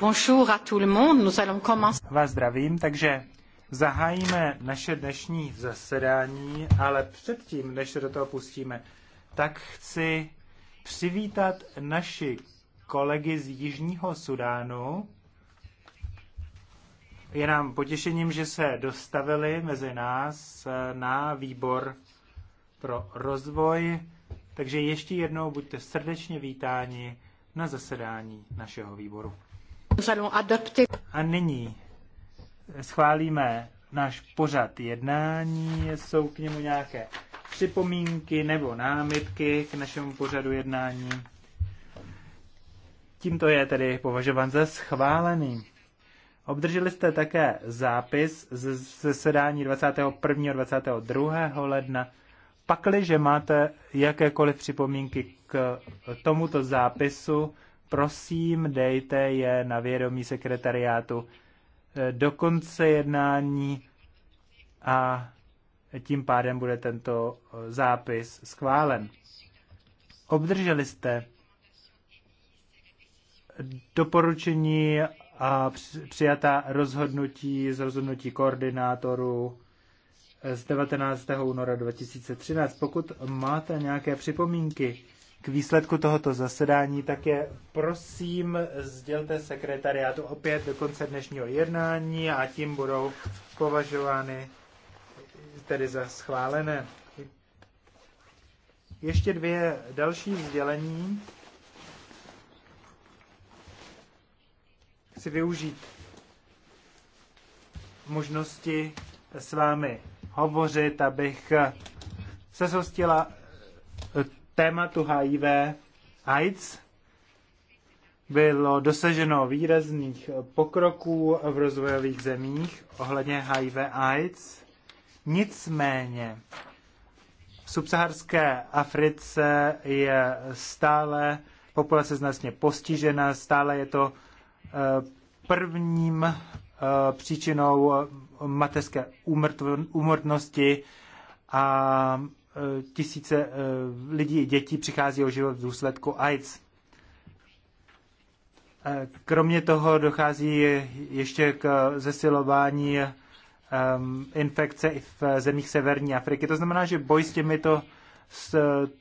Bonjour à tout le monde. Nous allons commencer. Vás zdravím, takže zahájíme naše dnešní zasedání, ale předtím, než se do toho pustíme, tak chci přivítat naši kolegy z Jižního Sudánu. Je nám potěšením, že se dostavili mezi nás eh, na výbor pro rozvoj. Takže ještě jednou buďte srdečně vítáni na zasedání našeho výboru. A nyní schválíme náš pořad jednání. Jsou k němu nějaké připomínky nebo námitky k našemu pořadu jednání. Tímto je tedy považován za schválený. Obdrželi jste také zápis ze zasedání 21. a 22. ledna. Pakliže máte jakékoliv připomínky k tomuto zápisu, prosím dejte je na vědomí sekretariátu e, do konce jednání a tím pádem bude tento e, zápis schválen. Obdrželi jste doporučení a přijatá rozhodnutí z rozhodnutí koordinátorů e, z 19. února 2013. Pokud máte nějaké připomínky, k výsledku tohoto zasedání, tak je prosím sdělte sekretariátu opět do konce dnešního jednání a tím budou považovány tedy za schválené. Ještě dvě další sdělení. Chci využít možnosti s vámi hovořit, abych se zhostila tématu HIV AIDS bylo dosaženo výrazných pokroků v rozvojových zemích ohledně HIV AIDS. Nicméně v subsaharské Africe je stále populace značně postižena, stále je to eh, prvním eh, příčinou mateřské úmrtnosti a tisíce eh, lidí i dětí přichází o život v důsledku AIDS. Eh, kromě toho dochází ještě k zesilování ehm, infekce i v zemích severní Afriky. To znamená, že boj s těmito s,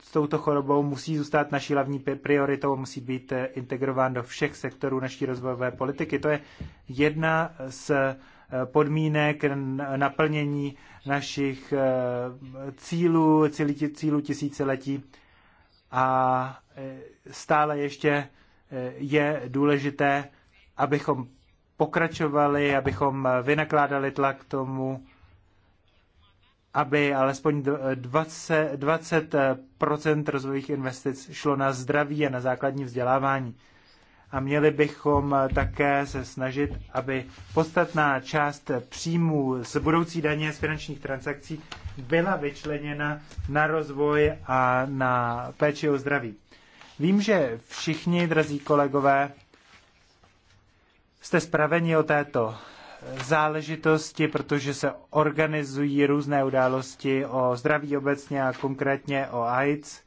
s touto chorobou musí zůstat naší hlavní prioritou, musí být eh, integrován do všech sektorů naší rozvojové politiky. To je jedna z podmínek naplnění našich eh, cílů, cílů tisíciletí a eh, stále ještě eh, je důležité, abychom pokračovali, abychom vynakládali tlak tomu, aby alespoň 20, 20 rozvojových investic šlo na zdraví a na základní vzdělávání a měli bychom také se snažit, aby podstatná část příjmů z budoucí daně z finančních transakcí byla vyčleněna na rozvoj a na péči o zdraví. Vím, že všichni, drazí kolegové, jste spraveni o této záležitosti, protože se organizují různé události o zdraví obecně a konkrétně o AIDS –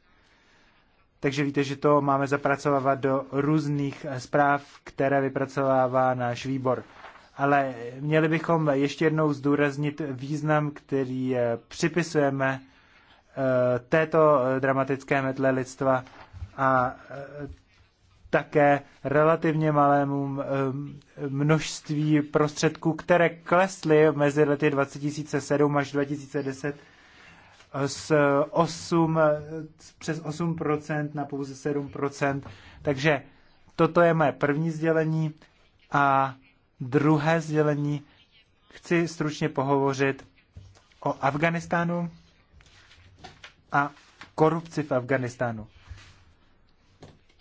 takže víte, že to máme zapracovávat do různých zpráv, které vypracovává náš výbor. Ale měli bychom ještě jednou zdůraznit význam, který eh, připisujeme eh, této eh, dramatické metle lidstva a také relativně malému množství prostředků, které klesly mezi lety 2007 až 2010 z 8, přes 8% na pouze 7%. Takže toto je moje první sdělení a druhé sdělení chci stručně pohovořit o Afganistánu a korupci v Afganistánu.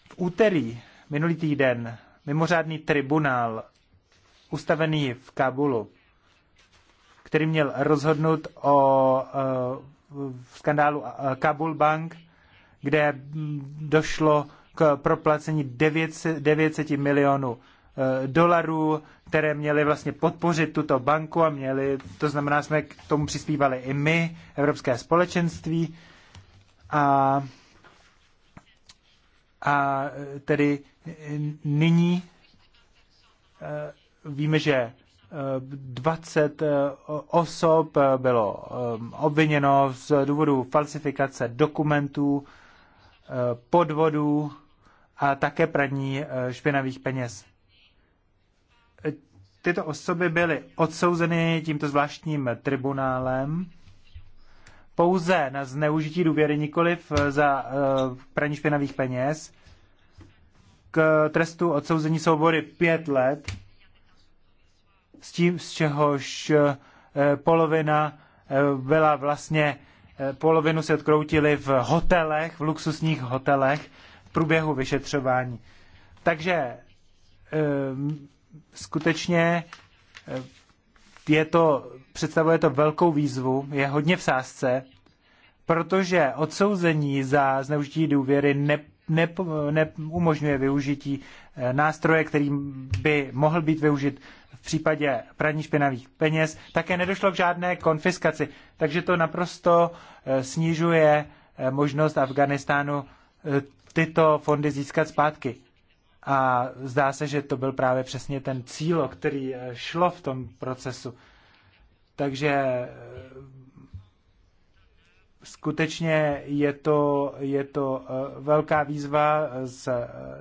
V úterý minulý týden mimořádný tribunál ustavený v Kabulu, který měl rozhodnout o eh, v skandálu eh, Kabul Bank, kde došlo k proplacení 900, milionů eh, dolarů, které měly vlastně podpořit tuto banku a měli, to znamená, jsme k tomu přispívali i my, Evropské společenství. A, a tedy eh, nyní víme, že 20 eh, osob eh, bylo eh, obviněno z důvodu falsifikace dokumentů, podvodů a také praní špinavých peněz. Tyto osoby byly odsouzeny tímto zvláštním tribunálem pouze na zneužití důvěry, nikoliv za praní špinavých peněz. K trestu odsouzení soubory pět let s tím, z čehož eh, polovina eh, byla vlastně, eh, polovinu se odkroutili v hotelech, v luxusních hotelech v průběhu vyšetřování. Takže skutečně je to, představuje to velkou výzvu, je hodně v sázce, protože odsouzení za zneužití důvěry ne, ne, neumožňuje využití nástroje, který by mohl být využit v případě praní špinavých peněz, také nedošlo k žádné konfiskaci. Takže to naprosto eh, snižuje eh, možnost Afganistánu eh, tyto fondy získat zpátky. A zdá se, že to byl právě přesně ten cíl, o který šlo v tom procesu. Takže skutečně je to, je to velká výzva z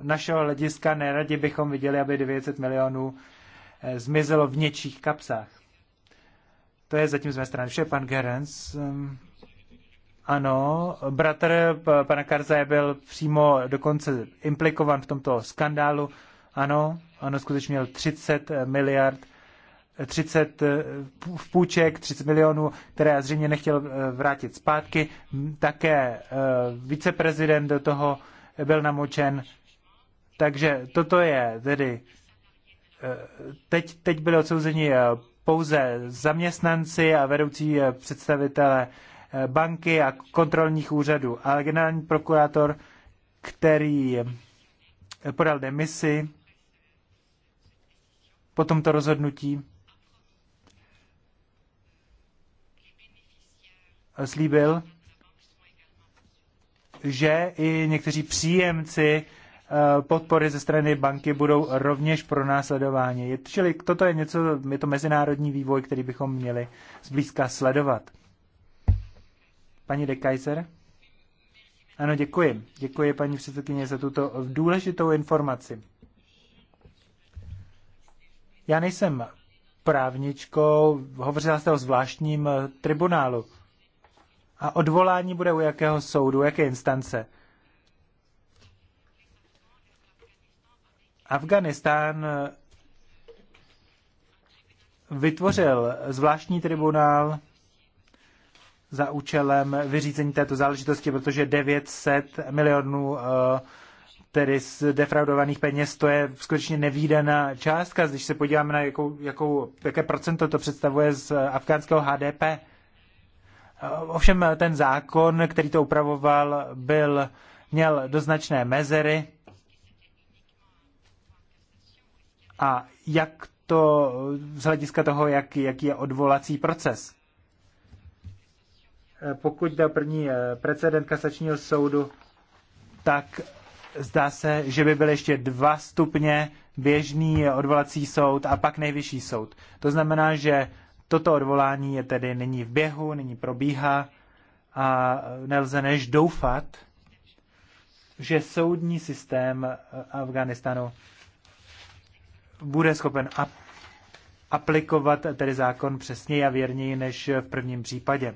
našeho hlediska. Neradi bychom viděli, aby 900 milionů Eh, zmizelo v něčích kapsách. To je zatím z mé strany vše, pan Gerens. Ehm, ano, bratr pana Karzaje byl přímo dokonce implikovan v tomto skandálu. Ano, ano, skutečně měl 30 miliard 30 eh, v půjček, 30 milionů, které zřejmě nechtěl eh, vrátit zpátky. Také viceprezident do toho byl namočen. Takže toto je tedy teď, teď byli odsouzeni eh, pouze zaměstnanci a vedoucí eh, představitelé eh, banky a kontrolních úřadů, ale generální prokurátor, který podal demisi po tomto rozhodnutí, slíbil, že i někteří příjemci Eh, podpory ze strany banky budou rovněž pro následování. Čili toto je něco, je to mezinárodní vývoj, který bychom měli zblízka sledovat. Paní de Kaiser? Ano, děkuji. Děkuji, paní předsedkyně, za tuto důležitou informaci. Já nejsem právničkou, hovořila jste o zvláštním eh, tribunálu. A odvolání bude u jakého soudu, jaké instance? Afganistán eh, vytvořil zvláštní tribunál za účelem vyřízení této záležitosti, protože 900 milionů eh, tedy z defraudovaných peněz, to je skutečně nevýdaná částka, když se podíváme na jakou, jakou, jaké procento to představuje z afgánského HDP. Eh, ovšem ten zákon, který to upravoval, byl, měl doznačné mezery a jak to z hlediska toho, jak, jaký je odvolací proces. E, pokud jde první e, precedent kasačního soudu, tak zdá se, že by byly ještě dva stupně běžný odvolací soud a pak nejvyšší soud. To znamená, že toto odvolání je tedy není v běhu, není probíhá a nelze než doufat, že soudní systém Afganistanu bude schopen aplikovat tedy zákon přesněji a věrněji než v prvním případě.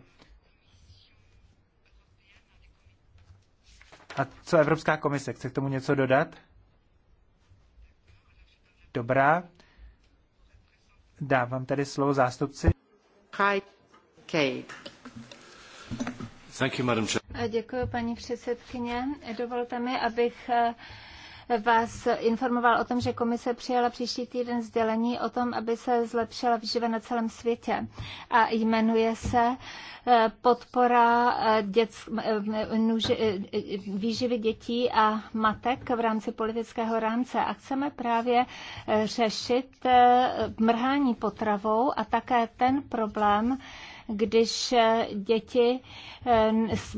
A co Evropská komise? Chce k tomu něco dodat? Dobrá. Dávám tedy slovo zástupci. Thank you, madam. Děkuji, paní předsedkyně. Dovolte mi, abych eh, vás informoval o tom, že komise přijala příští týden sdělení o tom, aby se zlepšila výživa na celém světě. A jmenuje se eh, podpora eh, dět, eh, výživy dětí a matek v rámci politického rámce. A chceme právě řešit mrhání potravou a také ten problém, když děti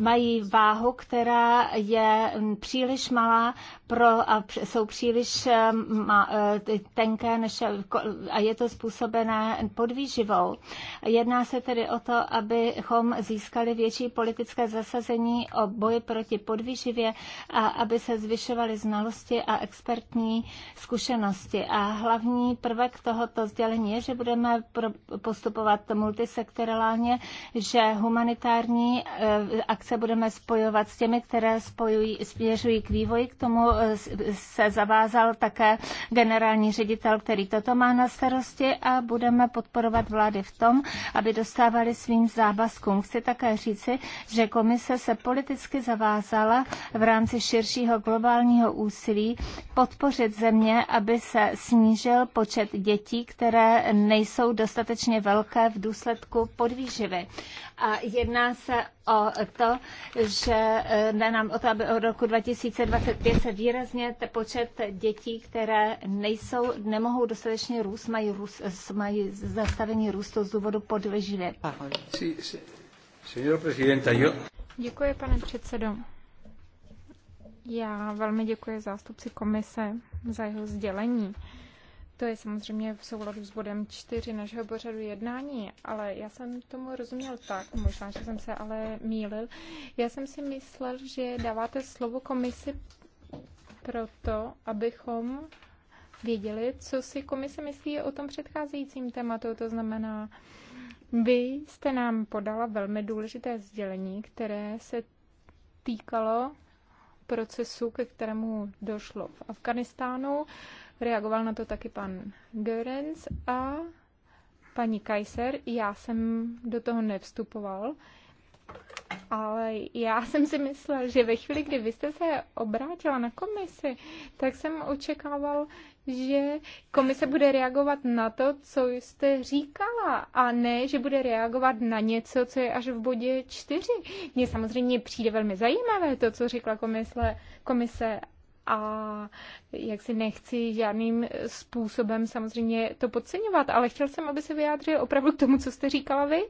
mají váhu, která je mm, příliš malá pro, a jsou příliš eh, eh, tenké než, eh, a je to způsobené podvýživou. Jedná se tedy o to, abychom získali větší politické zasazení o boji proti podvýživě a aby se zvyšovaly znalosti a expertní zkušenosti. A hlavní prvek tohoto sdělení je, že budeme postupovat multisektorálně, že humanitární akce budeme spojovat s těmi, které spojují, směřují k vývoji, k tomu se zavázal také generální ředitel, který toto má na starosti a budeme podporovat vlády v tom, aby dostávali svým závazkům. Chci také říci, že komise se politicky zavázala v rámci širšího globálního úsilí podpořit země, aby se snížil počet dětí, které nejsou dostatečně velké v důsledku podvýživy. A jedná se o to, že e, jde nám o to, aby od roku 2025 se výrazně počet dětí, které nejsou, nemohou dostatečně růst, mají, růst, e, mají zastavení růstu z důvodu podleživě. Děkuji, pane předsedo. Já velmi děkuji zástupci komise za jeho sdělení. To je samozřejmě v souladu s bodem 4 našeho pořadu jednání, ale já jsem tomu rozuměl tak, možná, že jsem se ale mýlil. Já jsem si myslel, že dáváte slovo komisi proto, abychom věděli, co si komise myslí o tom předcházejícím tématu. To znamená, vy jste nám podala velmi důležité sdělení, které se týkalo procesu, ke kterému došlo v Afganistánu. Reagoval na to taky pan Görens a paní Kaiser. Já jsem do toho nevstupoval, ale já jsem si myslel, že ve chvíli, kdy vy jste se obrátila na komisi, tak jsem očekával, že komise bude reagovat na to, co jste říkala, a ne, že bude reagovat na něco, co je až v bodě čtyři. Mně samozřejmě přijde velmi zajímavé to, co řekla komise, komise a jak si nechci žádným způsobem samozřejmě to podceňovat, ale chtěl jsem, aby se vyjádřil opravdu k tomu, co jste říkala vy.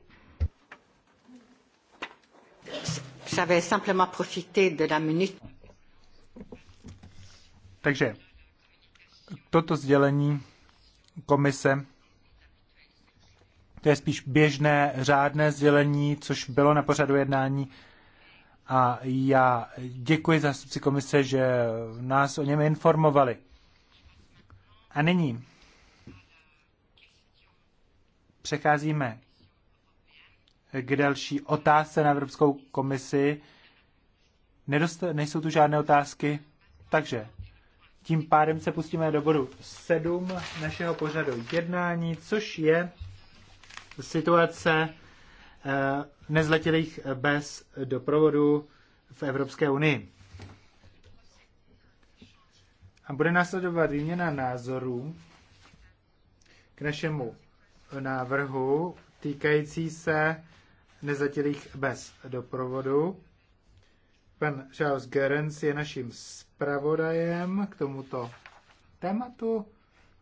Takže toto sdělení komise, to je spíš běžné řádné sdělení, což bylo na pořadu jednání a já děkuji zástupci komise, že nás o něm informovali. A nyní přecházíme k další otázce na Evropskou komisi. Nedost, nejsou tu žádné otázky, takže tím pádem se pustíme do bodu 7 našeho pořadu jednání, což je situace Eh, nezletilých bez doprovodu v Evropské unii. A bude následovat výměna názorů k našemu návrhu týkající se nezletilých bez doprovodu. Pan Charles Gerens je naším zpravodajem k tomuto tématu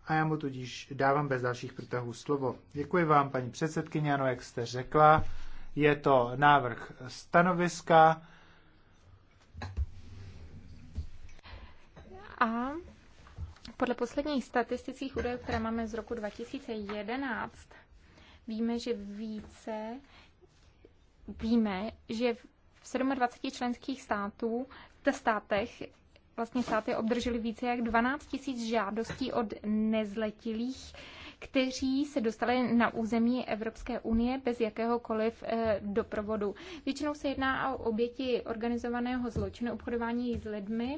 a já mu tudíž dávám bez dalších protahů slovo. Děkuji vám, paní předsedkyně, ano, jak jste řekla, je to návrh stanoviska. A podle posledních statistických údajů, které máme z roku 2011, víme, že více, víme, že v 27 členských států, v státech vlastně státy obdržely více jak 12 000 žádostí od nezletilých kteří se dostali na území Evropské unie bez jakéhokoliv eh, doprovodu. Většinou se jedná o oběti organizovaného zločinu, obchodování s lidmi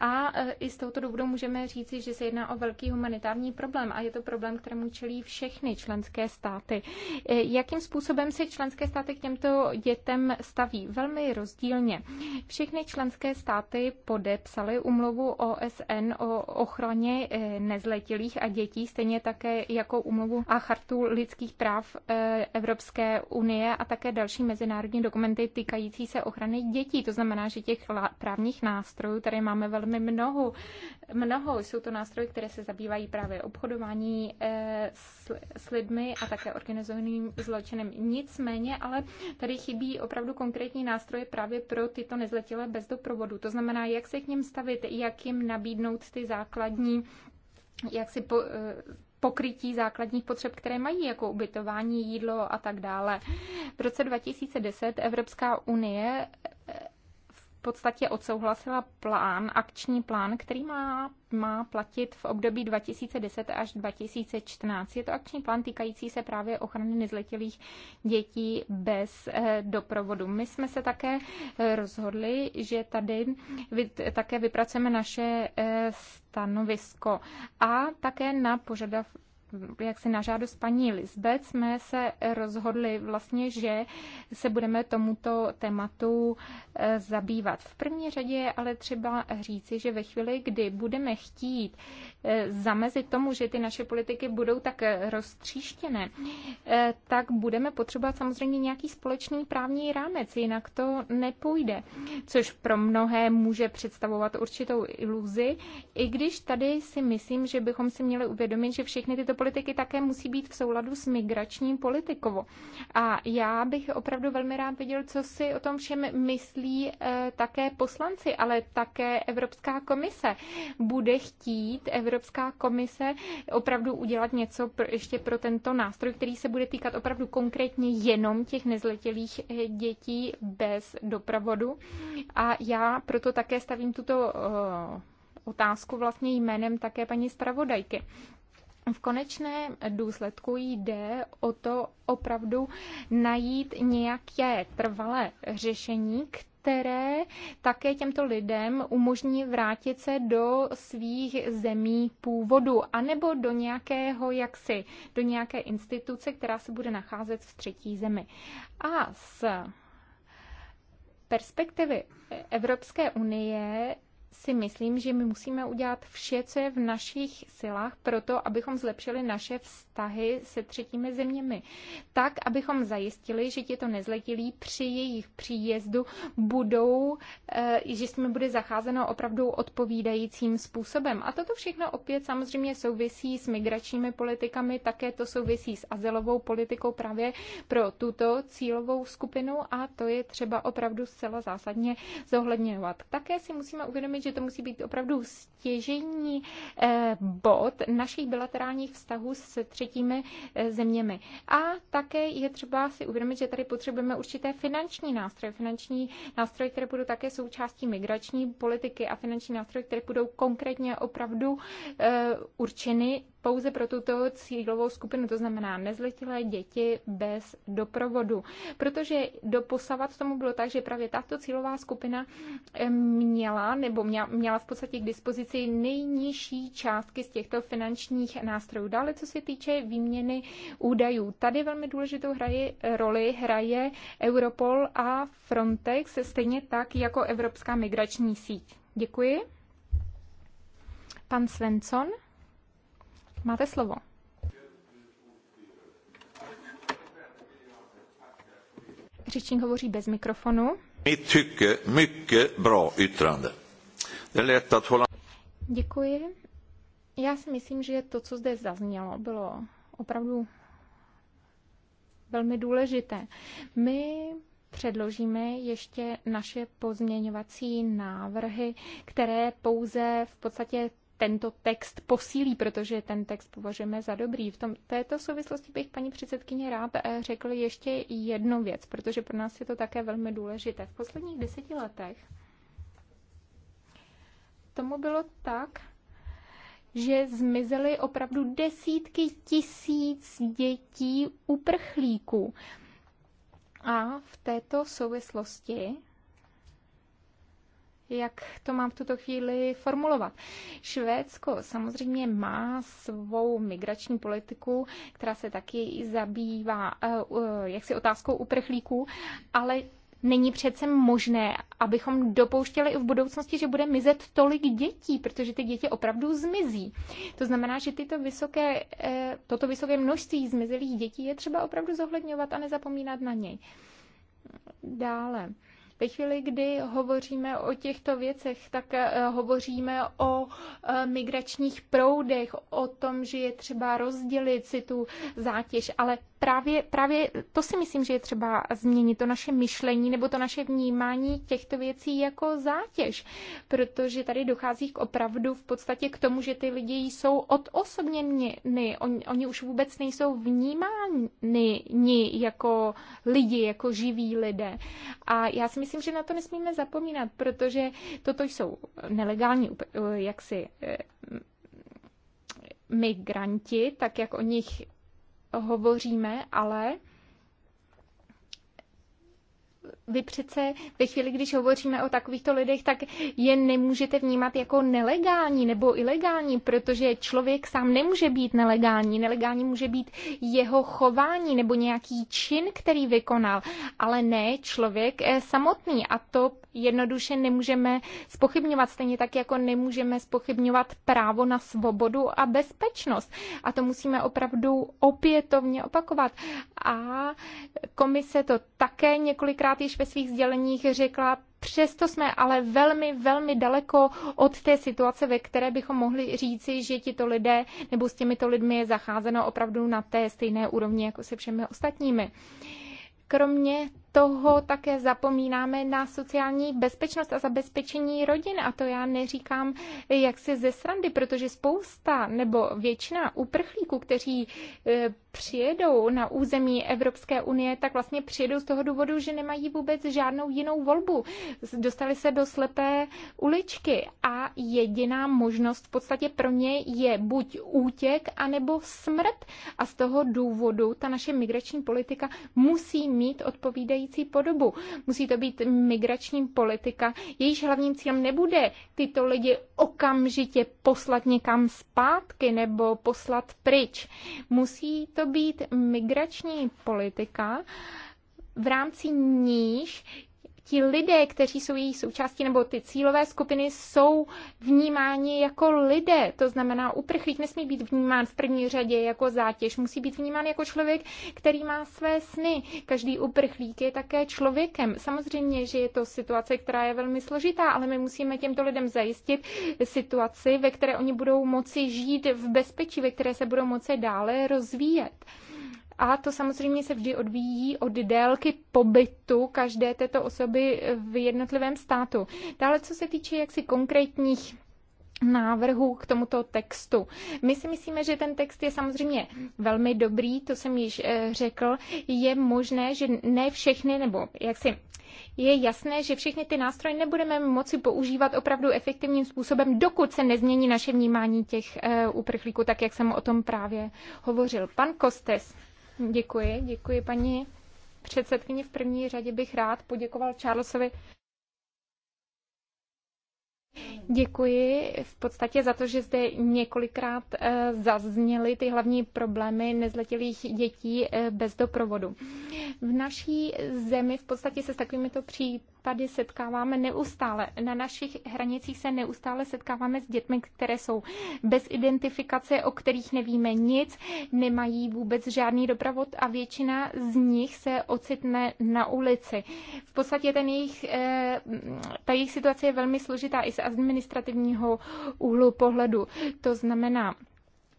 a eh, i z tohoto důvodu můžeme říci, že se jedná o velký humanitární problém a je to problém, kterému čelí všechny členské státy. Eh, jakým způsobem se členské státy k těmto dětem staví? Velmi rozdílně. Všechny členské státy podepsaly umluvu OSN o ochraně nezletilých a dětí, stejně také jako umluvu a chartu lidských práv eh, Evropské unie a také další mezinárodní dokumenty týkající se ochrany dětí. To znamená, že těch právních nástrojů tady máme velmi mnoho. mnoho. Jsou to nástroje, které se zabývají právě obchodování eh, s, s lidmi a také organizovaným zločinem. Nicméně, ale tady chybí opravdu konkrétní nástroje právě pro tyto nezletilé bez doprovodu. To znamená, jak se k ním stavit, jak jim nabídnout ty základní jak si po, eh, pokrytí základních potřeb, které mají, jako ubytování, jídlo a tak dále. V roce 2010 Evropská unie podstatě odsouhlasila plán, akční plán, který má, má platit v období 2010 až 2014. Je to akční plán týkající se právě ochrany nezletilých dětí bez eh, doprovodu. My jsme se také eh, rozhodli, že tady také vypracujeme naše eh, stanovisko a také na požadav, jak si na žádost paní Lisbeth jsme se rozhodli vlastně, že se budeme tomuto tématu eh, zabývat. V první řadě je ale třeba říci, že ve chvíli, kdy budeme chtít eh, zamezit tomu, že ty naše politiky budou tak eh, roztříštěné, tak budeme potřebovat samozřejmě nějaký společný právní rámec, jinak to nepůjde, což pro mnohé může představovat určitou iluzi, i když tady si myslím, že bychom si měli uvědomit, že všechny tyto politiky také musí být v souladu s migračním politikou. A já bych opravdu velmi rád viděl, co si o tom všem myslí eh, také poslanci, ale také Evropská komise. Bude chtít Evropská komise opravdu udělat něco pro, ještě pro tento nástroj, který se bude týkat opravdu konkrétně jenom těch nezletilých eh, dětí bez doprovodu. A já proto také stavím tuto eh, otázku vlastně jménem také paní zpravodajky. V konečném důsledku jde o to opravdu najít nějaké trvalé řešení, které také těmto lidem umožní vrátit se do svých zemí původu, anebo do nějakého jaksi, do nějaké instituce, která se bude nacházet v třetí zemi. A z perspektivy Evropské unie si myslím, že my musíme udělat vše, co je v našich silách pro to, abychom zlepšili naše vztahy se třetími zeměmi. Tak, abychom zajistili, že to nezletilí při jejich příjezdu budou, eh, že s nimi bude zacházeno opravdu odpovídajícím způsobem. A toto všechno opět samozřejmě souvisí s migračními politikami, také to souvisí s azylovou politikou právě pro tuto cílovou skupinu a to je třeba opravdu zcela zásadně zohledňovat. Také si musíme uvědomit, uvědomit, že to musí být opravdu stěžení eh, bod našich bilaterálních vztahů s třetími eh, zeměmi. A také je třeba si uvědomit, že tady potřebujeme určité finanční nástroje, finanční nástroje, které budou také součástí migrační politiky a finanční nástroje, které budou konkrétně opravdu eh, určeny pouze pro tuto cílovou skupinu, to znamená nezletilé děti bez doprovodu. Protože doposavat tomu bylo tak, že právě tato cílová skupina eh, měla nebo měla v podstatě k dispozici nejnižší částky z těchto finančních nástrojů. Dále, co se týče výměny údajů, tady velmi důležitou hraje, roli hraje Europol a Frontex, stejně tak jako Evropská migrační síť. Děkuji. Pan Svensson. Máte slovo. Řečník hovoří bez mikrofonu. Mitt tyke, mycket bro, Děkuji. Já si myslím, že to, co zde zaznělo, bylo opravdu velmi důležité. My předložíme ještě naše pozměňovací návrhy, které pouze v podstatě tento text posílí, protože ten text považujeme za dobrý. V tom, této souvislosti bych paní předsedkyně rád eh, řekl ještě jednu věc, protože pro nás je to také velmi důležité. V posledních deseti letech tomu bylo tak, že zmizely opravdu desítky tisíc dětí uprchlíků. A v této souvislosti jak to mám v tuto chvíli formulovat. Švédsko samozřejmě má svou migrační politiku, která se taky zabývá eh, eh, jaksi otázkou uprchlíků, ale není přece možné, abychom dopouštěli i v budoucnosti, že bude mizet tolik dětí, protože ty děti opravdu zmizí. To znamená, že tyto vysoké, eh, toto vysoké množství zmizelých dětí je třeba opravdu zohledňovat a nezapomínat na něj. Dále. Ve chvíli, kdy hovoříme o těchto věcech, tak eh, hovoříme o eh, migračních proudech, o tom, že je třeba rozdělit si tu zátěž, ale právě, právě to si myslím, že je třeba změnit to naše myšlení nebo to naše vnímání těchto věcí jako zátěž, protože tady dochází k opravdu v podstatě k tomu, že ty lidi jsou odosobněny, oni, oni už vůbec nejsou vnímáni jako lidi, jako živí lidé. A já si myslím, že na to nesmíme zapomínat, protože toto jsou nelegální eh, jaksi eh, migranti, tak jak o nich hovoříme, ale vy přece ve chvíli, když hovoříme o takovýchto lidech, tak je nemůžete vnímat jako nelegální nebo ilegální, protože člověk sám nemůže být nelegální. Nelegální může být jeho chování nebo nějaký čin, který vykonal, ale ne člověk eh, samotný. A to jednoduše nemůžeme spochybňovat, stejně tak jako nemůžeme spochybňovat právo na svobodu a bezpečnost. A to musíme opravdu opětovně opakovat. A komise to také několikrát již ve svých sděleních řekla, Přesto jsme ale velmi, velmi daleko od té situace, ve které bychom mohli říci, že tito lidé nebo s těmito lidmi je zacházeno opravdu na té stejné úrovni jako se všemi ostatními. Kromě toho také zapomínáme na sociální bezpečnost a zabezpečení rodin. A to já neříkám jak se ze srandy, protože spousta nebo většina uprchlíků, kteří eh, přijedou na území Evropské unie, tak vlastně přijedou z toho důvodu, že nemají vůbec žádnou jinou volbu. Dostali se do slepé uličky a jediná možnost v podstatě pro ně je buď útěk, anebo smrt. A z toho důvodu ta naše migrační politika musí mít odpovídající podobu. Musí to být migrační politika, jejíž hlavním cílem nebude tyto lidi okamžitě poslat někam zpátky nebo poslat pryč. Musí to to být migrační politika, v rámci níž ti lidé, kteří jsou její součástí, nebo ty cílové skupiny, jsou vnímáni jako lidé. To znamená, uprchlík nesmí být vnímán v první řadě jako zátěž, musí být vnímán jako člověk, který má své sny. Každý uprchlík je také člověkem. Samozřejmě, že je to situace, která je velmi složitá, ale my musíme těmto lidem zajistit situaci, ve které oni budou moci žít v bezpečí, ve které se budou moci dále rozvíjet. A to samozřejmě se vždy odvíjí od délky pobytu každé této osoby v jednotlivém státu. Dále, co se týče jaksi konkrétních návrhu k tomuto textu. My si myslíme, že ten text je samozřejmě velmi dobrý, to jsem již eh, řekl. Je možné, že ne všechny, nebo jak si je jasné, že všechny ty nástroje nebudeme moci používat opravdu efektivním způsobem, dokud se nezmění naše vnímání těch eh, uprchlíků, tak jak jsem o tom právě hovořil. Pan Kostes. Děkuji, děkuji paní předsedkyni. V první řadě bych rád poděkoval Charlesovi. Děkuji v podstatě za to, že zde několikrát eh, zazněly ty hlavní problémy nezletilých dětí eh, bez doprovodu. V naší zemi v podstatě se s takovýmito případy tady setkáváme neustále. Na našich hranicích se neustále setkáváme s dětmi, které jsou bez identifikace, o kterých nevíme nic, nemají vůbec žádný dopravod a většina z nich se ocitne na ulici. V podstatě ten jejich, eh, ta jejich situace je velmi složitá i z administrativního úhlu pohledu. To znamená,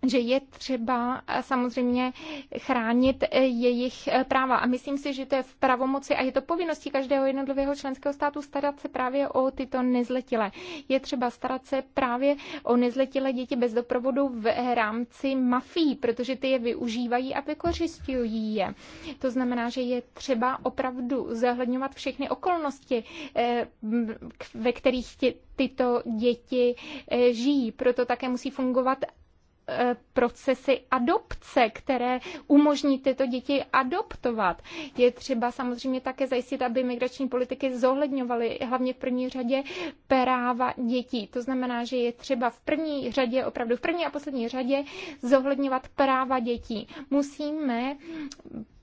že je třeba samozřejmě chránit eh, jejich eh, práva. A myslím si, že to je v pravomoci a je to povinností každého jednotlivého členského státu starat se právě o tyto nezletilé. Je třeba starat se právě o nezletilé děti bez doprovodu v eh, rámci mafí, protože ty je využívají a vykořistují je. To znamená, že je třeba opravdu zahledňovat všechny okolnosti, ve kterých tě, tyto děti žijí. Proto také musí fungovat Eh, procesy adopce, které umožní tyto děti adoptovat. Je třeba samozřejmě také zajistit, aby migrační politiky zohledňovaly hlavně v první řadě práva dětí. To znamená, že je třeba v první řadě, opravdu v první a poslední řadě zohledňovat práva dětí. Musíme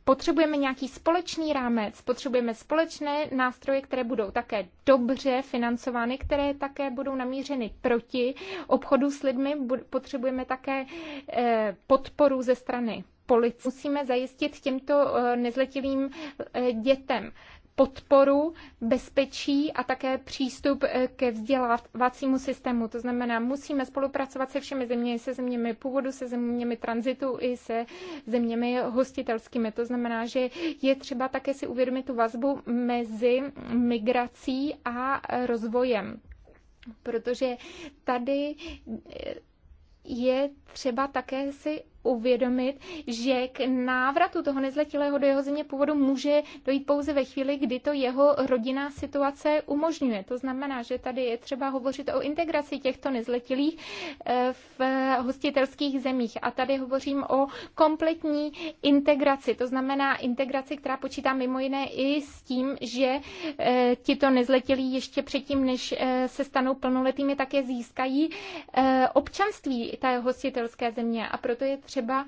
Potřebujeme nějaký společný rámec, potřebujeme společné nástroje, které budou také dobře financovány, které také budou namířeny proti obchodu s lidmi. Potřebujeme také eh, podporu ze strany policie. Musíme zajistit těmto eh, nezletilým eh, dětem podporu, bezpečí a také přístup eh, ke vzdělávacímu systému. To znamená, musíme spolupracovat se všemi zeměmi, se zeměmi původu, se zeměmi tranzitu i se zeměmi hostitelskými. To znamená, že je třeba také si uvědomit tu vazbu mezi migrací a rozvojem. Protože tady eh, je třeba také si uvědomit, že k návratu toho nezletilého do jeho země původu může dojít pouze ve chvíli, kdy to jeho rodinná situace umožňuje. To znamená, že tady je třeba hovořit o integraci těchto nezletilých eh, v hostitelských zemích. A tady hovořím o kompletní integraci. To znamená integraci, která počítá mimo jiné i s tím, že eh, tito nezletilí ještě předtím, než eh, se stanou plnoletými, také získají občanství té hostitelské země. A proto je třeba třeba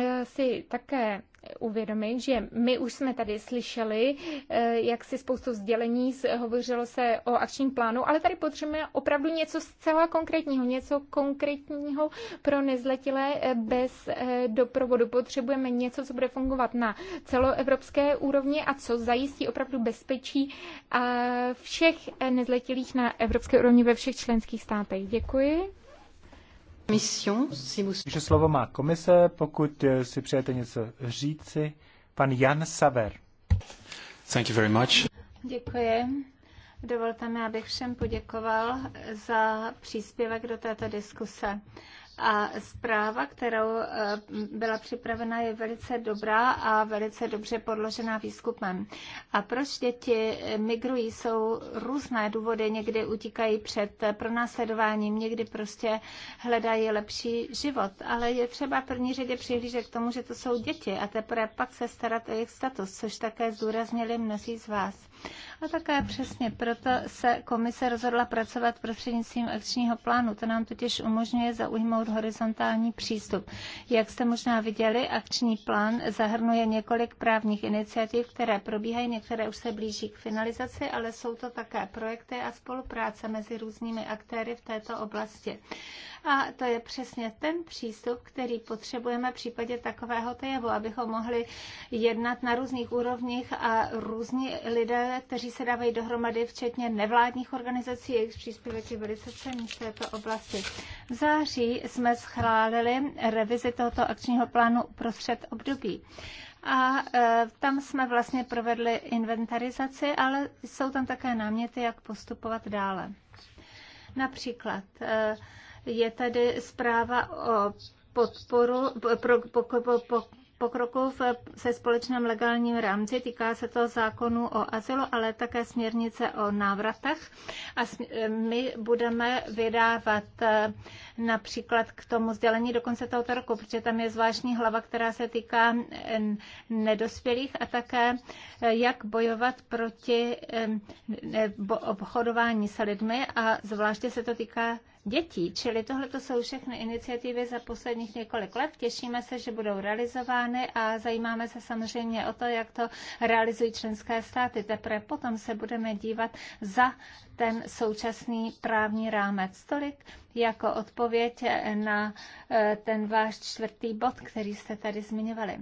eh, si také uvědomit, že my už jsme tady slyšeli, eh, jak si spoustu sdělení hovořilo se o akčním plánu, ale tady potřebujeme opravdu něco zcela konkrétního, něco konkrétního pro nezletilé eh, bez doprovodu. Potřebujeme něco, co bude fungovat na celoevropské úrovni a co zajistí opravdu bezpečí všech nezletilých na evropské úrovni ve všech členských státech. Děkuji. Mission, Takže slovo má komise, pokud eh, si přejete něco říci. Pan Jan Saver. Thank you very much. Děkuji. Dovolte mi, abych všem poděkoval za příspěvek do této diskuse. A zpráva, kterou eh, byla připravena, je velice dobrá a velice dobře podložená výzkumem. A proč děti migrují, jsou různé důvody. Někdy utíkají před eh, pronásledováním, někdy prostě hledají lepší život. Ale je třeba v první řadě přihlížet k tomu, že to jsou děti a teprve pak se starat o jejich status, což také zdůraznili mnozí z vás. A také přesně proto se komise rozhodla pracovat prostřednictvím akčního plánu. To nám totiž umožňuje zaujmout horizontální přístup. Jak jste možná viděli, akční plán zahrnuje několik právních iniciativ, které probíhají, některé už se blíží k finalizaci, ale jsou to také projekty a spolupráce mezi různými aktéry v této oblasti. A to je přesně ten přístup, který potřebujeme v případě takového jevu, abychom mohli jednat na různých úrovních a různí lidé, kteří se dávají dohromady, včetně nevládních organizací, jejich příspěvek je velice cený v této oblasti. V září jsme schválili revizi tohoto akčního plánu uprostřed období a e, tam jsme vlastně provedli inventarizaci, ale jsou tam také náměty, jak postupovat dále. Například e, je tady zpráva o podporu, pro, po, po, po, pokroku se společném legálním rámci. Týká se to zákonu o azylu, ale také směrnice o návratech. A my budeme vydávat eh, například k tomu sdělení do konce tohoto roku, protože tam je zvláštní hlava, která se týká eh, nedospělých a také eh, jak bojovat proti obchodování se lidmi a zvláště se to týká dětí. Čili tohle to jsou všechny iniciativy za posledních několik let. Těšíme se, že budou realizovány a zajímáme se samozřejmě o to, jak to realizují členské státy. Teprve potom se budeme dívat za ten současný právní rámec. Tolik jako odpověď na eh, ten váš čtvrtý bod, který jste tady zmiňovali.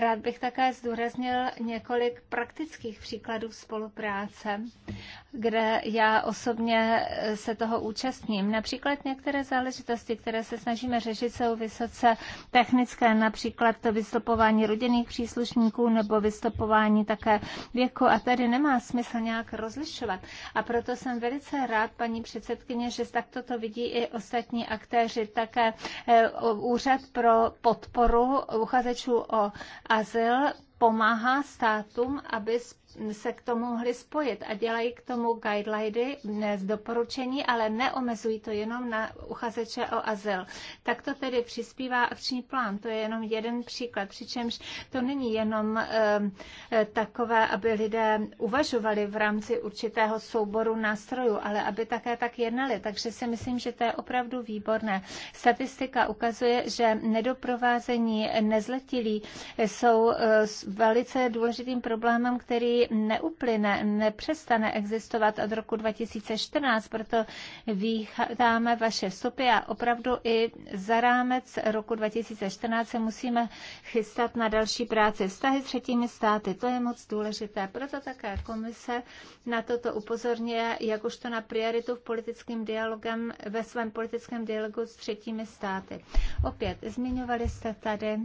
Rád bych také zdůraznil několik praktických příkladů spolupráce, kde já osobně se toho účastním. Například některé záležitosti, které se snažíme řešit, jsou vysoce technické, například to vystupování rodinných příslušníků nebo vystupování také věku a tady nemá smysl nějak rozlišovat. A proto jsem velice rád, paní předsedkyně, že takto to vidí i ostatní aktéři, také e, Úřad pro podporu uchazečů o Azyl pomáhá státům, aby se k tomu mohli spojit a dělají k tomu guideliny z doporučení, ale neomezují to jenom na uchazeče o azyl. Tak to tedy přispívá akční plán. To je jenom jeden příklad, přičemž to není jenom eh, eh, takové, aby lidé uvažovali v rámci určitého souboru nástrojů, ale aby také tak jednali. Takže si myslím, že to je opravdu výborné. Statistika ukazuje, že nedoprovázení nezletilí jsou eh, velice důležitým problémem, který neuplyne, nepřestane existovat od roku 2014, proto vítáme vaše vstupy a opravdu i za rámec roku 2014 se musíme chystat na další práci. Vztahy s třetími státy, to je moc důležité. Proto také komise na toto upozorňuje, jakožto na prioritu v politickém dialogem, ve svém politickém dialogu s třetími státy. Opět, zmiňovali jste tady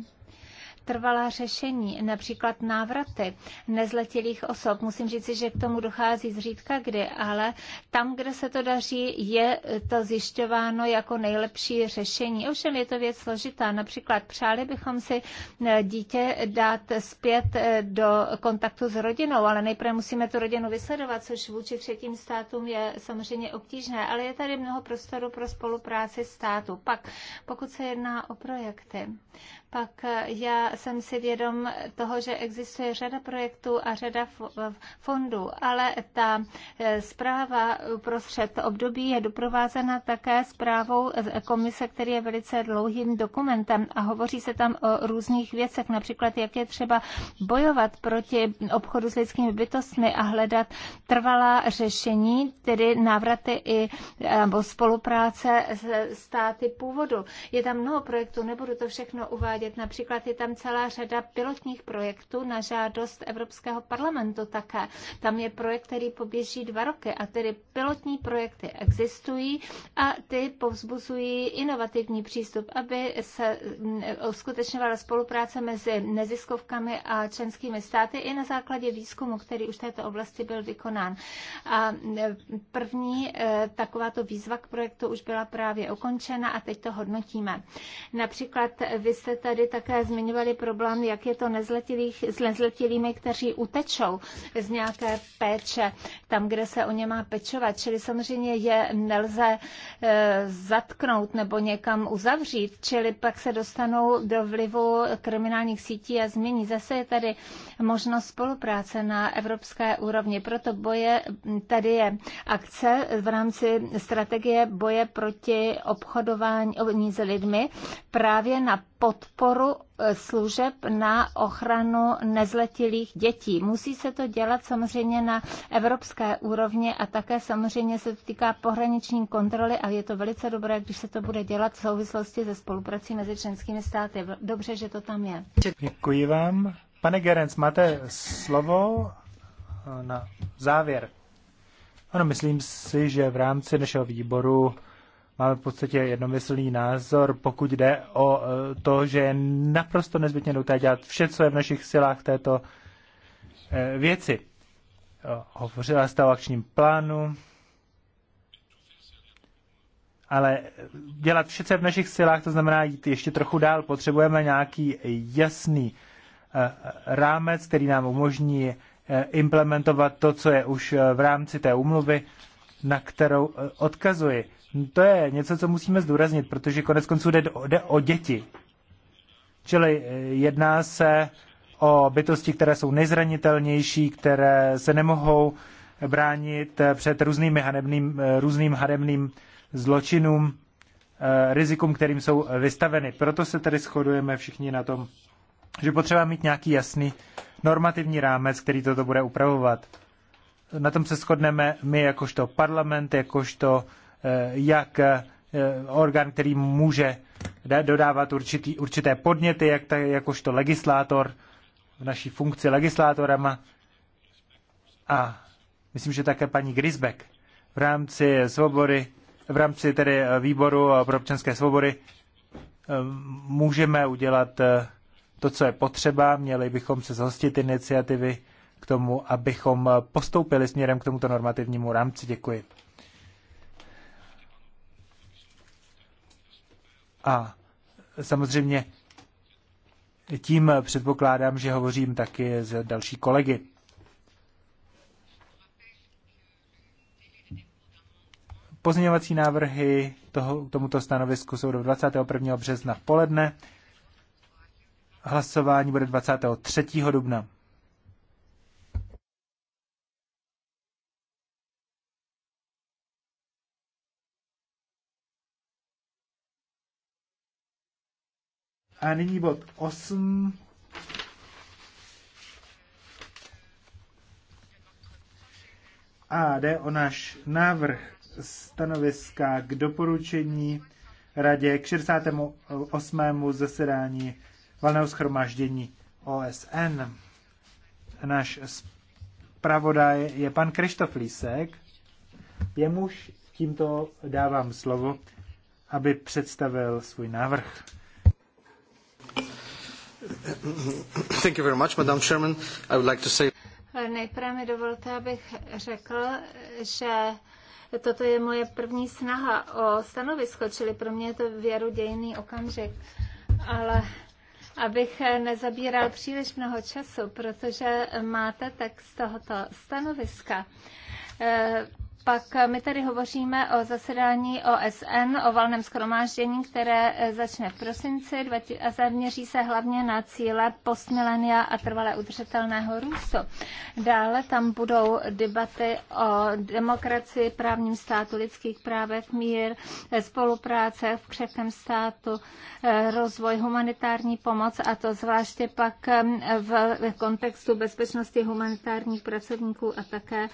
trvalá řešení, například návraty nezletilých osob. Musím říci, že k tomu dochází zřídka kdy, ale tam, kde se to daří, je to zjišťováno jako nejlepší řešení. Ovšem je to věc složitá. Například přáli bychom si eh, dítě dát zpět eh, do kontaktu s rodinou, ale nejprve musíme tu rodinu vysledovat, což vůči třetím státům je samozřejmě obtížné, ale je tady mnoho prostoru pro spolupráci států. Pak, pokud se jedná o projekty, pak eh, já jsem si vědom toho, že existuje řada projektů a řada eh, fondů, ale ta eh, zpráva prostřed období je doprovázena také zprávou komise, který je velice dlouhým dokumentem a hovoří se tam o různých věcech, například jak je třeba bojovat proti obchodu s lidskými bytostmi a hledat trvalá řešení, tedy návraty i nebo spolupráce s státy původu. Je tam mnoho projektů, nebudu to všechno uvádět provádět. Například je tam celá řada pilotních projektů na žádost Evropského parlamentu také. Tam je projekt, který poběží dva roky a tedy pilotní projekty existují a ty povzbuzují inovativní přístup, aby se mm, uskutečňovala spolupráce mezi neziskovkami a členskými státy i na základě výzkumu, který už v této oblasti byl vykonán. A mm, první e, takováto výzva k projektu už byla právě ukončena a teď to hodnotíme. Například vy jste tady také zmiňovali problém, jak je to nezletilých, s nezletilými, kteří utečou z nějaké péče, tam, kde se o ně má pečovat. Čili samozřejmě je nelze e, zatknout nebo někam uzavřít, čili pak se dostanou do vlivu kriminálních sítí a změní. Zase je tady možnost spolupráce na evropské úrovni. Proto boje, tady je akce v rámci strategie boje proti obchodování s lidmi právě na podporu e, služeb na ochranu nezletilých dětí. Musí se to dělat samozřejmě na evropské úrovni a také samozřejmě se to týká pohraniční kontroly a je to velice dobré, když se to bude dělat v souvislosti se spoluprací mezi členskými státy. Dobře, že to tam je. Děkuji vám. Pane Gerenc, máte slovo e, na závěr. Ano, myslím si, že v rámci našeho výboru máme v podstatě jednomyslný názor, pokud jde o e, to, že je naprosto nezbytně nutné dělat vše, co je v našich silách této e, věci. E, hovořila jste o akčním plánu, ale dělat vše, co je v našich silách, to znamená jít ještě trochu dál. Potřebujeme nějaký jasný rámec, který nám umožní implementovat to, co je už v rámci té úmluvy na kterou eh, odkazuji. To je něco, co musíme zdůraznit, protože konec konců jde, jde o děti. Čili eh, jedná se o bytosti, které jsou nejzranitelnější, které se nemohou bránit eh, před různými hanebným, různým hanebným zločinům, rizikům, kterým jsou vystaveny. Proto se tedy shodujeme všichni na tom, že potřeba mít nějaký jasný normativní rámec, který toto bude upravovat na tom se shodneme my jakožto parlament, jakožto eh, jak eh, orgán, který může dodávat určitý, určité podněty, jak ta, jakožto legislátor v naší funkci legislátorem. A myslím, že také paní Grisbeck v rámci svobody, v rámci tedy výboru pro občanské svobody eh, můžeme udělat to, co je potřeba. Měli bychom se zhostit iniciativy k tomu, abychom postoupili směrem k tomuto normativnímu rámci. Děkuji. A samozřejmě tím předpokládám, že hovořím taky s další kolegy. Pozměňovací návrhy toho, tomuto stanovisku jsou do 21. března v poledne. Hlasování bude 23. dubna. A nyní bod 8. A jde o náš návrh stanoviska k doporučení radě k 68. zasedání valného schromáždění OSN. Náš zpravodaj je pan Krištof Lísek. Jemuž tímto dávám slovo, aby představil svůj návrh. Thank you very much, Madam Chairman. I would like to say... Nejprve mi dovolte, abych řekl, že toto je moje první snaha o stanovisko, čili pro mě je to věru dějný okamžik. Ale abych nezabíral příliš mnoho času, protože máte text tohoto stanoviska. Pak eh, my tady hovoříme o zasedání OSN, o valném schromáždění, které eh, začne v prosinci a zaměří se hlavně na cíle postmilenia a trvale udržitelného růstu. Dále tam budou debaty o demokracii, právním státu, lidských právech, mír, eh, spolupráce v křehkém státu, rozvoj humanitární pomoc a to zvláště pak v kontextu bezpečnosti humanitárních pracovníků a také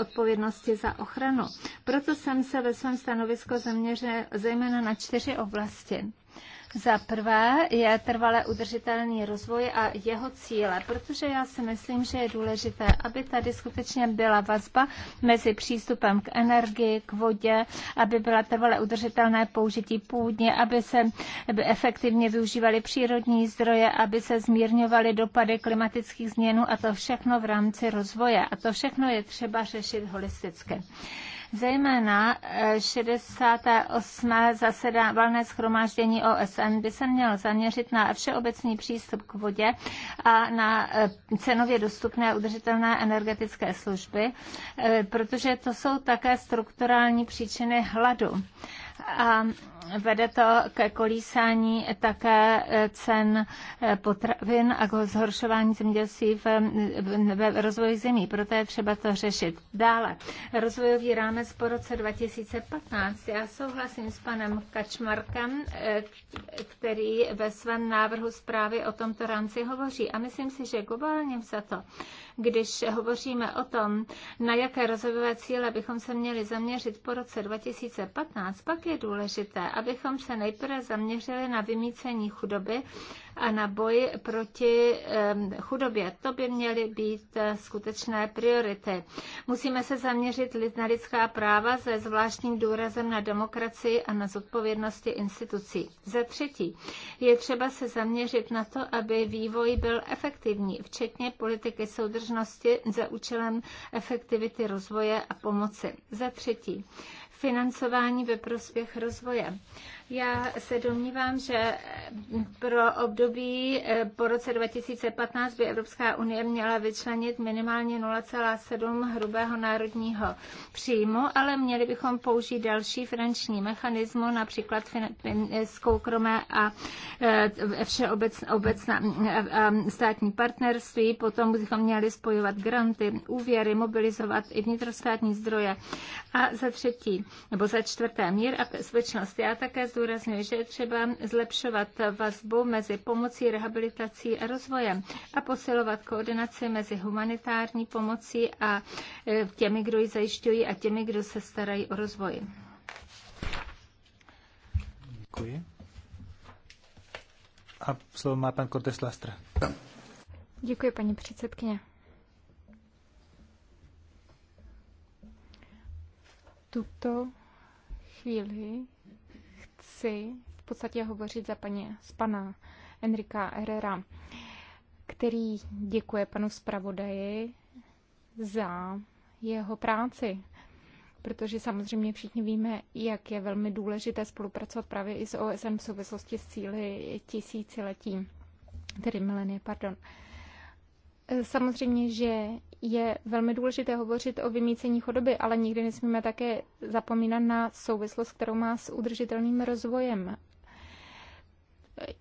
odpovědnosti odpovědnosti za ochranu. Proto jsem se ve svém stanovisku zaměřil zejména na čtyři oblasti. Za prvé je trvalé udržitelný rozvoj a jeho cíle, protože já si myslím, že je důležité, aby tady skutečně byla vazba mezi přístupem k energii, k vodě, aby byla trvalé udržitelné použití půdně, aby se aby efektivně využívaly přírodní zdroje, aby se zmírňovaly dopady klimatických změn a to všechno v rámci rozvoje. A to všechno je třeba řešit holisticky. Zejména 68. Eh, zasedá valné schromáždění OSN by se mělo zaměřit na všeobecný přístup k vodě a na eh, cenově dostupné udržitelné energetické služby, eh, protože to jsou také strukturální příčiny hladu. A vede to ke kolísání také eh, cen eh, potravin a k zhoršování zemědělství v, v rozvoji zemí. Proto je třeba to řešit. Dále, rozvojový rámec po roce 2015. Já souhlasím s panem Kačmarkem, eh, který ve svém návrhu zprávy o tomto rámci hovoří. A myslím si, že globálně za to, když hovoříme o tom, na jaké rozvojové cíle bychom se měli zaměřit po roce 2015, pak je důležité, abychom se nejprve zaměřili na vymícení chudoby a na boj proti chudobě. To by měly být eh, skutečné priority. Musíme se zaměřit na lidská práva se zvláštním důrazem na demokracii a na zodpovědnosti institucí. Za třetí, je třeba se zaměřit na to, aby vývoj byl efektivní, včetně politiky soudržnosti za účelem efektivity rozvoje a pomoci. Za třetí, financování ve prospěch rozvoje. Já se domnívám, že pro období eh, po roce 2015 by Evropská unie měla vyčlenit minimálně 0,7 hrubého národního příjmu, ale měli bychom použít další finanční mechanismu, například soukromé a eh, všeobecné eh, státní partnerství, potom bychom měli spojovat granty, úvěry, mobilizovat i vnitrostátní zdroje. A za třetí, nebo za čtvrté, mír a bezpečnost. Já také zdůrazňuje, že je třeba zlepšovat vazbu mezi pomocí, rehabilitací a rozvojem a posilovat koordinaci mezi humanitární pomocí a e, těmi, kdo ji zajišťují a těmi, kdo se starají o rozvoj. Děkuji. A slovo má pan Cortes Lastra. Děkuji, paní předsedkyně. tuto chvíli chci v podstatě hovořit za paně, z pana Enrika Herrera, který děkuje panu zpravodaji za jeho práci, protože samozřejmě všichni víme, jak je velmi důležité spolupracovat právě i s OSN v souvislosti s cíly tisíciletí, tedy milenie, pardon. Samozřejmě, že je velmi důležité hovořit o vymícení chodoby, ale nikdy nesmíme také zapomínat na souvislost, kterou má s udržitelným rozvojem.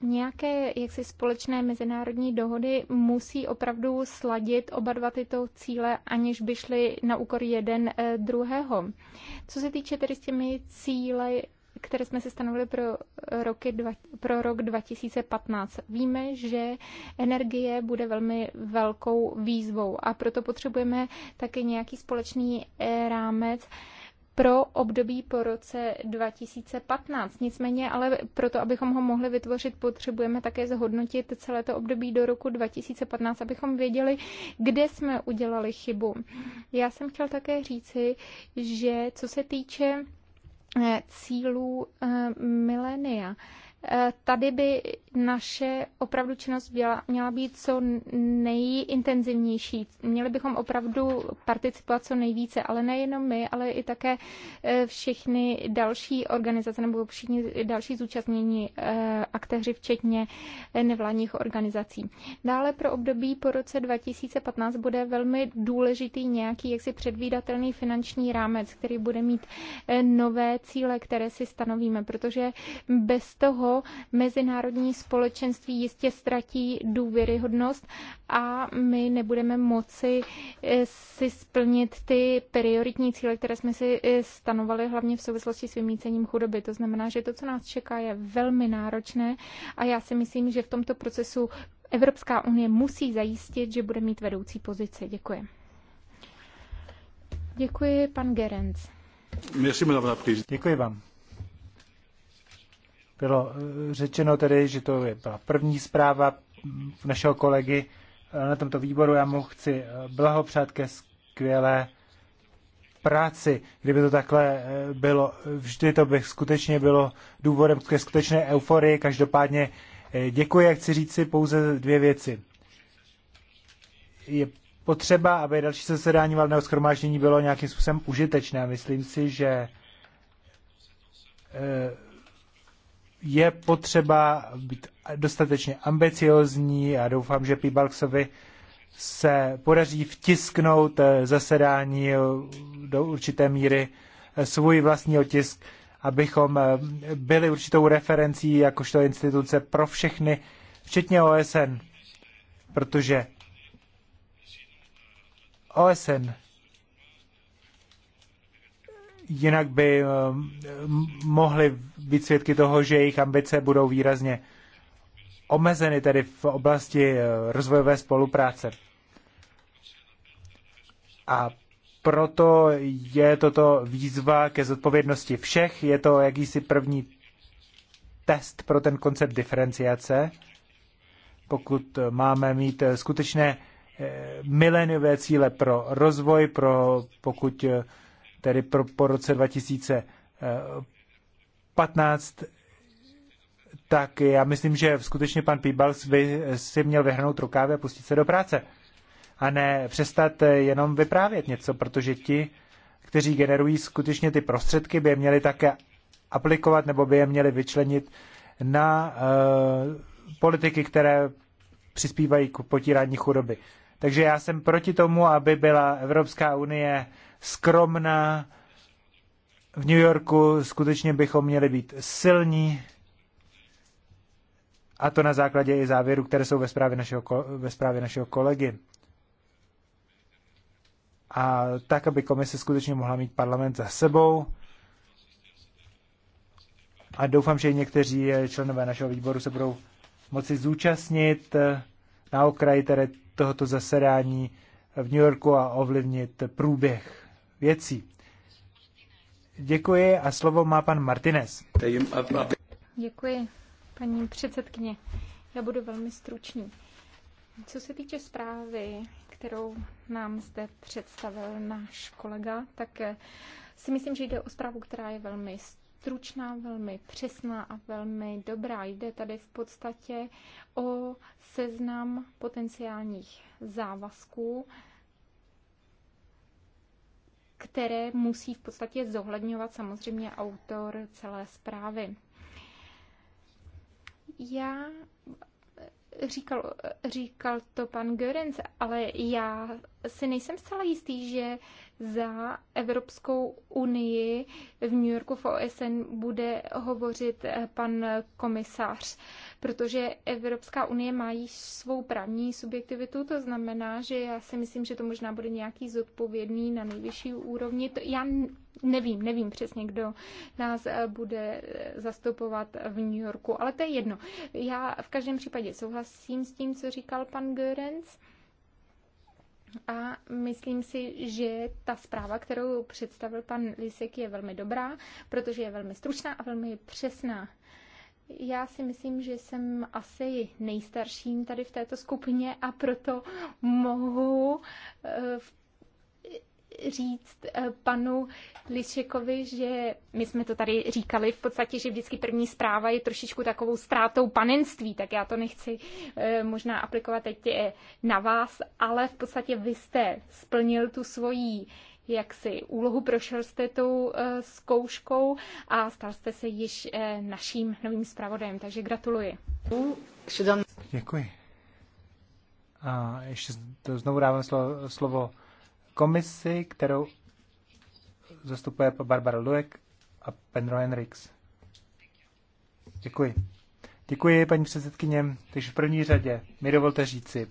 Nějaké jaksi společné mezinárodní dohody musí opravdu sladit oba dva tyto cíle, aniž by šly na úkor jeden eh, druhého. Co se týče tedy s těmi cíly které jsme si stanovili pro, roky dva, pro rok 2015. Víme, že energie bude velmi velkou výzvou a proto potřebujeme také nějaký společný eh, rámec, pro období po roce 2015. Nicméně, ale proto, abychom ho mohli vytvořit, potřebujeme také zhodnotit celé to období do roku 2015, abychom věděli, kde jsme udělali chybu. Já jsem chtěl také říci, že co se týče Eh, cílů eh, milénia. Eh, tady by naše opravdu činnost měla, měla být co nejintenzivnější. Měli bychom opravdu participovat co nejvíce, ale nejenom my, ale i také eh, všechny další organizace nebo všichni další zúčastnění eh, akteři, včetně nevládních organizací. Dále pro období po roce 2015 bude velmi důležitý nějaký jaksi předvídatelný finanční rámec, který bude mít nové cíle, které si stanovíme, protože bez toho mezinárodní společenství jistě ztratí důvěryhodnost a my nebudeme moci eh, si splnit ty prioritní cíle, které jsme si eh, stanovali hlavně v souvislosti s vymícením chudoby. To znamená, že to, co nás čeká, je velmi náročné a já si myslím, že v tomto procesu Evropská unie musí zajistit, že bude mít vedoucí pozici. Děkuji. Děkuji, pan Gerenc. Děkuji vám. Bylo eh, řečeno tedy, že to je byla první zpráva našeho kolegy eh, na tomto výboru. Já mu chci eh, blahopřát ke skvělé práci. Kdyby to takhle bylo, vždy to by skutečně bylo důvodem ke skutečné euforii. Každopádně děkuji a chci říct si pouze dvě věci. Je potřeba, aby další zasedání valného schromáždění bylo nějakým způsobem užitečné. Myslím si, že je potřeba být dostatečně ambiciozní a doufám, že Pibalksovi se podaří vtisknout eh, zasedání do určité míry eh, svůj vlastní otisk, abychom eh, byli určitou referencí jakožto instituce pro všechny, včetně OSN, protože OSN jinak by eh, mohli být svědky toho, že jejich ambice budou výrazně omezeny tedy v oblasti eh, rozvojové spolupráce. A proto je toto výzva ke zodpovědnosti všech, je to jakýsi první test pro ten koncept diferenciace. Pokud eh, máme mít skutečné mileniové cíle pro rozvoj, pro, pokud tedy pro, po roce 2015, tak já myslím, že skutečně pan Píbals by si měl vyhrnout rukávy a pustit se do práce. A ne přestat jenom vyprávět něco, protože ti, kteří generují skutečně ty prostředky, by je měli také aplikovat nebo by je měli vyčlenit na uh, politiky, které přispívají k potírání chudoby. Takže já jsem proti tomu, aby byla Evropská unie skromná. V New Yorku skutečně bychom měli být silní, a to na základě i závěru, které jsou ve zprávě našeho, ve zprávě našeho kolegy. A tak, aby komise skutečně mohla mít parlament za sebou. A doufám, že i někteří členové našeho výboru se budou moci zúčastnit na okraji tedy tohoto zasedání v New Yorku a ovlivnit průběh věcí. Děkuji a slovo má pan Martinez. Děkuji, paní předsedkyně. Já budu velmi stručný. Co se týče zprávy, kterou nám zde představil náš kolega, tak eh, si myslím, že jde o zprávu, která je velmi stručná, velmi přesná a velmi dobrá. Jde tady v podstatě o seznam potenciálních závazků, které musí v podstatě zohledňovat samozřejmě autor celé zprávy. Já eh, říkal, eh, říkal to pan Görens, ale já si nejsem zcela jistý, že za Evropskou unii v New Yorku v OSN bude hovořit eh, pan komisař protože Evropská unie má již svou právní subjektivitu, to znamená, že já si myslím, že to možná bude nějaký zodpovědný na nejvyšší úrovni. To já nevím, nevím přesně, kdo nás eh, bude eh, zastupovat v New Yorku, ale to je jedno. Já v každém případě souhlasím s tím, co říkal pan Görens. A myslím si, že ta zpráva, kterou představil pan Lisek, je velmi dobrá, protože je velmi stručná a velmi přesná. Já si myslím, že jsem asi nejstarším tady v této skupině a proto mohu eh, říct eh, panu Lišekovi, že my jsme to tady říkali v podstatě, že vždycky první zpráva je trošičku takovou ztrátou panenství, tak já to nechci eh, možná aplikovat teď na vás, ale v podstatě vy jste splnil tu svoji jak si. úlohu, prošel jste tou eh, zkouškou a stal jste se již eh, naším novým zpravodajem, takže gratuluji. Děkuji. A ještě znovu dávám slovo, slovo komisi, kterou zastupuje Barbara Luek a Pedro Henriks. Děkuji. Děkuji, paní předsedkyně. Takže v první řadě mi dovolte říci,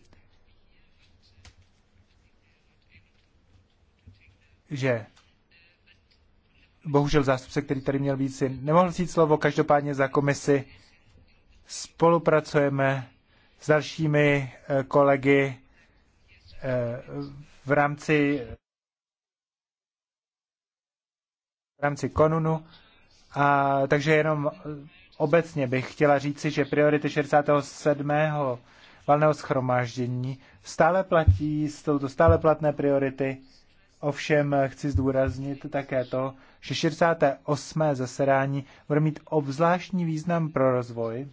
že bohužel zástupce, který tady měl být, si nemohl vzít slovo, každopádně za komisi spolupracujeme s dalšími eh, kolegy eh, v rámci v rámci Konunu. A, takže jenom eh, obecně bych chtěla říci, že priority 67. valného schromáždění stále platí, jsou to stále platné priority Ovšem eh, chci zdůraznit také to, že 68. zasedání bude mít obzvláštní význam pro rozvoj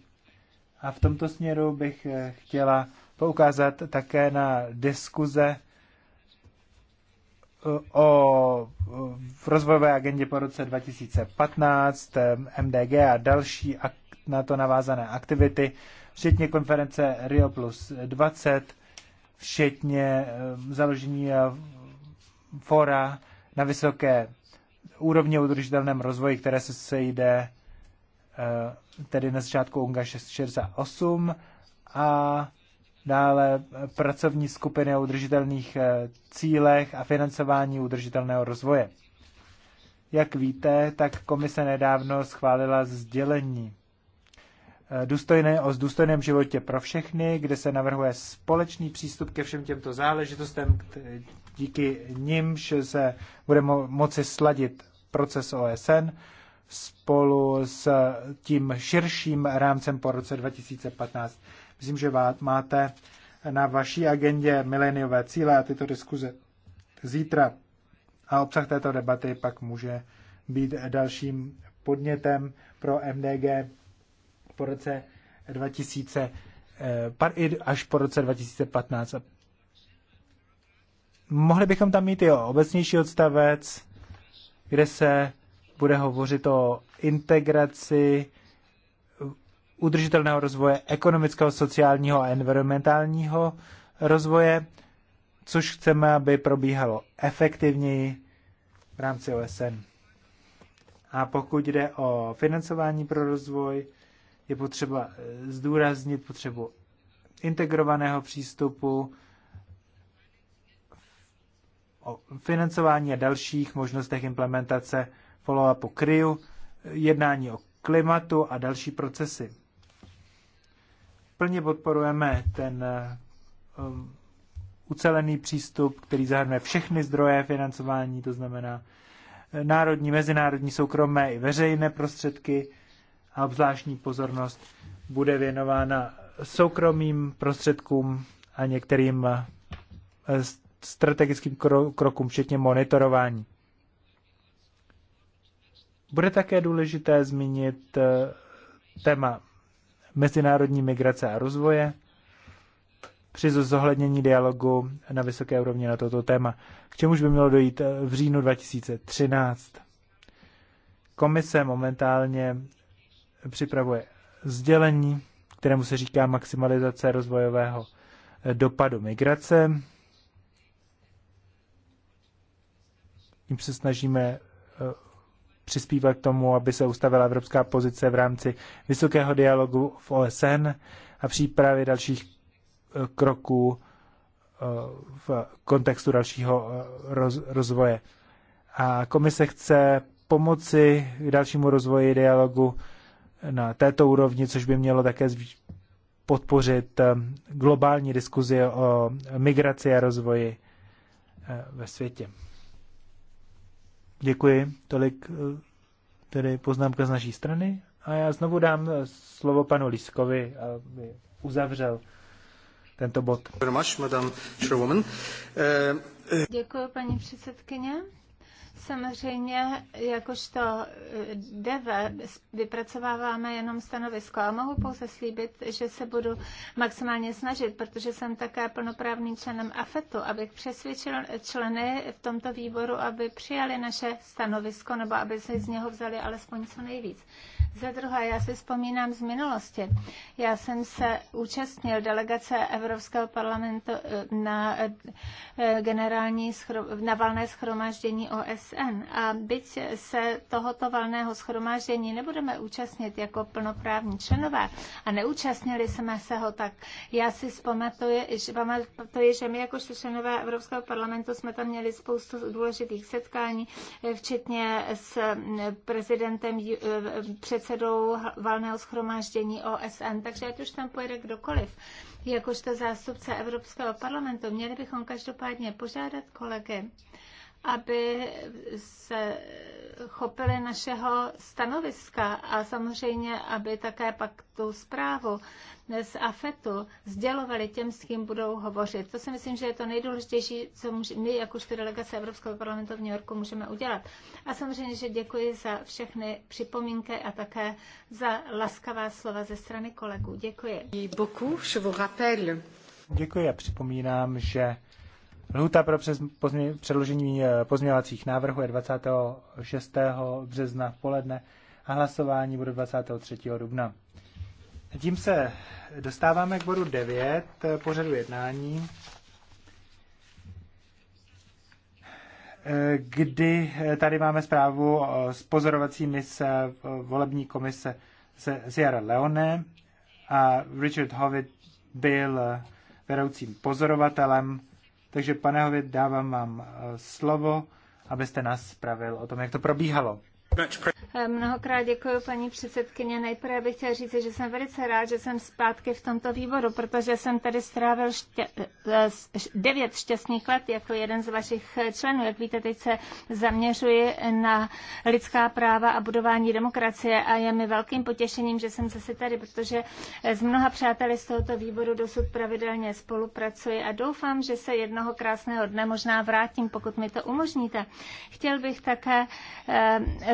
a v tomto směru bych eh, chtěla poukázat také na diskuze eh, o v rozvojové agendě po roce 2015, MDG a další na to navázané aktivity, včetně konference Rio plus 20, včetně založení fora na vysoké úrovni o udržitelném rozvoji, které se sejde eh, tedy na začátku UNGA 668 a dále eh, pracovní skupiny o udržitelných eh, cílech a financování udržitelného rozvoje. Jak víte, tak komise nedávno schválila sdělení Eh, důstojné, o důstojném životě pro všechny, kde se navrhuje společný přístup ke všem těmto záležitostem, díky nimž se bude mo- moci sladit proces OSN spolu s tím širším rámcem po roce 2015. Myslím, že máte na vaší agendě mileniové cíle a tyto diskuze zítra. A obsah této debaty pak může být dalším podnětem pro MDG po roce 2000, eh, eh, až po roce 2015. Mohli bychom tam mít i obecnější odstavec, kde se bude hovořit o integraci eh, udržitelného rozvoje, ekonomického, sociálního a environmentálního rozvoje, což chceme, aby probíhalo efektivněji v rámci OSN. A pokud jde o financování pro rozvoj, je potřeba eh, zdůraznit potřebu integrovaného přístupu, o financování a dalších možnostech implementace follow-upu kryju, jednání o klimatu a další procesy. Plně podporujeme ten eh, um, ucelený přístup, který zahrnuje všechny zdroje financování, to znamená eh, národní, mezinárodní, soukromé i veřejné prostředky, a obzvláštní pozornost bude věnována soukromým prostředkům a některým eh, strategickým krokům, včetně monitorování. Bude také důležité zmínit eh, téma mezinárodní migrace a rozvoje při zohlednění dialogu na vysoké úrovni na toto téma, k čemuž by mělo dojít eh, v říjnu 2013. Komise momentálně připravuje sdělení, kterému se říká maximalizace rozvojového eh, dopadu migrace. Tím se snažíme eh, přispívat k tomu, aby se ustavila evropská pozice v rámci vysokého dialogu v OSN a přípravy dalších eh, kroků v kontextu dalšího rozvoje. A komise chce pomoci k dalšímu rozvoji dialogu na této úrovni, což by mělo také podpořit eh, globální diskuzi o migraci a rozvoji eh, ve světě. Děkuji. Tolik eh, tedy poznámka z naší strany. A já znovu dám slovo panu Liskovi, aby uzavřel tento bod. Děkuji, paní předsedkyně. Samozřejmě, jakožto eh, DEVE, vypracováváme jenom stanovisko a mohu pouze slíbit, že se budu maximálně snažit, protože jsem také plnoprávným členem AFETu, abych přesvědčil eh, členy v tomto výboru, aby přijali naše stanovisko nebo aby se z něho vzali alespoň co nejvíc. Za druhé, já si vzpomínám z minulosti. Já jsem se účastnil delegace Evropského parlamentu eh, na generální schro... na valné schromáždění OSN OSN. A byť se tohoto valného schromáždění nebudeme účastnit jako plnoprávní členové a neúčastnili jsme se ho tak, já si že, pamatuju, že my jako členové Evropského parlamentu jsme tam měli spoustu důležitých setkání, včetně s prezidentem, e, předsedou valného schromáždění OSN. Takže ať už tam pojede kdokoliv, jakožto zástupce Evropského parlamentu, měli bychom každopádně požádat kolegy, aby se chopili našeho stanoviska a samozřejmě, aby také pak tu zprávu z AFETu sdělovali těm, s kým budou hovořit. To si myslím, že je to nejdůležitější, co my, jak už delegace Evropského parlamentu v New Yorku, můžeme udělat. A samozřejmě, že děkuji za všechny připomínky a také za laskavá slova ze strany kolegů. Děkuji. Děkuji a připomínám, že Lhuta pro předložení eh, pozměňovacích návrhů je 26. března v poledne a hlasování bude 23. dubna. Tím se dostáváme k bodu 9 eh, pořadu jednání, eh, kdy tady máme zprávu z pozorovací mise volební komise Sierra Leone a Richard Hovitt byl vedoucím pozorovatelem takže, pane Hově, dávám vám eh, slovo, abyste nás spravil o tom, jak to probíhalo. Eh, mnohokrát děkuji, paní předsedkyně. Nejprve bych chtěla říct, že jsem velice rád, že jsem zpátky v tomto výboru, protože jsem tady strávil ště... Eh, devět šťastných let jako jeden z vašich eh, členů. Jak víte, teď se zaměřuji na lidská práva a budování demokracie a je mi velkým potěšením, že jsem zase tady, protože s mnoha přáteli z tohoto výboru dosud pravidelně spolupracuji a doufám, že se jednoho krásného dne možná vrátím, pokud mi to umožníte. Chtěl bych také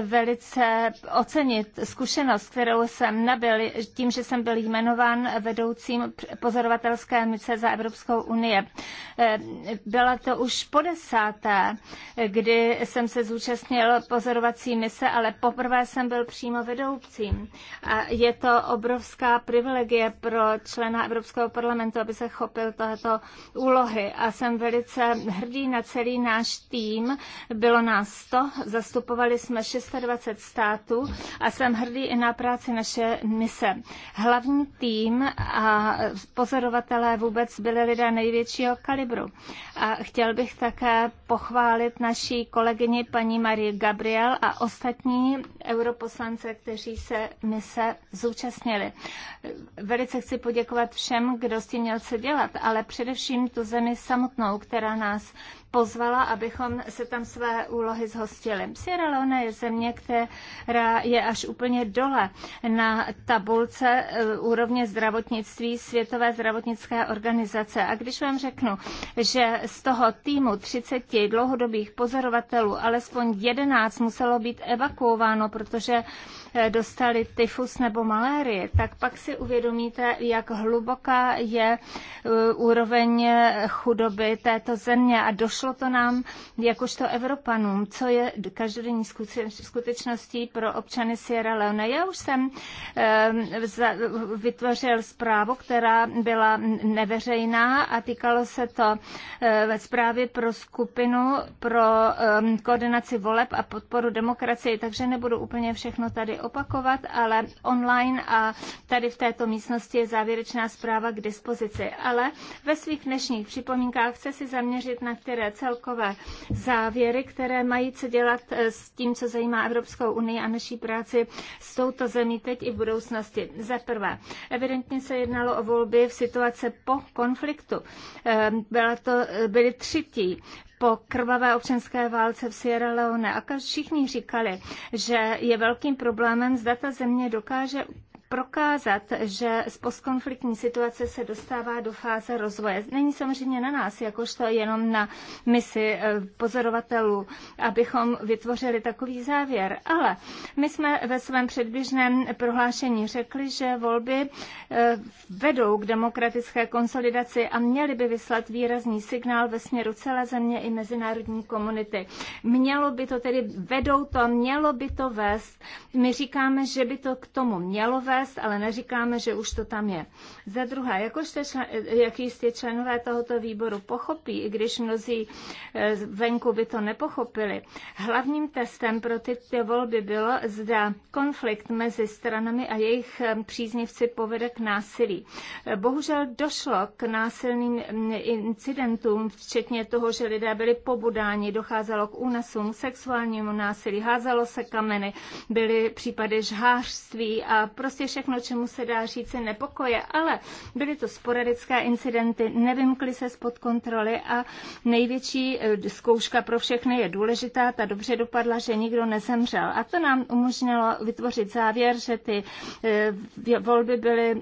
velice chce ocenit zkušenost, kterou jsem nabil tím, že jsem byl jmenován vedoucím pozorovatelské mise za Evropskou unii. Eh, byla to už po desáté, kdy jsem se zúčastnil pozorovací mise, ale poprvé jsem byl přímo vedoucím. A je to obrovská privilegie pro člena Evropského parlamentu, aby se chopil tohoto úlohy. A jsem velice hrdý na celý náš tým. Bylo nás 100, zastupovali jsme 26 státu a jsem hrdý i na práci naše mise. Hlavní tým a pozorovatelé vůbec byli lidé největšího kalibru. A chtěl bych také pochválit naší kolegyni paní Marie Gabriel a ostatní europoslance, kteří se mise zúčastnili. Velice chci poděkovat všem, kdo s tím měl co dělat, ale především tu zemi samotnou, která nás pozvala, abychom se tam své úlohy zhostili. Sierra Leone je země, která je až úplně dole na tabulce eh, úrovně zdravotnictví Světové zdravotnické organizace. A když vám řeknu, že z toho týmu 30 dlouhodobých pozorovatelů alespoň 11 muselo být evakuováno, protože Eh, dostali tyfus nebo malérie, tak pak si uvědomíte, jak hluboká je eh, úroveň chudoby této země a došlo to nám jakožto Evropanům, co je každodenní skutečností pro občany Sierra Leone. Já už jsem eh, vytvořil zprávu, která byla neveřejná a týkalo se to ve zprávě pro skupinu pro koordinaci voleb a podporu demokracie, takže nebudu úplně všechno tady opakovat, ale online a tady v této místnosti je závěrečná zpráva k dispozici. Ale ve svých dnešních připomínkách chce si zaměřit na které celkové závěry, které mají co dělat eh, s tím, co zajímá Evropskou unii a naší práci s touto zemí teď i v budoucnosti. Za prvé, evidentně se jednalo o volby v situace po konfliktu. Eh, byla to, eh, byly třetí po krvavé občanské válce v Sierra Leone a všichni říkali, že je velkým problémem, zda ta země dokáže prokázat, že z postkonfliktní situace se dostává do fáze rozvoje. Není samozřejmě na nás, jakožto jenom na misi eh, pozorovatelů, abychom vytvořili takový závěr, ale my jsme ve svém předběžném prohlášení řekli, že volby eh, vedou k demokratické konsolidaci a měly by vyslat výrazný signál ve směru celé země i mezinárodní komunity. Mělo by to tedy, vedou to, mělo by to vést. My říkáme, že by to k tomu mělo vést uvést, ale neříkáme, že už to tam je. Za druhé, jakožto člen, jak jistě členové tohoto výboru pochopí, i když mnozí eh, venku by to nepochopili, hlavním testem pro tyto volby bylo, zda konflikt mezi stranami a jejich eh, příznivci povede k násilí. Eh, bohužel došlo k násilným mm, incidentům, včetně toho, že lidé byli pobudáni, docházelo k únosům, sexuálnímu násilí, házalo se kameny, byly případy žhářství a prostě prostě všechno, čemu se dá říci nepokoje, ale byly to sporadické incidenty, nevymkly se spod kontroly a největší eh, zkouška pro všechny je důležitá, ta dobře dopadla, že nikdo nezemřel. A to nám umožnilo vytvořit závěr, že ty eh, volby byly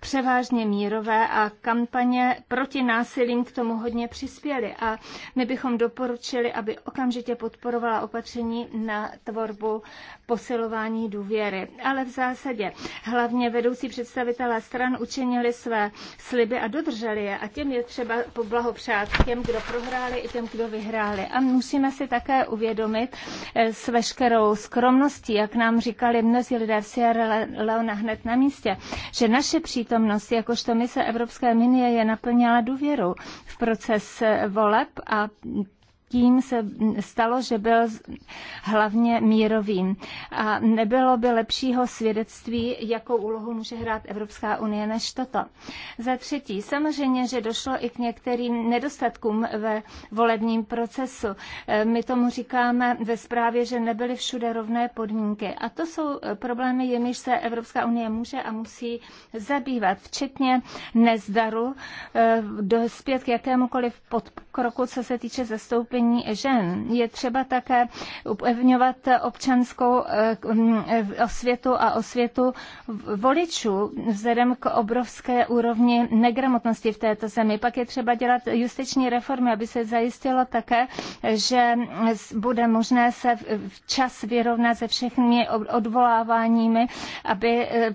převážně mírové a kampaně proti násilím k tomu hodně přispěly. A my bychom doporučili, aby okamžitě podporovala opatření na tvorbu posilování důvěry. Ale v zásadě hlavně vedoucí představitelé stran učinili své sliby a dodrželi je. A těm je třeba poblahopřát těm, kdo prohráli i těm, kdo vyhráli. A musíme si také uvědomit eh, s veškerou skromností, jak nám říkali mnozí lidé v Sierra Leone hned na místě, že naše přítomnost, jakožto mise Evropské unie je naplněla důvěru v proces voleb a tím se stalo, že byl hlavně mírovým. A nebylo by lepšího svědectví, jakou úlohu může hrát Evropská unie než toto. Za třetí, samozřejmě, že došlo i k některým nedostatkům ve volebním procesu. E, my tomu říkáme ve zprávě, že nebyly všude rovné podmínky. A to jsou problémy, jimiž se Evropská unie může a musí zabývat, včetně nezdaru, e, dospět k jakémukoliv podporu pokroku, co se týče zastoupení žen. Je třeba také upevňovat občanskou eh, osvětu a osvětu voličů vzhledem k obrovské úrovni negramotnosti v této zemi. Pak je třeba dělat justiční reformy, aby se zajistilo také, že bude možné se včas vyrovnat se všechny odvoláváními, aby, eh,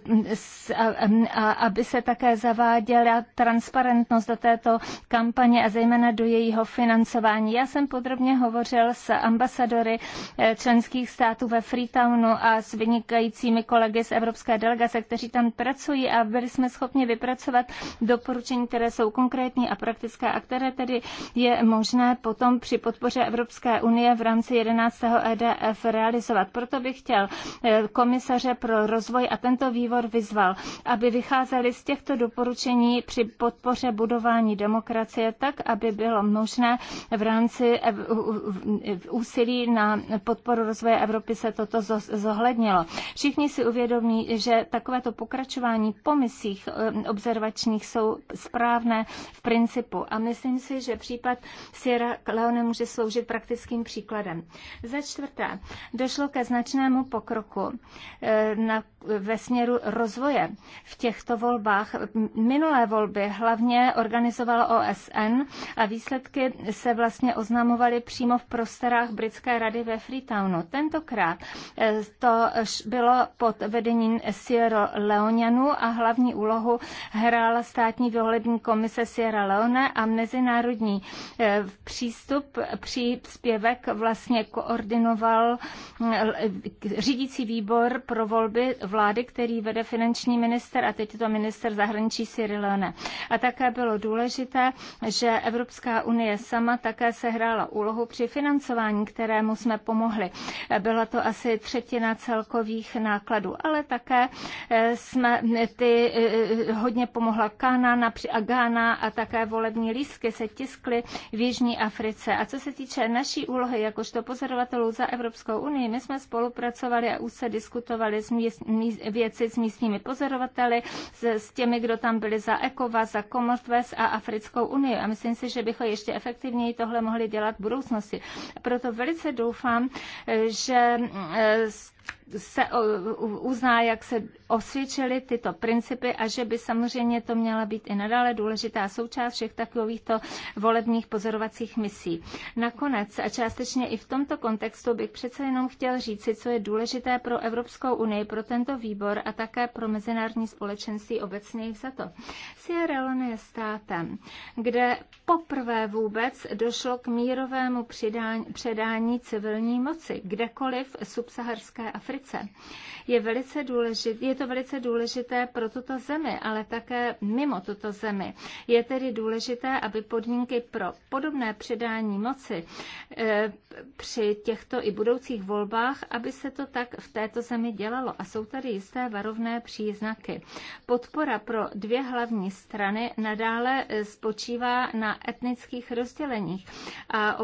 aby se také zaváděla transparentnost do této kampaně a zejména do její jejího financování. Já jsem podrobně hovořil s ambasadory eh, členských států ve Freetownu a s vynikajícími kolegy z Evropské delegace, kteří tam pracují a byli jsme schopni vypracovat doporučení, které jsou konkrétní a praktické a které tedy je možné potom při podpoře Evropské unie v rámci 11. EDF realizovat. Proto bych chtěl eh, komisaře pro rozvoj a tento vývor vyzval, aby vycházeli z těchto doporučení při podpoře budování demokracie tak, aby bylo možné možné v rámci eh, úsilí na podporu rozvoje Evropy se toto zohlednilo. Všichni si uvědomí, že takovéto pokračování po misích eh, observačních jsou správné v principu. A myslím si, že případ Sierra Leone může sloužit praktickým příkladem. Za čtvrté, došlo ke značnému pokroku eh, na, ve směru rozvoje v těchto volbách. Minulé volby hlavně organizovala OSN a výsledky výsledky se vlastně oznamovaly přímo v prostorách Britské rady ve Freetownu. Tentokrát eh, to bylo pod vedením Sierra Leonianu a hlavní úlohu hrála státní dohlední komise Sierra Leone a mezinárodní eh, přístup, příspěvek vlastně koordinoval eh, řídící výbor pro volby vlády, který vede finanční minister a teď je to minister zahraničí Sierra Leone. A také bylo důležité, že Evropská unie unie sama také sehrála úlohu při financování, kterému jsme pomohli. Byla to asi třetina celkových nákladů, ale také eh, jsme eh, ty eh, hodně pomohla Kána a Gána a také volební lístky se tiskly v Jižní Africe. A co se týče naší úlohy jakožto pozorovatelů za Evropskou unii, my jsme spolupracovali a se diskutovali s míst, míst, věci s místními pozorovateli, s, s těmi, kdo tam byli za ECOVA, za Commonwealth a Africkou unii. A myslím si, že bychom ještě ještě efektivněji tohle mohli dělat v budoucnosti. Proto velice doufám, že eh, se uzná, jak se osvědčily tyto principy a že by samozřejmě to měla být i nadále důležitá součást všech takovýchto volebních pozorovacích misí. Nakonec a částečně i v tomto kontextu bych přece jenom chtěl říci, co je důležité pro Evropskou unii, pro tento výbor a také pro mezinárodní společenství obecně za to. Sierra Leone je státem, kde poprvé vůbec došlo k mírovému předání civilní moci kdekoliv subsaharské Africe. Je, velice důležit, je to velice důležité pro tuto zemi, ale také mimo tuto zemi. Je tedy důležité, aby podmínky pro podobné předání moci eh, při těchto i budoucích volbách, aby se to tak v této zemi dělalo. A jsou tady jisté varovné příznaky. Podpora pro dvě hlavní strany nadále eh, spočívá na etnických rozděleních a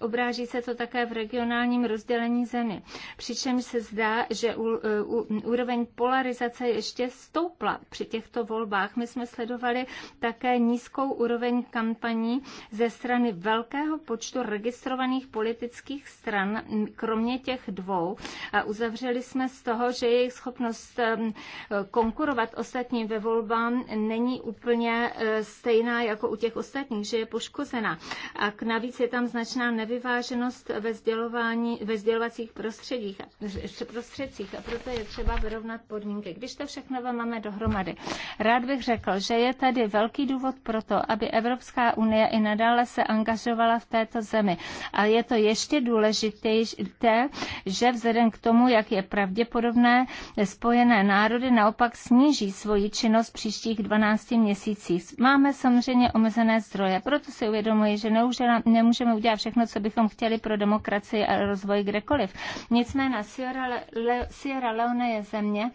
obráží se to také v regionálním rozdělení zemi. Přičemž se zdá, že u, u, úroveň polarizace ještě stoupla při těchto volbách. My jsme sledovali také nízkou úroveň kampaní ze strany velkého počtu registrovaných politických stran, kromě těch dvou. A uzavřeli jsme z toho, že jejich schopnost konkurovat ostatním ve volbám není úplně e, stejná jako u těch ostatních, že je poškozena. A navíc je tam značná nevyváženost ve, sdělování, ve sdělovacích prostředích prostředcích a proto je třeba vyrovnat podmínky. Když to všechno máme dohromady, rád bych řekl, že je tady velký důvod pro to, aby Evropská unie i nadále se angažovala v této zemi. A je to ještě důležité, že vzhledem k tomu, jak je pravděpodobné, spojené národy naopak sníží svoji činnost v příštích 12 měsících. Máme samozřejmě omezené zdroje, proto si uvědomuji, že nemůžeme udělat všechno, co bychom chtěli pro demokracii a rozvoj kdekoliv. Nicméně Sierra, Le- Sierra Leone je země,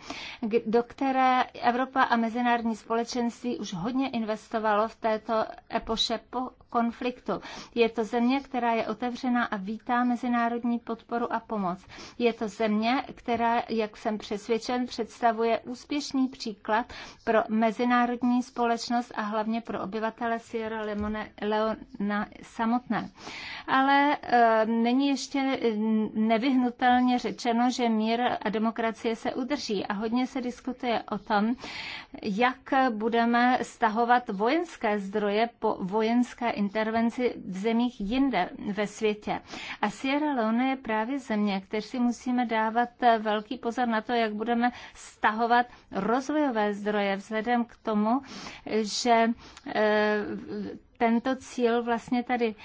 do které Evropa a mezinárodní společenství už hodně investovalo v této epoše po konfliktu. Je to země, která je otevřená a vítá mezinárodní podporu a pomoc. Je to země, která, jak jsem přesvědčen, představuje úspěšný příklad pro mezinárodní společnost a hlavně pro obyvatele Sierra Leone, Leona samotné. Ale e, není ještě eh, nevyhnutelně řečeno, že mír a demokracie se udrží a hodně se diskutuje o tom, jak budeme stahovat vojenské zdroje po vojenské intervenci v zemích jinde ve světě. A Sierra Leone je právě země, které si musíme dávat velký pozor na to, jak budeme stahovat rozvojové zdroje vzhledem k tomu, že e, tento cíl vlastně tady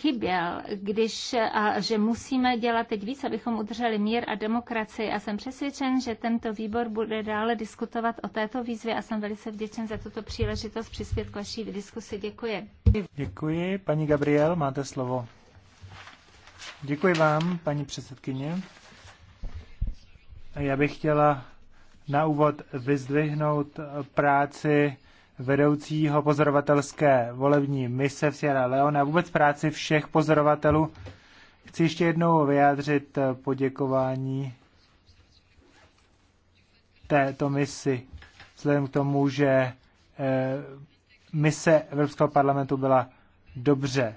chyběl, když, a že musíme dělat teď víc, abychom udrželi mír a demokracii. A jsem přesvědčen, že tento výbor bude dále diskutovat o této výzvě a jsem velice vděčen za tuto příležitost přispět k vaší diskusi. Děkuji. Děkuji. Paní Gabriel, máte slovo. Děkuji vám, paní předsedkyně. Já bych chtěla na úvod vyzdvihnout práci vedoucího pozorovatelské volební mise v Sierra Leone a vůbec práci všech pozorovatelů. Chci ještě jednou vyjádřit poděkování této misi, vzhledem k tomu, že eh, mise Evropského parlamentu byla dobře, eh,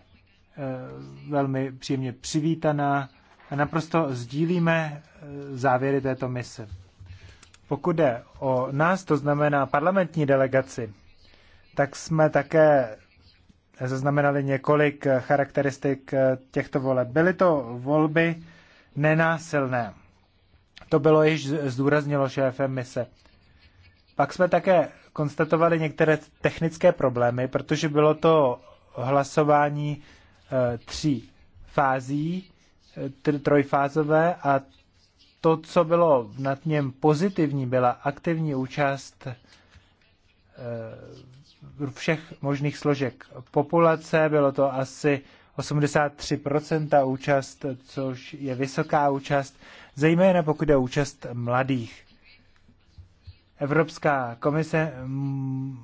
velmi příjemně přivítaná a naprosto sdílíme eh, závěry této mise. Pokud jde o nás, to znamená parlamentní delegaci, tak jsme také zaznamenali několik charakteristik eh, těchto voleb. Byly to volby nenásilné. To bylo již zdůraznilo šéfem mise. Pak jsme také konstatovali některé technické problémy, protože bylo to hlasování e, tří fází, e, trojfázové a to, co bylo nad něm pozitivní, byla aktivní účast e, všech možných složek populace, bylo to asi 83% účast, což je vysoká účast, zejména pokud je účast mladých. Evropská komise mm,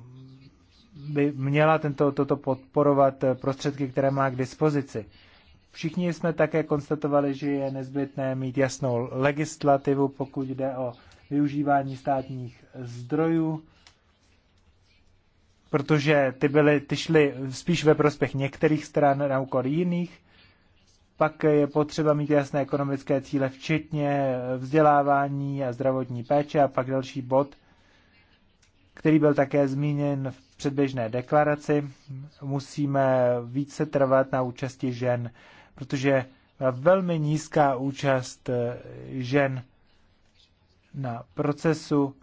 by měla tento, toto podporovat eh, prostředky, které má k dispozici. Všichni jsme také konstatovali, že je nezbytné mít jasnou legislativu, pokud jde o využívání státních zdrojů, protože ty, byly, ty šly spíš ve prospěch některých stran na úkor jiných. Pak je potřeba mít jasné ekonomické cíle, včetně vzdělávání a zdravotní péče. A pak další bod který byl také zmíněn v předběžné deklaraci. Musíme více trvat na účasti žen, protože velmi nízká účast eh, žen na procesu.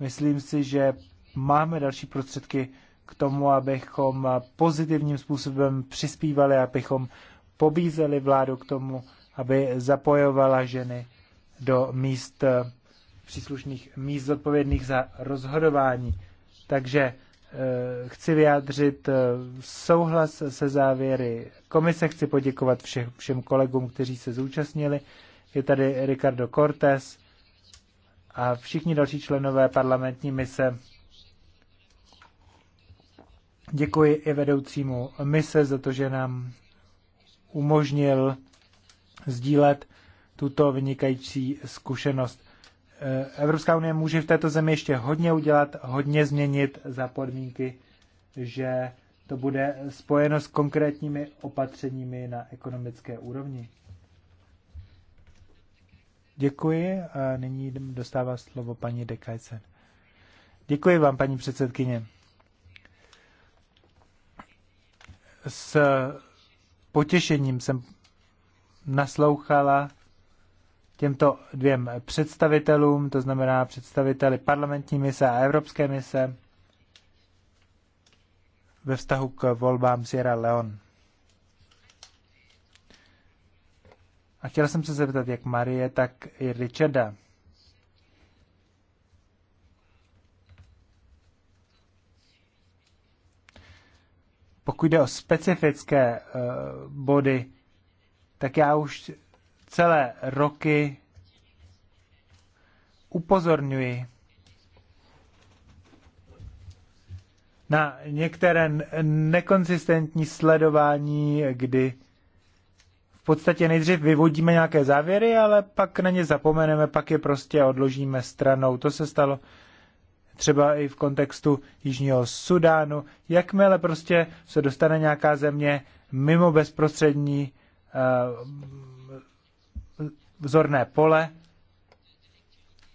Myslím si, že máme další prostředky k tomu, abychom pozitivním způsobem přispívali, abychom pobízeli vládu k tomu, aby zapojovala ženy do míst eh, příslušných míst zodpovědných za rozhodování. Takže e, chci vyjádřit e, souhlas se závěry komise, chci poděkovat všem, všem kolegům, kteří se zúčastnili. Je tady Ricardo Cortés a všichni další členové parlamentní mise. Děkuji i vedoucímu mise za to, že nám umožnil sdílet tuto vynikající zkušenost. Eh, Evropská unie může v této zemi ještě hodně udělat, hodně změnit za podmínky, že to bude spojeno s konkrétními opatřeními na ekonomické úrovni. Děkuji a nyní dostává slovo paní Dekajcen. Děkuji vám, paní předsedkyně. S potěšením jsem naslouchala těmto dvěm představitelům, to znamená představiteli parlamentní mise a evropské mise ve vztahu k volbám Sierra Leone. A chtěl jsem se zeptat jak Marie, tak i Richarda. Pokud jde o specifické uh, body, tak já už celé roky upozorňuji na některé nekonzistentní sledování, kdy v podstatě nejdřív vyvodíme nějaké závěry, ale pak na ně zapomeneme, pak je prostě odložíme stranou. To se stalo třeba i v kontextu Jižního Sudánu. Jakmile prostě se dostane nějaká země mimo bezprostřední uh, vzorné pole,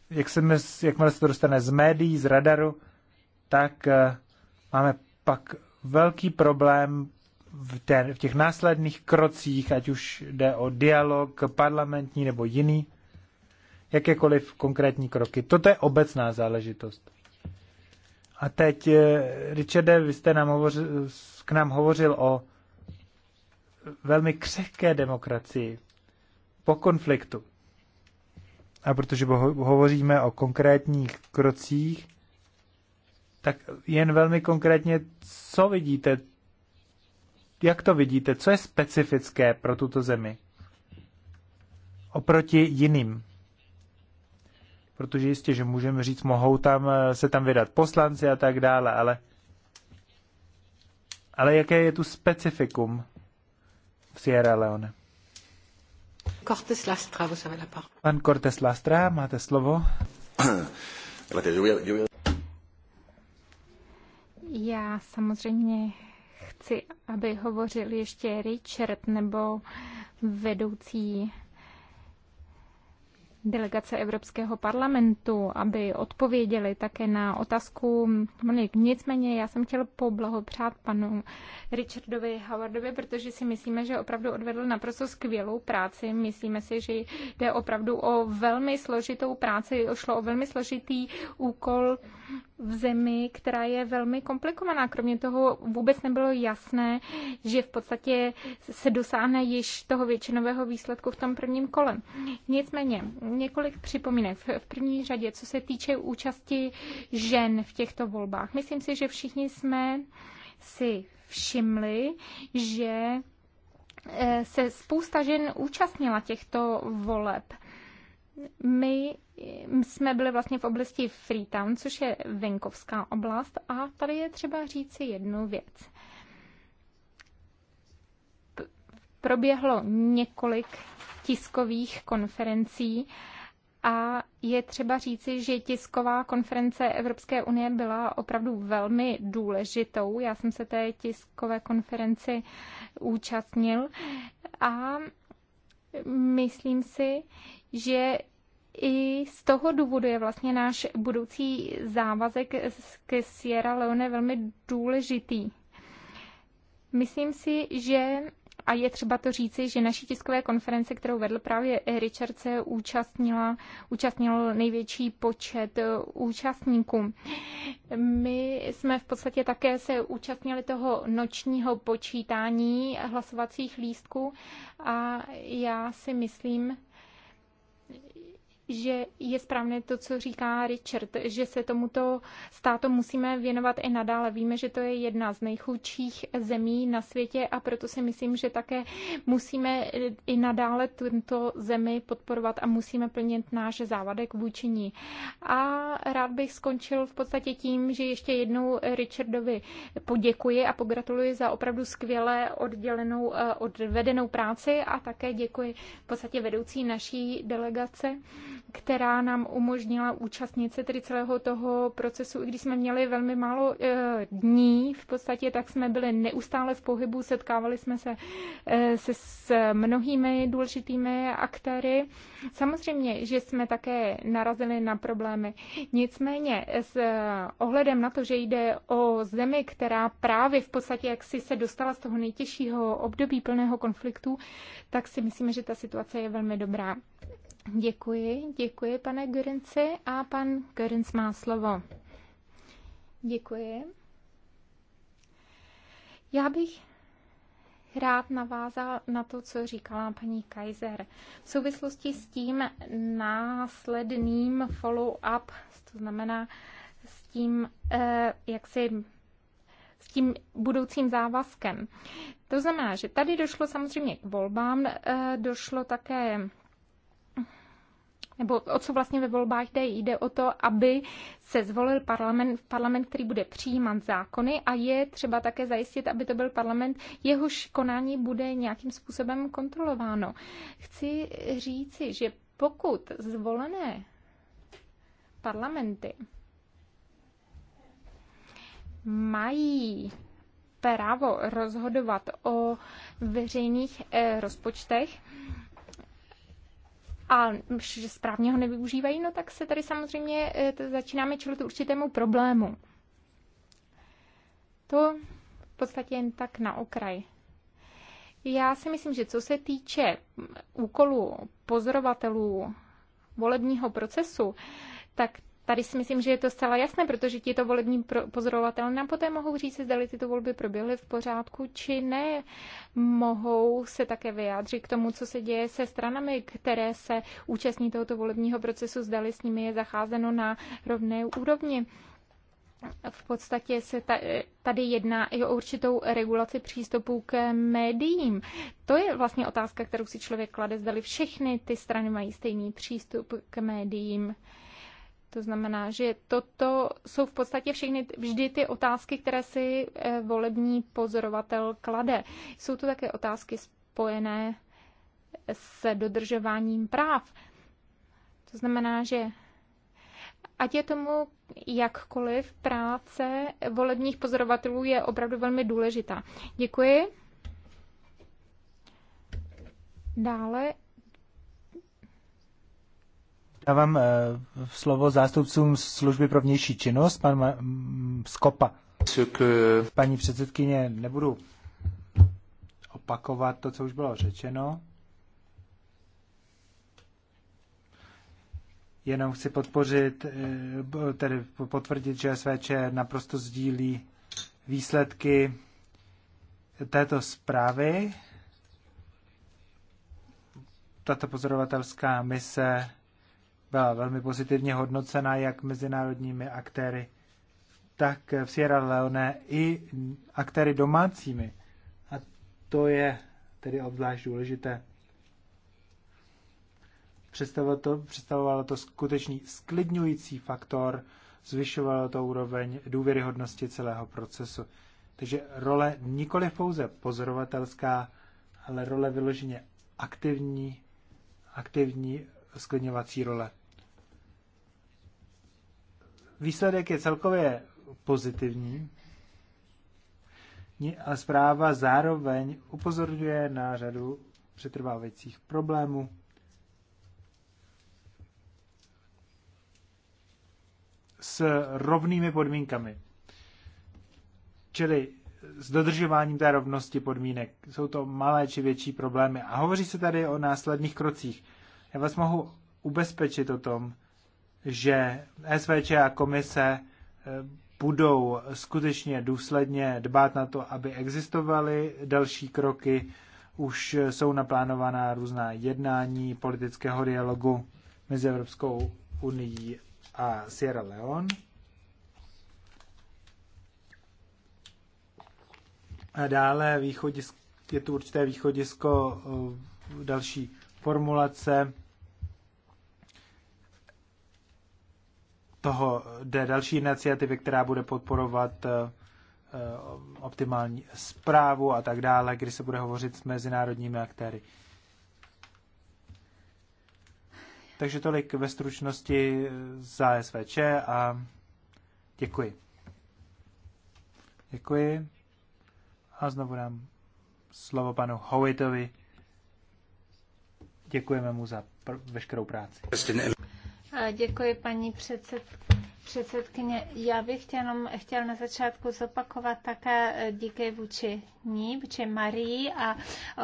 jak se, jakmile se to dostane z médií, z radaru, tak eh, máme pak velký problém v, té, v těch následných krocích, ať už jde o dialog parlamentní nebo jiný, jakékoliv konkrétní kroky. Toto je obecná záležitost. A teď, eh, Richarde, vy jste nám hovořil, k nám hovořil o velmi křehké demokracii po konfliktu. A protože hovoříme o konkrétních krocích, tak jen velmi konkrétně, co vidíte, jak to vidíte, co je specifické pro tuto zemi oproti jiným. Protože jistě, že můžeme říct, mohou tam eh, se tam vydat poslanci a tak dále, ale, ale jaké je tu specifikum v Sierra Leone? Cortes Lastra, vous avez la parole. Pan Cortes Lastra, máte slovo. Já samozřejmě chci, aby hovořil ještě Richard nebo vedoucí delegace Evropského parlamentu, aby odpověděli také na otázku Monik. Nicméně já jsem chtěl poblahopřát panu Richardovi Howardovi, protože si myslíme, že opravdu odvedl naprosto skvělou práci. Myslíme si, že jde opravdu o velmi složitou práci, šlo o velmi složitý úkol v zemi, která je velmi komplikovaná. Kromě toho vůbec nebylo jasné, že v podstatě se dosáhne již toho většinového výsledku v tom prvním kole. Nicméně, několik připomínek. V první řadě, co se týče účasti žen v těchto volbách. Myslím si, že všichni jsme si všimli, že eh, se spousta žen účastnila těchto voleb. My jsme byli vlastně v oblasti Freetown, což je venkovská oblast a tady je třeba říci jednu věc. Proběhlo několik tiskových konferencí a je třeba říci, že tisková konference Evropské unie byla opravdu velmi důležitou. Já jsem se té tiskové konferenci účastnil a myslím si, že i z toho důvodu je vlastně náš budoucí závazek ke Sierra Leone velmi důležitý. Myslím si, že a je třeba to říci, že naší tiskové konference, kterou vedl právě Richard, se účastnila, účastnil největší počet eh, účastníků. My jsme v podstatě také se účastnili toho nočního počítání hlasovacích lístků a já si myslím, že je správné to, co říká Richard, že se tomuto státu musíme věnovat i nadále. Víme, že to je jedna z nejchudších zemí na světě a proto si myslím, že také musíme i nadále tuto zemi podporovat a musíme plnit náš závadek vůči ní. A rád bych skončil v podstatě tím, že ještě jednou Richardovi poděkuji a pogratuluji za opravdu skvěle oddělenou, eh, odvedenou práci a také děkuji v podstatě vedoucí naší delegace která nám umožnila účastnit se tedy celého toho procesu. I když jsme měli velmi málo eh, dní, v podstatě tak jsme byli neustále v pohybu, setkávali jsme se, eh, se s mnohými důležitými aktéry. Samozřejmě, že jsme také narazili na problémy. Nicméně s eh, ohledem na to, že jde o zemi, která právě v podstatě jaksi se dostala z toho nejtěžšího období plného konfliktu, tak si myslíme, že ta situace je velmi dobrá. Děkuji, děkuji, pane Görenci. A pan Görenc má slovo. Děkuji. Já bych rád navázal na to, co říkala paní Kaiser. V souvislosti s tím následným follow-up, to znamená s tím, eh, jak si s tím budoucím závazkem. To znamená, že tady došlo samozřejmě k volbám, eh, došlo také nebo o co vlastně ve volbách jde, jde o to, aby se zvolil parlament, parlament, který bude přijímat zákony a je třeba také zajistit, aby to byl parlament, jehož konání bude nějakým způsobem kontrolováno. Chci říci, že pokud zvolené parlamenty mají právo rozhodovat o veřejných eh, rozpočtech, a že správně ho nevyužívají, no tak se tady samozřejmě eh, začínáme čelit určitému problému. To v podstatě jen tak na okraj. Já si myslím, že co se týče mm, úkolu pozorovatelů volebního procesu, tak tady si myslím, že je to zcela jasné, protože ti to volební pozorovatelé nám poté mohou říct, zda tyto volby proběhly v pořádku či ne. Mohou se také vyjádřit k tomu, co se děje se stranami, které se účastní tohoto volebního procesu, zdali s nimi je zacházeno na rovné úrovni. V podstatě se tady jedná i o určitou regulaci přístupu k médiím. To je vlastně otázka, kterou si člověk klade, zdali všechny ty strany mají stejný přístup k médiím. To znamená, že toto jsou v podstatě všechny vždy ty otázky, které si eh, volební pozorovatel klade. Jsou to také otázky spojené s dodržováním práv. To znamená, že ať je tomu jakkoliv, práce volebních pozorovatelů je opravdu velmi důležitá. Děkuji. Dále Dávám eh, slovo zástupcům služby pro vnější činnost, pan Skopa. Paní předsedkyně, nebudu opakovat to, co už bylo řečeno. Jenom chci podpořit, eh, tedy potvrdit, že SVČ naprosto sdílí výsledky této zprávy. Tato pozorovatelská mise byla velmi pozitivně hodnocena jak mezinárodními aktéry, tak v Sierra Leone i aktéry domácími. A to je tedy obzvlášť důležité. Představovalo to, představovalo to skutečný sklidňující faktor, zvyšovalo to úroveň důvěryhodnosti celého procesu. Takže role nikoli pouze pozorovatelská, ale role vyloženě aktivní, aktivní sklidňovací role výsledek je celkově pozitivní a zpráva zároveň upozorňuje na řadu přetrvávajících problémů. s rovnými podmínkami. Čili s dodržováním té rovnosti podmínek. Jsou to malé či větší problémy. A hovoří se tady o následných krocích. Já vás mohu ubezpečit o tom, že SVČ a komise eh, budou skutečně důsledně dbát na to, aby existovaly další kroky. Už jsou naplánovaná různá jednání politického dialogu mezi Evropskou unii a Sierra Leone. A dále je tu určité východisko eh, další formulace toho jde další iniciativy, která bude podporovat eh, eh, optimální zprávu a tak dále, kdy se bude hovořit s mezinárodními aktéry. Takže tolik ve stručnosti za SVČ a děkuji. Děkuji. A znovu dám slovo panu Howitovi. Děkujeme mu za veškerou práci. Děkuji, paní předsedkyně předsedkyně, já bych jenom chtěl na začátku zopakovat také eh, díky vůči ní, vůči Marii a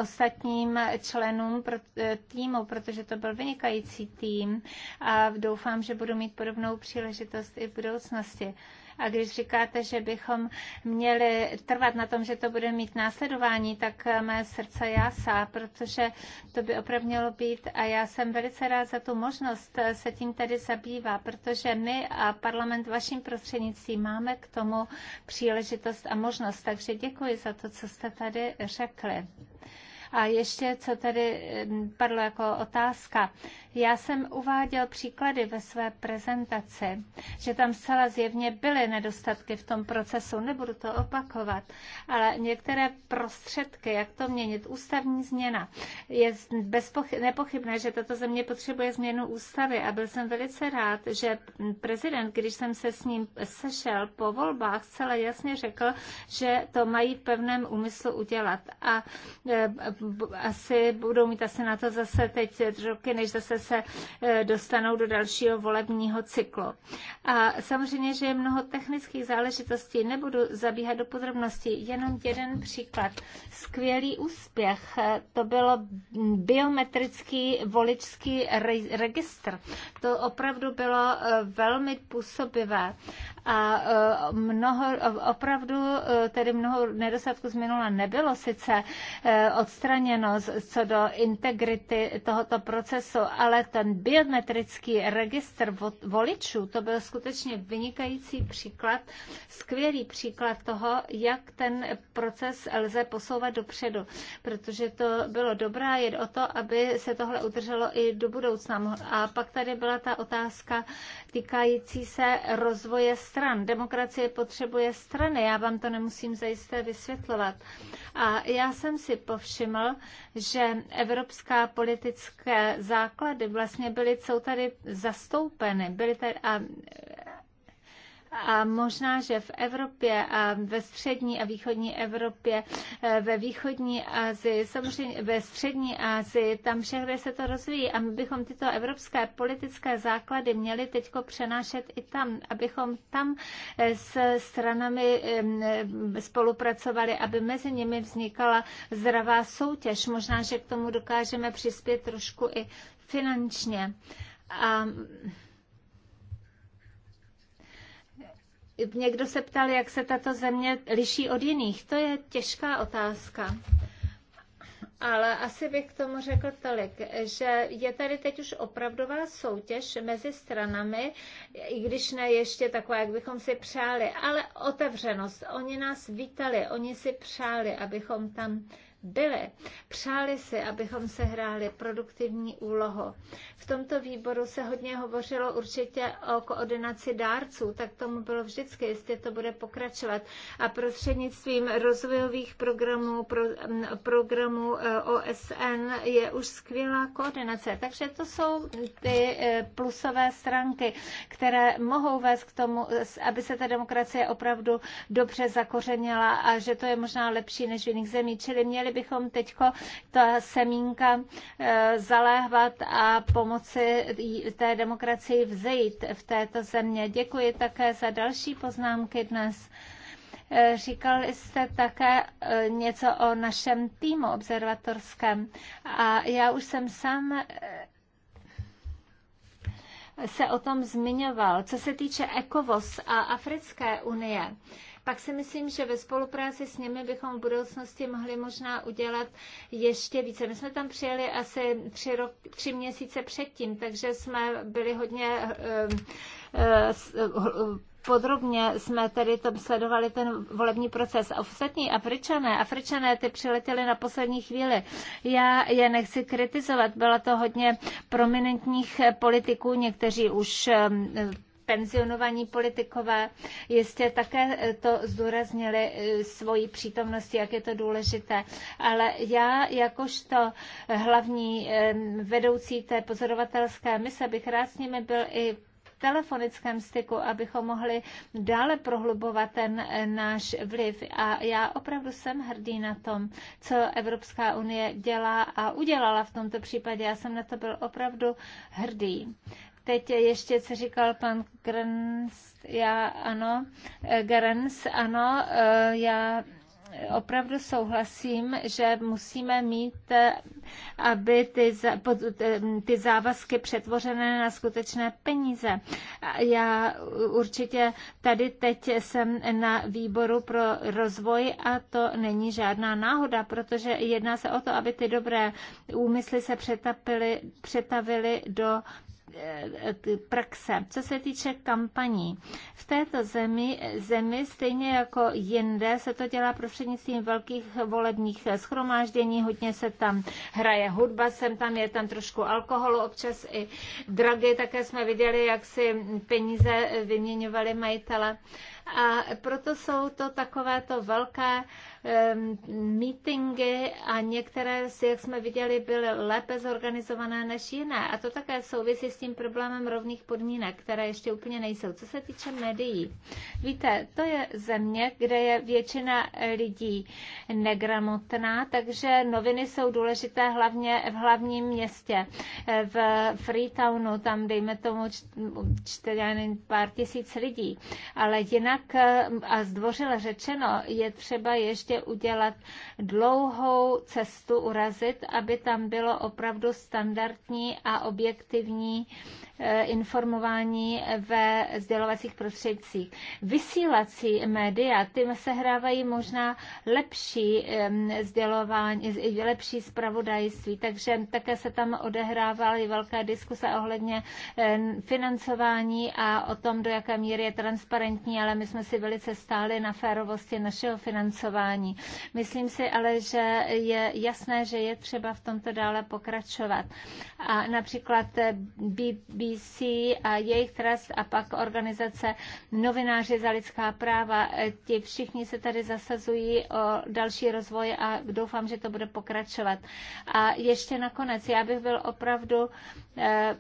ostatním členům eh, týmu, protože to byl vynikající tým a doufám, že budu mít podobnou příležitost i v budoucnosti. A když říkáte, že bychom měli trvat na tom, že to bude mít následování, tak eh, mé srdce jásá, protože to by opravdu mělo být. A já jsem velice rád za tu možnost eh, se tím tady zabývá, protože my a parlament vaším prostřednictvím máme k tomu příležitost a možnost. Takže děkuji za to, co jste tady řekli. A ještě, co tady padlo jako otázka. Já jsem uváděl příklady ve své prezentaci, že tam zcela zjevně byly nedostatky v tom procesu. Nebudu to opakovat, ale některé prostředky, jak to měnit, ústavní změna. Je bezpoch- nepochybné, že tato země potřebuje změnu ústavy a byl jsem velice rád, že prezident, když jsem se s ním sešel po volbách, zcela jasně řekl, že to mají v pevném úmyslu udělat. A e, asi budou mít asi na to zase teď roky, než zase se eh, dostanou do dalšího volebního cyklu. A samozřejmě, že je mnoho technických záležitostí, nebudu zabíhat do podrobností, jenom jeden příklad. Skvělý úspěch, eh, to bylo biometrický voličský registr. To opravdu bylo eh, velmi působivé a e, mnoho, opravdu e, tedy mnoho nedostatků z minula nebylo sice e, odstraněno co do integrity tohoto procesu, ale ten biometrický registr voličů, to byl skutečně vynikající příklad, skvělý příklad toho, jak ten proces lze posouvat dopředu, protože to bylo dobrá, jed o to, aby se tohle udrželo i do budoucna. A pak tady byla ta otázka týkající se rozvoje stran. Demokracie potřebuje strany, já vám to nemusím zajisté vysvětlovat. A já jsem si povšiml, že evropská politické základy vlastně byly, jsou tady zastoupeny, byly tady a a možná, že v Evropě a ve střední a východní Evropě, e, ve východní Asii, samozřejmě ve střední Asii, tam všechno se to rozvíjí a my bychom tyto evropské politické základy měli teď přenášet i tam, abychom tam e, s stranami e, spolupracovali, aby mezi nimi vznikala zdravá soutěž. Možná, že k tomu dokážeme přispět trošku i finančně. A Někdo se ptal, jak se tato země liší od jiných. To je těžká otázka. Ale asi bych k tomu řekl tolik, že je tady teď už opravdová soutěž mezi stranami, i když ne ještě taková, jak bychom si přáli, ale otevřenost. Oni nás vítali, oni si přáli, abychom tam byli. Přáli si, abychom se hráli produktivní úlohu. V tomto výboru se hodně hovořilo určitě o koordinaci dárců, tak tomu bylo vždycky, jestli to bude pokračovat. A prostřednictvím rozvojových programů, pro, programů e, OSN je už skvělá koordinace. Takže to jsou ty e, plusové stránky, které mohou vést k tomu, aby se ta demokracie opravdu dobře zakořenila a že to je možná lepší než v jiných zemích. Čili měli bychom teď ta semínka e, zaléhvat a pomoci té demokracii vzejít v této země. Děkuji také za další poznámky dnes. E, říkal jste také e, něco o našem týmu observatorském a já už jsem sám se o tom zmiňoval. Co se týče ECOVOS a Africké unie, pak si myslím, že ve spolupráci s nimi bychom v budoucnosti mohli možná udělat ještě více. My jsme tam přijeli asi tři, rok, tři měsíce předtím, takže jsme byli hodně eh, eh, eh, podrobně jsme tedy tam sledovali ten volební proces. A ostatní Afričané, Afričané ty přiletěli na poslední chvíli. Já je nechci kritizovat, bylo to hodně prominentních politiků, někteří už penzionovaní politikové jistě také eh, to zdůraznili eh, svojí přítomností, jak je to důležité. Ale já jakožto hlavní eh, vedoucí té pozorovatelské mise bych rád s nimi byl i telefonickém styku, abychom mohli dále prohlubovat ten náš vliv. A já opravdu jsem hrdý na tom, co Evropská unie dělá a udělala v tomto případě. Já jsem na to byl opravdu hrdý. Teď ještě, co říkal pan Grns, já ano, eh, Grns, ano, eh, já opravdu souhlasím, že musíme mít, eh, aby ty, ty závazky přetvořené na skutečné peníze. Já určitě tady teď jsem na výboru pro rozvoj a to není žádná náhoda, protože jedná se o to, aby ty dobré úmysly se přetavily do Eh, praxe. Co se týče kampaní, v této zemi, zemi stejně jako jinde se to dělá prostřednictvím velkých volebních schromáždění, hodně se tam hraje hudba, sem tam je tam trošku alkoholu, občas i drogy, také jsme viděli, jak si peníze vyměňovali majitele. A proto jsou to takovéto velké meetingy a některé, jak jsme viděli, byly lépe zorganizované než jiné. A to také souvisí s tím problémem rovných podmínek, které ještě úplně nejsou. Co se týče médií, víte, to je země, kde je většina lidí negramotná, takže noviny jsou důležité hlavně v hlavním městě. V Freetownu, tam dejme tomu čtyři, pár tisíc lidí. Ale jinak, eh, a zdvořile řečeno, je třeba ještě ještě udělat dlouhou cestu, urazit, aby tam bylo opravdu standardní a objektivní eh, informování ve sdělovacích prostředcích. Vysílací média, ty hrávají možná lepší sdělování, lepší zpravodajství, takže také se tam odehrávaly velké diskuse ohledně financování a o tom, do jaké míry je transparentní, ale my jsme si velice stáli na férovosti našeho financování vzdělání. Myslím si ale, že je jasné, že je třeba v tomto dále pokračovat. A například eh, BBC a jejich trust a pak organizace Novináři za lidská práva, eh, ti všichni se tady zasazují o další rozvoj a doufám, že to bude pokračovat. A ještě nakonec, já bych byl opravdu eh,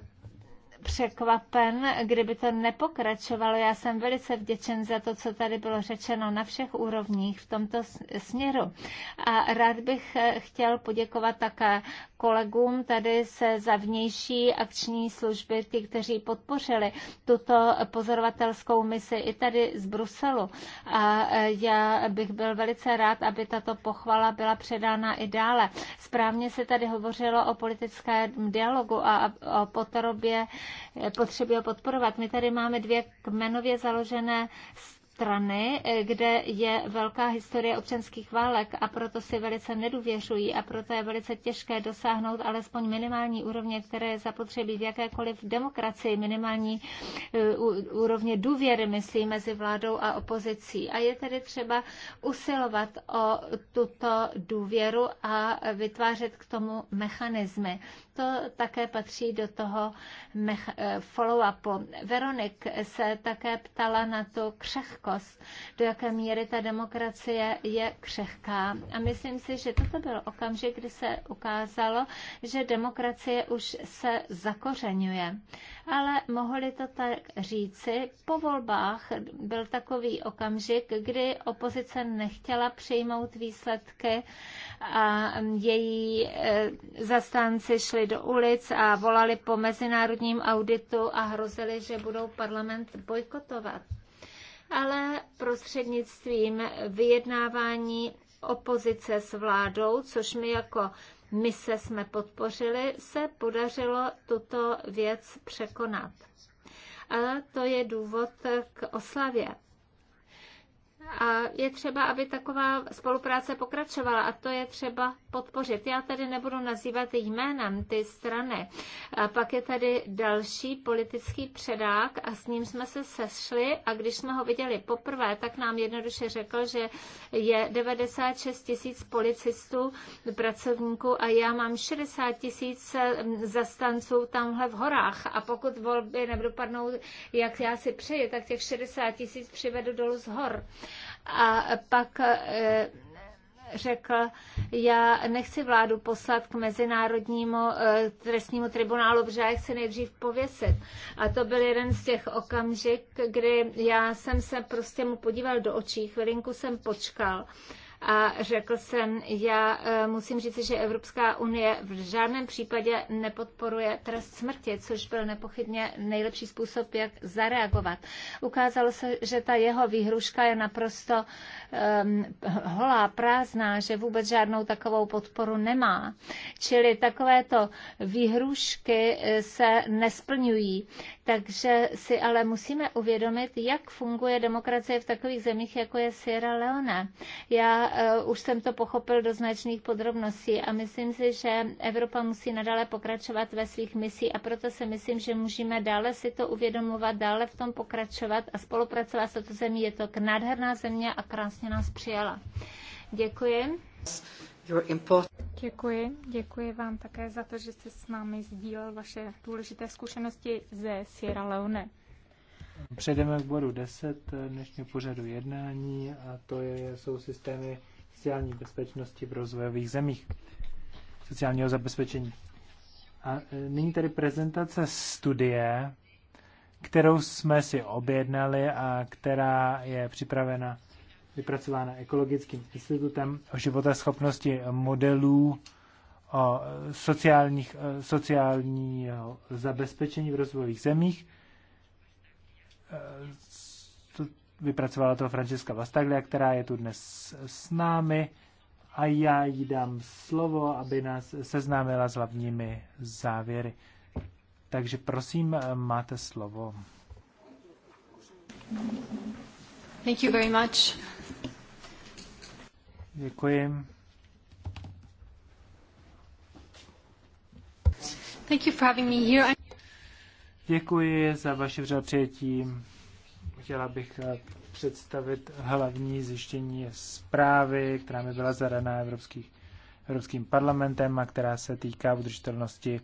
překvapen, kdyby to nepokračovalo. Já jsem velice vděčen za to, co tady bylo řečeno na všech úrovních v tomto směru. A rád bych eh, chtěl poděkovat také kolegům tady se za vnější akční služby, ti, kteří podpořili tuto pozorovatelskou misi i tady z Bruselu. A eh, já bych byl velice rád, aby tato pochvala byla předána i dále. Správně se tady hovořilo o politickém dialogu a o potrobě potřebuje podporovat. My tady máme dvě kmenově založené strany, eh, kde je velká historie občanských válek a proto si velice nedůvěřují a proto je velice těžké dosáhnout alespoň minimální úrovně, které je zapotřebí v jakékoliv demokracii, minimální eh, úrovně důvěry, myslí, mezi vládou a opozicí. A je tedy třeba usilovat o tuto důvěru a vytvářet k tomu mechanismy. To také patří do toho eh, follow-upu. Veronik se také ptala na to křehko křehkost, do jaké míry ta demokracie je křehká. A myslím si, že toto byl okamžik, kdy se ukázalo, že demokracie už se zakořenuje. Ale mohli to tak říci, po volbách byl takový okamžik, kdy opozice nechtěla přijmout výsledky a její e, zastánci šli do ulic a volali po mezinárodním auditu a hrozili, že budou parlament bojkotovat ale prostřednictvím vyjednávání opozice s vládou, což my jako mise jsme podpořili, se podařilo tuto věc překonat. A to je důvod k oslavě. A je třeba, aby taková spolupráce pokračovala a to je třeba podpořit. Já tady nebudu nazývat jménem ty strany. A pak je tady další politický předák a s ním jsme se sešli a když jsme ho viděli poprvé, tak nám jednoduše řekl, že je 96 tisíc policistů, pracovníků a já mám 60 tisíc zastanců tamhle v horách a pokud volby nedopadnou, jak já si přeji, tak těch 60 tisíc přivedu dolů z hor a pak e, řekl, já nechci vládu poslat k Mezinárodnímu e, trestnímu tribunálu, protože já chci nejdřív pověsit. A to byl jeden z těch okamžik, kdy já jsem se prostě mu podíval do očí, chvilinku jsem počkal a řekl jsem, já e, musím říct, že Evropská unie v žádném případě nepodporuje trest smrti, což byl nepochybně nejlepší způsob, jak zareagovat. Ukázalo se, že ta jeho výhruška je naprosto um, holá, prázdná, že vůbec žádnou takovou podporu nemá. Čili takovéto výhrušky e, se nesplňují. Takže si ale musíme uvědomit, jak funguje demokracie v takových zemích, jako je Sierra Leone. Já uh, už jsem to pochopil do značných podrobností a myslím si, že Evropa musí nadále pokračovat ve svých misích a proto si myslím, že můžeme dále si to uvědomovat, dále v tom pokračovat a spolupracovat s touto zemí. Je to nádherná země a krásně nás přijala. Děkuji. Děkuji, děkuji vám také za to, že jste s námi sdílel vaše důležité zkušenosti ze Sierra Leone. Přejdeme k bodu 10 eh, dnešního pořadu jednání a to je, jsou systémy sociální bezpečnosti v rozvojových zemích, sociálního zabezpečení. A eh, nyní tedy prezentace studie, kterou jsme si objednali a která je připravena, vypracována Ekologickým institutem o životaschopnosti modelů o eh, sociálních, sociálního zabezpečení v rozvojových zemích Eh, vypracovala to Francesca Vastaglia, která je tu dnes s námi a já jí dám slovo, aby nás seznámila s hlavními závěry. Takže prosím, eh, máte slovo. Thank you very much. Děkuji. Thank you for having me here. Děkuji za vaše vřel přijetí. Chtěla bych eh, představit hlavní zjištění zprávy, která mi byla zadaná Evropských, Evropským parlamentem a která se týká udržitelnosti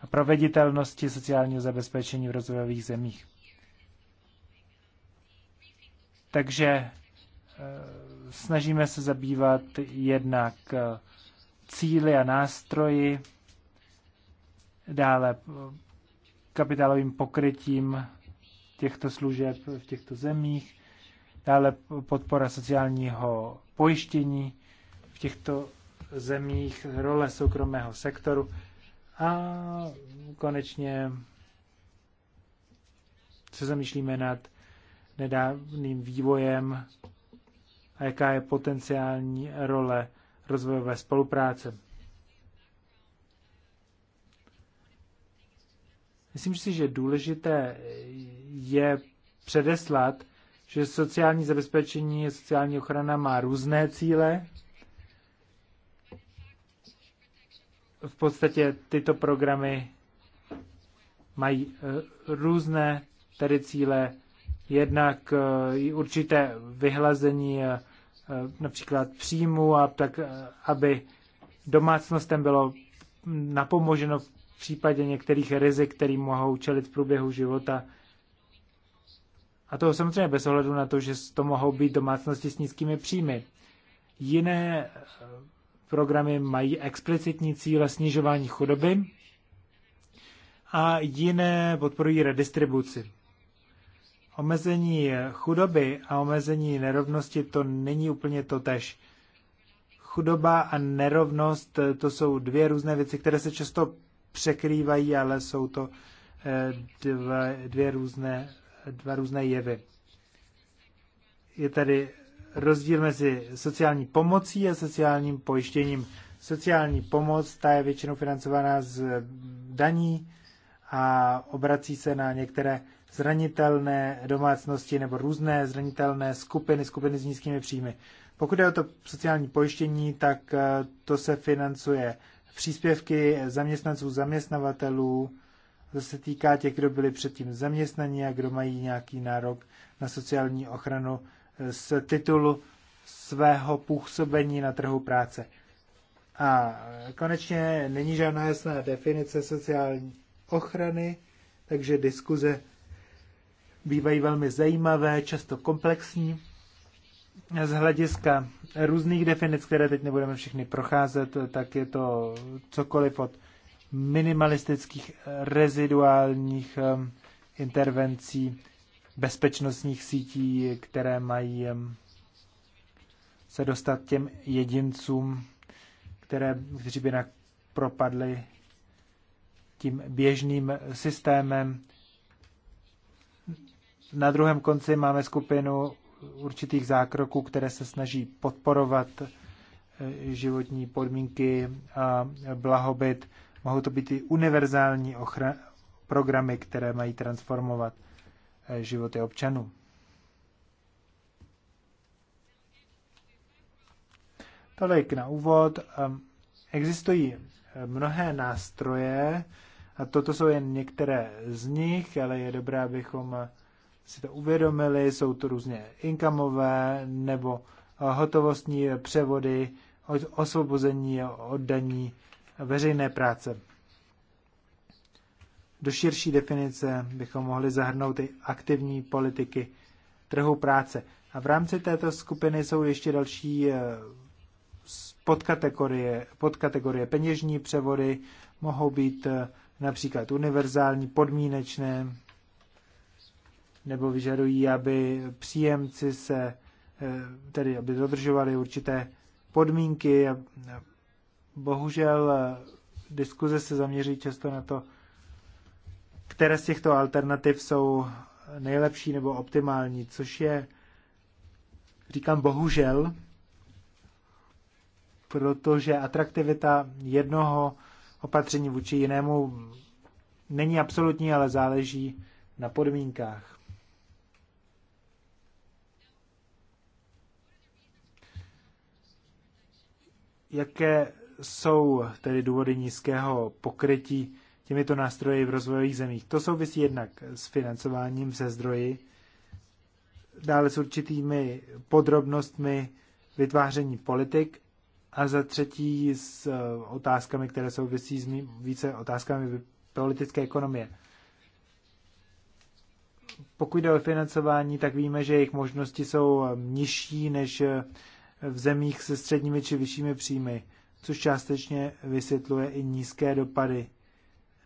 a proveditelnosti sociálního zabezpečení v rozvojových zemích. Takže eh, snažíme se zabývat jednak eh, cíly a nástroji, dále kapitálovým pokrytím těchto služeb v těchto zemích, dále podpora sociálního pojištění v těchto zemích, role soukromého sektoru a konečně se zamýšlíme nad nedávným vývojem a jaká je potenciální role rozvojové spolupráce. Myslím si, že důležité je předeslat, že sociální zabezpečení a sociální ochrana má různé cíle. V podstatě tyto programy mají eh, různé tedy cíle, jednak eh, i určité vyhlazení eh, například příjmu, a tak aby domácnostem bylo napomoženo v případě některých rizik, kterým mohou čelit v průběhu života. A to samozřejmě bez ohledu na to, že to mohou být domácnosti s nízkými příjmy. Jiné eh, programy mají explicitní cíle snižování chudoby a jiné podporují redistribuci. Omezení chudoby a omezení nerovnosti to není úplně to tež. Chudoba a nerovnost eh, to jsou dvě různé věci, které se často překrývají, ale jsou to eh, dva, dvě různé, dva různé jevy. Je tady rozdíl mezi sociální pomocí a sociálním pojištěním. Sociální pomoc, ta je většinou financovaná z daní a obrací se na některé zranitelné domácnosti nebo různé zranitelné skupiny, skupiny s nízkými příjmy. Pokud je o to sociální pojištění, tak eh, to se financuje příspěvky zaměstnanců, zaměstnavatelů, to se týká těch, kdo byli předtím zaměstnaní a kdo mají nějaký nárok na sociální ochranu eh, z titulu svého působení na trhu práce. A konečně není žádná jasná definice sociální ochrany, takže diskuze bývají velmi zajímavé, často komplexní z hlediska různých definic, které teď nebudeme všechny procházet, tak je to cokoliv od minimalistických reziduálních um, intervencí bezpečnostních sítí, které mají um, se dostat těm jedincům, které, kteří by na propadli tím běžným systémem. Na druhém konci máme skupinu určitých zákroků, které se snaží podporovat eh, životní podmínky a blahobyt. Mohou to být i univerzální ochra- programy, které mají transformovat eh, životy občanů. Tolik na úvod. Ehm, existují eh, mnohé nástroje, a toto jsou jen některé z nich, ale je dobré, abychom si to uvědomili, jsou to různě inkamové nebo eh, hotovostní převody, osvobození oddaní veřejné práce. Do širší definice bychom mohli zahrnout i aktivní politiky trhu práce. A v rámci této skupiny jsou ještě další eh, podkategorie, podkategorie peněžní převody, mohou být eh, například univerzální, podmínečné, nebo vyžadují, aby příjemci se, eh, tedy aby dodržovali určité podmínky. Bohužel eh, diskuze se zaměří často na to, které z těchto alternativ jsou nejlepší nebo optimální, což je, říkám bohužel, protože atraktivita jednoho opatření vůči jinému není absolutní, ale záleží na podmínkách. Jaké jsou tedy důvody nízkého pokrytí těmito nástroji v rozvojových zemích? To souvisí jednak s financováním ze zdroji, dále s určitými podrobnostmi vytváření politik a za třetí s eh, otázkami, které souvisí s více otázkami politické ekonomie. Pokud jde o financování, tak víme, že jejich možnosti jsou eh, nižší než eh, v zemích se středními či vyššími příjmy, což částečně vysvětluje i nízké dopady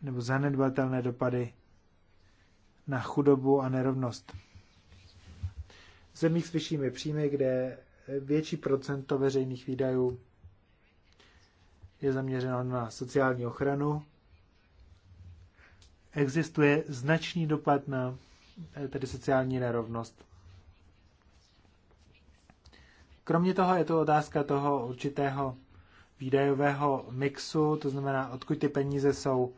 nebo zanedbatelné dopady na chudobu a nerovnost. V zemích s vyššími příjmy, kde větší procento veřejných výdajů je zaměřeno na sociální ochranu, existuje značný dopad na tedy sociální nerovnost Kromě toho je to otázka toho určitého výdajového mixu, to znamená, odkud ty peníze jsou.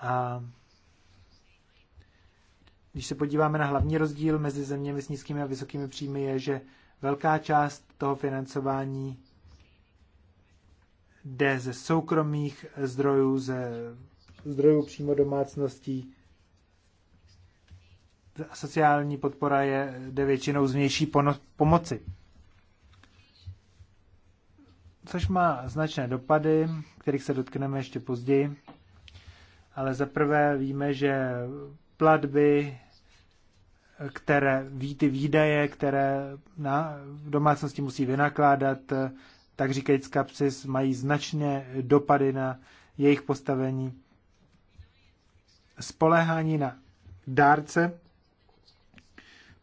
A když se podíváme na hlavní rozdíl mezi zeměmi s nízkými a vysokými příjmy, je, že velká část toho financování jde ze soukromých zdrojů, ze zdrojů přímo domácností. Sociální podpora je jde většinou z vnější pomoci což má značné dopady, kterých se dotkneme ještě později. Ale zaprvé víme, že platby, které ví ty výdaje, které na domácnosti musí vynakládat, tak říkajíc kapsis, mají značné dopady na jejich postavení. Spoléhání na dárce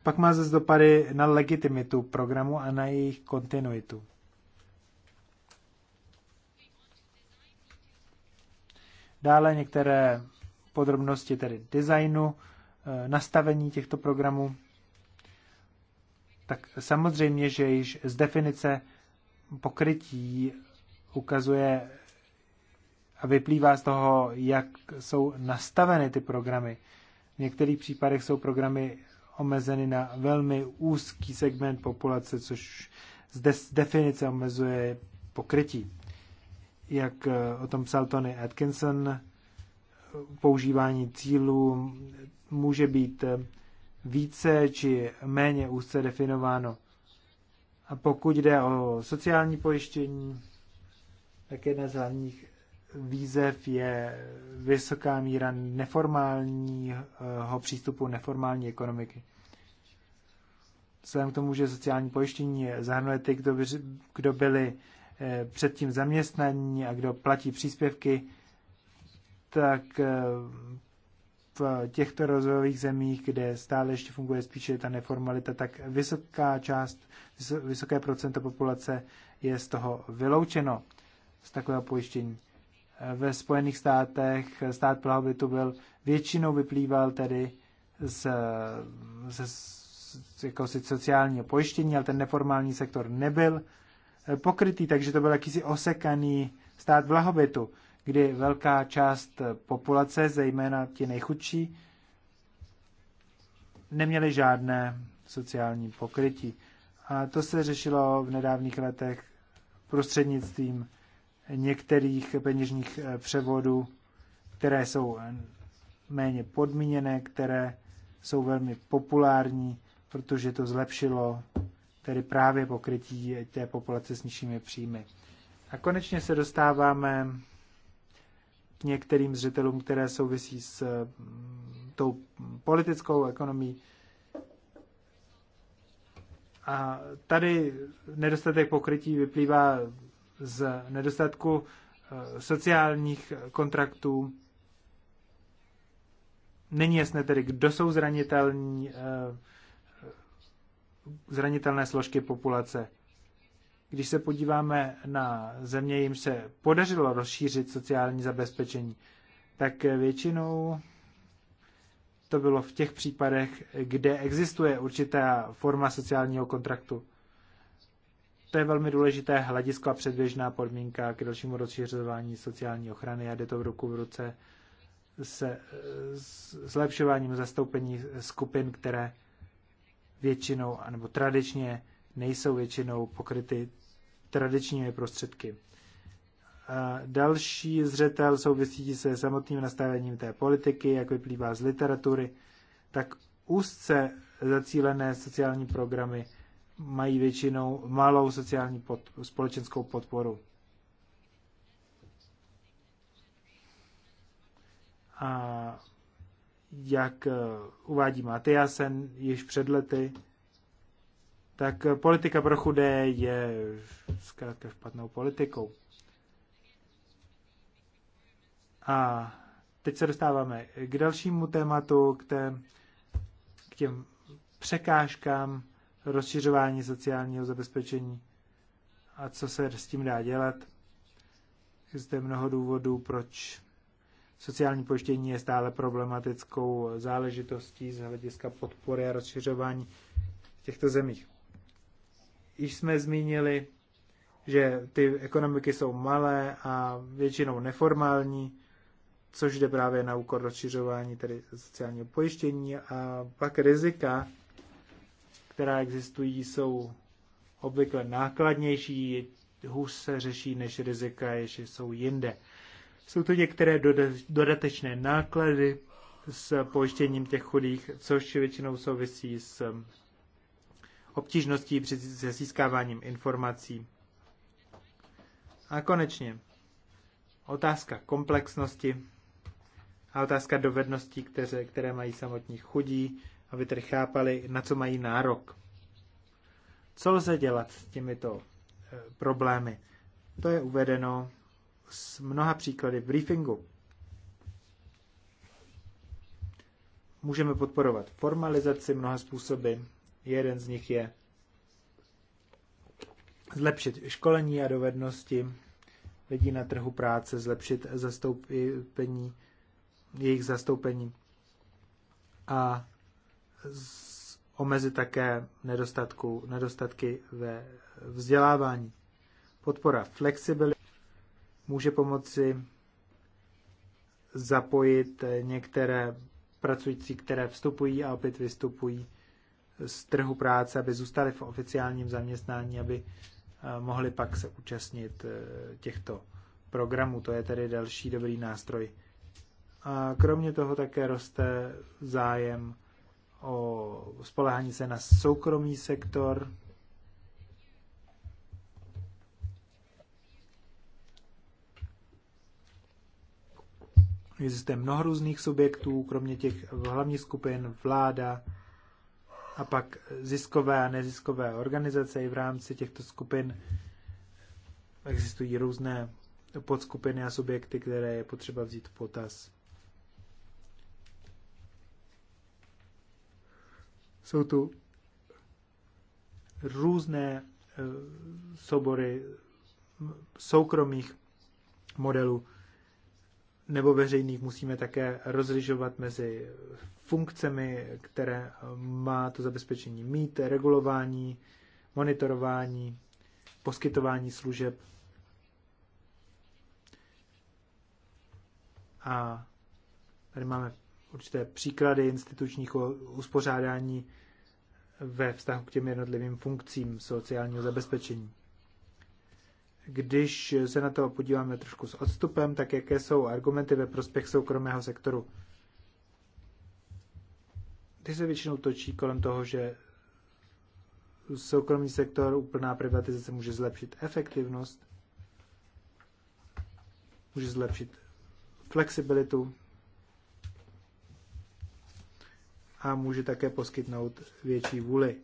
pak má zase dopady na legitimitu programu a na jejich kontinuitu. Dále některé podrobnosti tedy designu, eh, nastavení těchto programů. Tak samozřejmě, že již z definice pokrytí ukazuje a vyplývá z toho, jak jsou nastaveny ty programy. V některých případech jsou programy omezeny na velmi úzký segment populace, což z definice omezuje pokrytí jak eh, o tom psal Tony Atkinson, používání cílů může být eh, více či méně úzce definováno. A pokud jde o sociální pojištění, tak jedna z hlavních výzev je vysoká míra neformálního přístupu neformální ekonomiky. Vzhledem k tomu, že sociální pojištění zahrnuje ty, kdo, by, kdo byli Eh, předtím zaměstnaní a kdo platí příspěvky, tak eh, v těchto rozvojových zemích, kde stále ještě funguje spíše ta neformalita, tak vysoká část, vysoké procento populace je z toho vyloučeno, z takového pojištění. Eh, ve Spojených státech stát blahobytu byl většinou vyplýval tedy z, z, z jako sociálního pojištění, ale ten neformální sektor nebyl Eh, pokrytý, takže to byl jakýsi osekaný stát blahobytu, kdy velká část eh, populace, zejména ti nejchudší, neměli žádné sociální pokrytí. A to se řešilo v nedávných letech prostřednictvím některých peněžních eh, převodů, které jsou méně podmíněné, které jsou velmi populární, protože to zlepšilo tedy právě pokrytí té populace s nižšími příjmy. A konečně se dostáváme k některým zřetelům, které souvisí s mm, tou politickou ekonomií. A tady nedostatek pokrytí vyplývá z nedostatku eh, sociálních kontraktů. Není jasné tedy, kdo jsou zranitelní, eh, zranitelné složky populace. Když se podíváme na země, jim se podařilo rozšířit sociální zabezpečení, tak většinou to bylo v těch případech, kde existuje určitá forma sociálního kontraktu. To je velmi důležité hledisko a předběžná podmínka k dalšímu rozšiřování sociální ochrany a jde to v ruku v ruce se zlepšováním zastoupení skupin, které většinou, nebo tradičně nejsou většinou pokryty tradičními prostředky. A další zřetel souvisí se samotným nastavením té politiky, jak vyplývá z literatury, tak úzce zacílené sociální programy mají většinou malou sociální pod, společenskou podporu. A jak eh, uvádí Matyásen již před lety, tak eh, politika pro chudé je zkrátka špatnou politikou. A teď se dostáváme k dalšímu tématu, k, té, k těm překážkám rozšiřování sociálního zabezpečení a co se s tím dá dělat. Zde mnoho důvodů, proč Sociální pojištění je stále problematickou záležitostí z hlediska podpory a rozšiřování v těchto zemích. Již jsme zmínili, že ty ekonomiky jsou malé a většinou neformální, což jde právě na úkor rozšiřování tedy sociálního pojištění a pak rizika, která existují, jsou obvykle nákladnější, hůř se řeší než rizika, jež jsou jinde. Jsou to některé dodatečné náklady s pojištěním těch chudých, což většinou souvisí s um, obtížností při získáváním informací. A konečně otázka komplexnosti a otázka dovedností, které, které mají samotní chudí, aby tedy chápali, na co mají nárok. Co lze dělat s těmito eh, problémy? To je uvedeno s mnoha příklady v briefingu. Můžeme podporovat formalizaci mnoha způsoby. Jeden z nich je zlepšit školení a dovednosti lidí na trhu práce, zlepšit zastoupení, jejich zastoupení a omezit také nedostatku, nedostatky ve vzdělávání. Podpora flexibility může pomoci zapojit některé pracující, které vstupují a opět vystupují z trhu práce, aby zůstali v oficiálním zaměstnání, aby eh, mohli pak se účastnit eh, těchto programů. To je tedy další dobrý nástroj. A kromě toho také roste zájem o spolehání se na soukromý sektor, Existuje mnoho různých subjektů, kromě těch hlavních skupin, vláda a pak ziskové a neziskové organizace. I v rámci těchto skupin existují různé podskupiny a subjekty, které je potřeba vzít v potaz. Jsou tu různé eh, sobory soukromých modelů nebo veřejných musíme také rozlišovat mezi funkcemi, které má to zabezpečení mít, regulování, monitorování, poskytování služeb. A tady máme určité příklady institučních uspořádání ve vztahu k těm jednotlivým funkcím sociálního zabezpečení. Když se na to podíváme trošku s odstupem, tak jaké jsou argumenty ve prospěch soukromého sektoru? Ty se většinou točí kolem toho, že soukromý sektor, úplná privatizace může zlepšit efektivnost, může zlepšit flexibilitu a může také poskytnout větší vůli.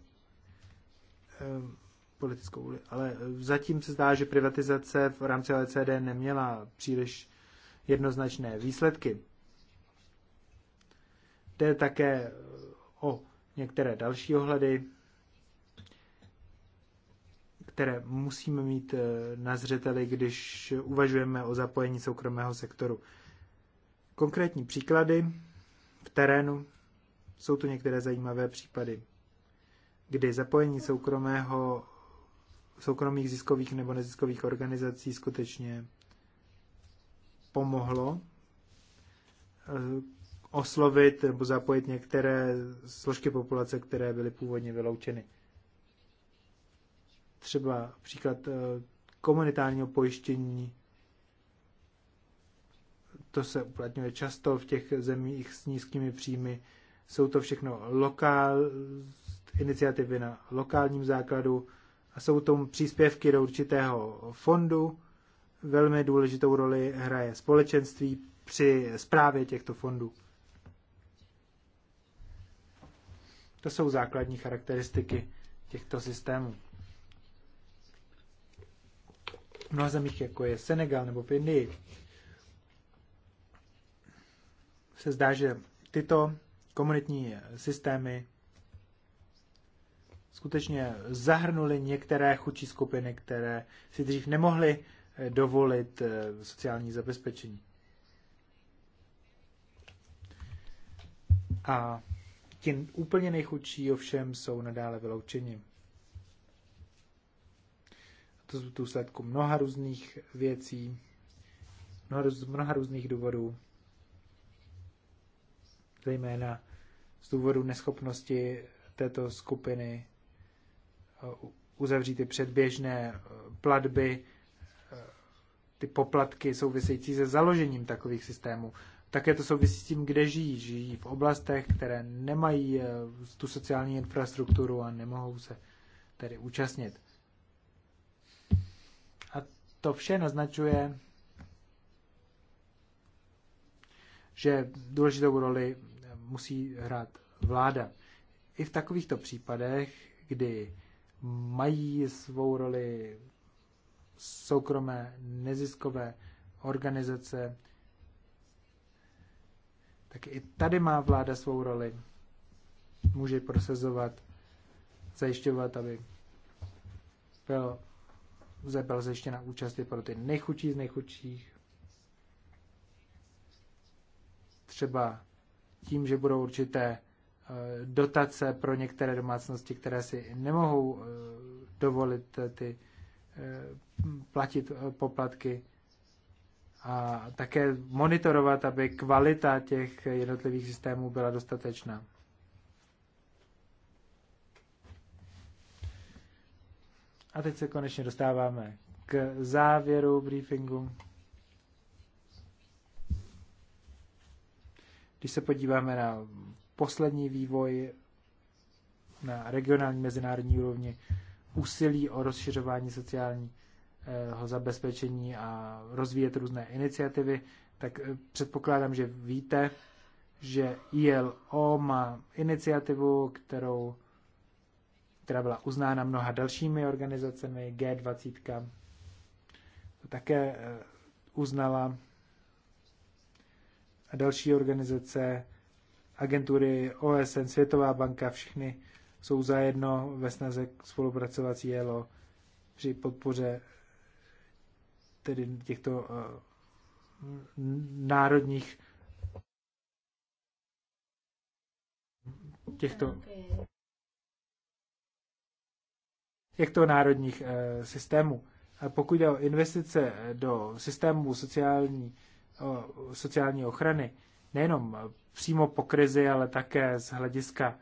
Ehm, politickou vůli. Ale zatím se zdá, že privatizace v rámci OECD neměla příliš jednoznačné výsledky. Jde také o některé další ohledy, které musíme mít eh, na zřeteli, když uvažujeme o zapojení soukromého sektoru. Konkrétní příklady v terénu jsou tu některé zajímavé případy, kdy zapojení soukromého soukromých ziskových nebo neziskových organizací skutečně pomohlo eh, oslovit nebo zapojit některé složky populace, které byly původně vyloučeny. Třeba příklad eh, komunitárního pojištění. To se uplatňuje často v těch zemích s nízkými příjmy. Jsou to všechno lokál, iniciativy na lokálním základu, a jsou tomu příspěvky do určitého fondu. Velmi důležitou roli hraje společenství při zprávě těchto fondů. To jsou základní charakteristiky těchto systémů. V mnoha zemích, jako je Senegal nebo v Indii, se zdá, že tyto komunitní systémy skutečně zahrnuli některé chudší skupiny, které si dřív nemohly eh, dovolit eh, sociální zabezpečení. A ti úplně nejchudší ovšem jsou nadále vyloučeni. A to jsou důsledku mnoha různých věcí, mnoha, růz, mnoha různých důvodů, zejména z důvodu neschopnosti této skupiny Eh, uzavřít ty předběžné eh, platby, eh, ty poplatky související se založením takových systémů. Také to souvisí s tím, kde žijí. Žijí v oblastech, které nemají tu sociální infrastrukturu a nemohou se tedy účastnit. A to vše naznačuje, že důležitou roli musí hrát vláda. I v takovýchto případech, kdy mají svou roli soukromé neziskové organizace, tak i tady má vláda svou roli. Může prosazovat, zajišťovat, aby byl, byl zajištěna účast pro ty nejchučí z nejchučích. Třeba tím, že budou určité Eh, dotace pro některé domácnosti, které si nemohou eh, dovolit eh, ty platit poplatky a také monitorovat, aby kvalita těch jednotlivých systémů byla dostatečná. A teď se konečně dostáváme k závěru briefingu. Když se podíváme na poslední vývoj na regionální mezinárodní úrovni, úsilí o rozšiřování sociálního zabezpečení a rozvíjet různé iniciativy, tak eh, předpokládám, že víte, že ILO má iniciativu, kterou, která byla uznána mnoha dalšími organizacemi, G20 to také eh, uznala a další organizace agentury OSN, Světová banka, všichni jsou zajedno ve snaze spolupracovat s JELO při podpoře tedy těchto eh, národních těchto těchto národních eh, systémů. A pokud jde o investice do systému sociální, sociální ochrany, nejenom přímo po krizi, ale také z hlediska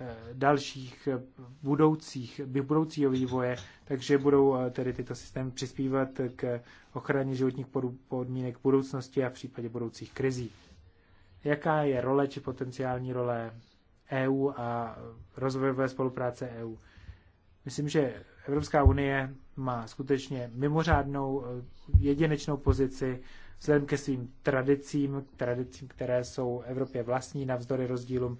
eh, dalších eh, budoucích, budoucího vývoje, takže budou eh, tedy tyto systémy přispívat k ochraně životních podmínek budoucnosti a v případě budoucích krizí. Jaká je role či potenciální role EU a rozvojové spolupráce EU? Myslím, že Evropská unie má skutečně mimořádnou jedinečnou pozici vzhledem ke svým tradicím, tradicím, které jsou Evropě vlastní navzdory rozdílům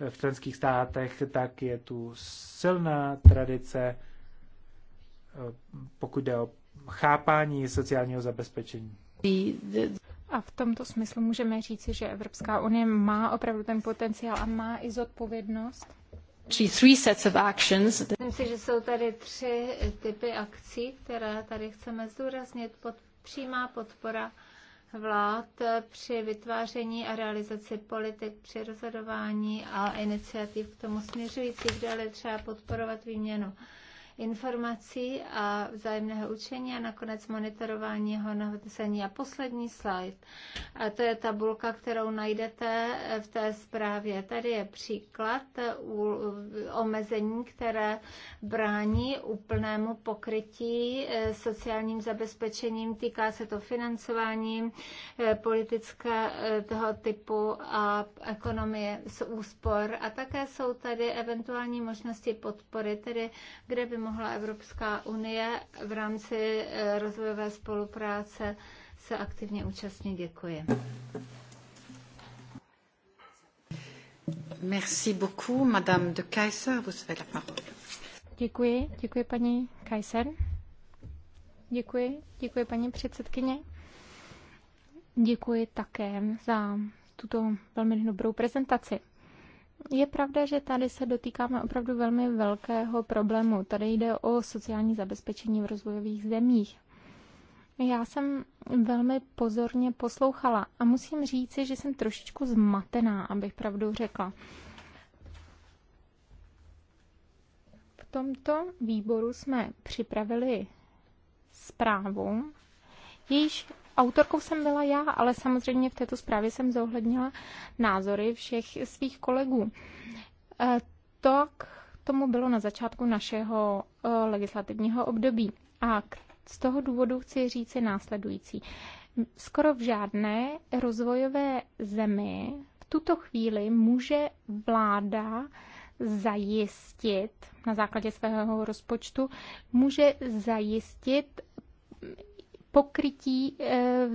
eh, v členských státech, tak je tu silná tradice, eh, pokud jde o chápání sociálního zabezpečení. A v tomto smyslu můžeme říci, že Evropská unie má opravdu ten potenciál a má i zodpovědnost. Myslím si, že jsou tady tři typy akcí, které tady chceme zdůraznit. Pod, přímá podpora vlád při vytváření a realizaci politik, při rozhodování a iniciativ k tomu směřujících, kde ale třeba podporovat výměnu informací a vzájemného učení a nakonec monitorování hodnocení. A poslední slide, a to je tabulka, kterou najdete v té zprávě. Tady je příklad omezení, které brání úplnému pokrytí e, sociálním zabezpečením. Týká se to financování e, politického e, typu a ekonomie z úspor. A také jsou tady eventuální možnosti podpory, tedy kde by mohla Evropská unie v rámci eh, rozvojové spolupráce se aktivně účastnit. Děkuji. Merci beaucoup, Madame de Kaiser, vous avez la parole. Děkuji, děkuji paní Kaiser. Děkuji, děkuji paní předsedkyně. Děkuji také za tuto velmi dobrou prezentaci. Je pravda, že tady se dotýkáme opravdu velmi velkého problému. Tady jde o sociální zabezpečení v rozvojových zemích. Já jsem velmi pozorně poslouchala a musím říci, že jsem trošičku zmatená, abych pravdu řekla. V tomto výboru jsme připravili zprávu, jejíž Autorkou jsem byla já, ale samozřejmě v této zprávě jsem zohlednila názory všech svých kolegů. E, to k tomu bylo na začátku našeho e, legislativního období. A z toho důvodu chci říci následující. Skoro v žádné rozvojové zemi v tuto chvíli může vláda zajistit na základě svého rozpočtu, může zajistit pokrytí eh,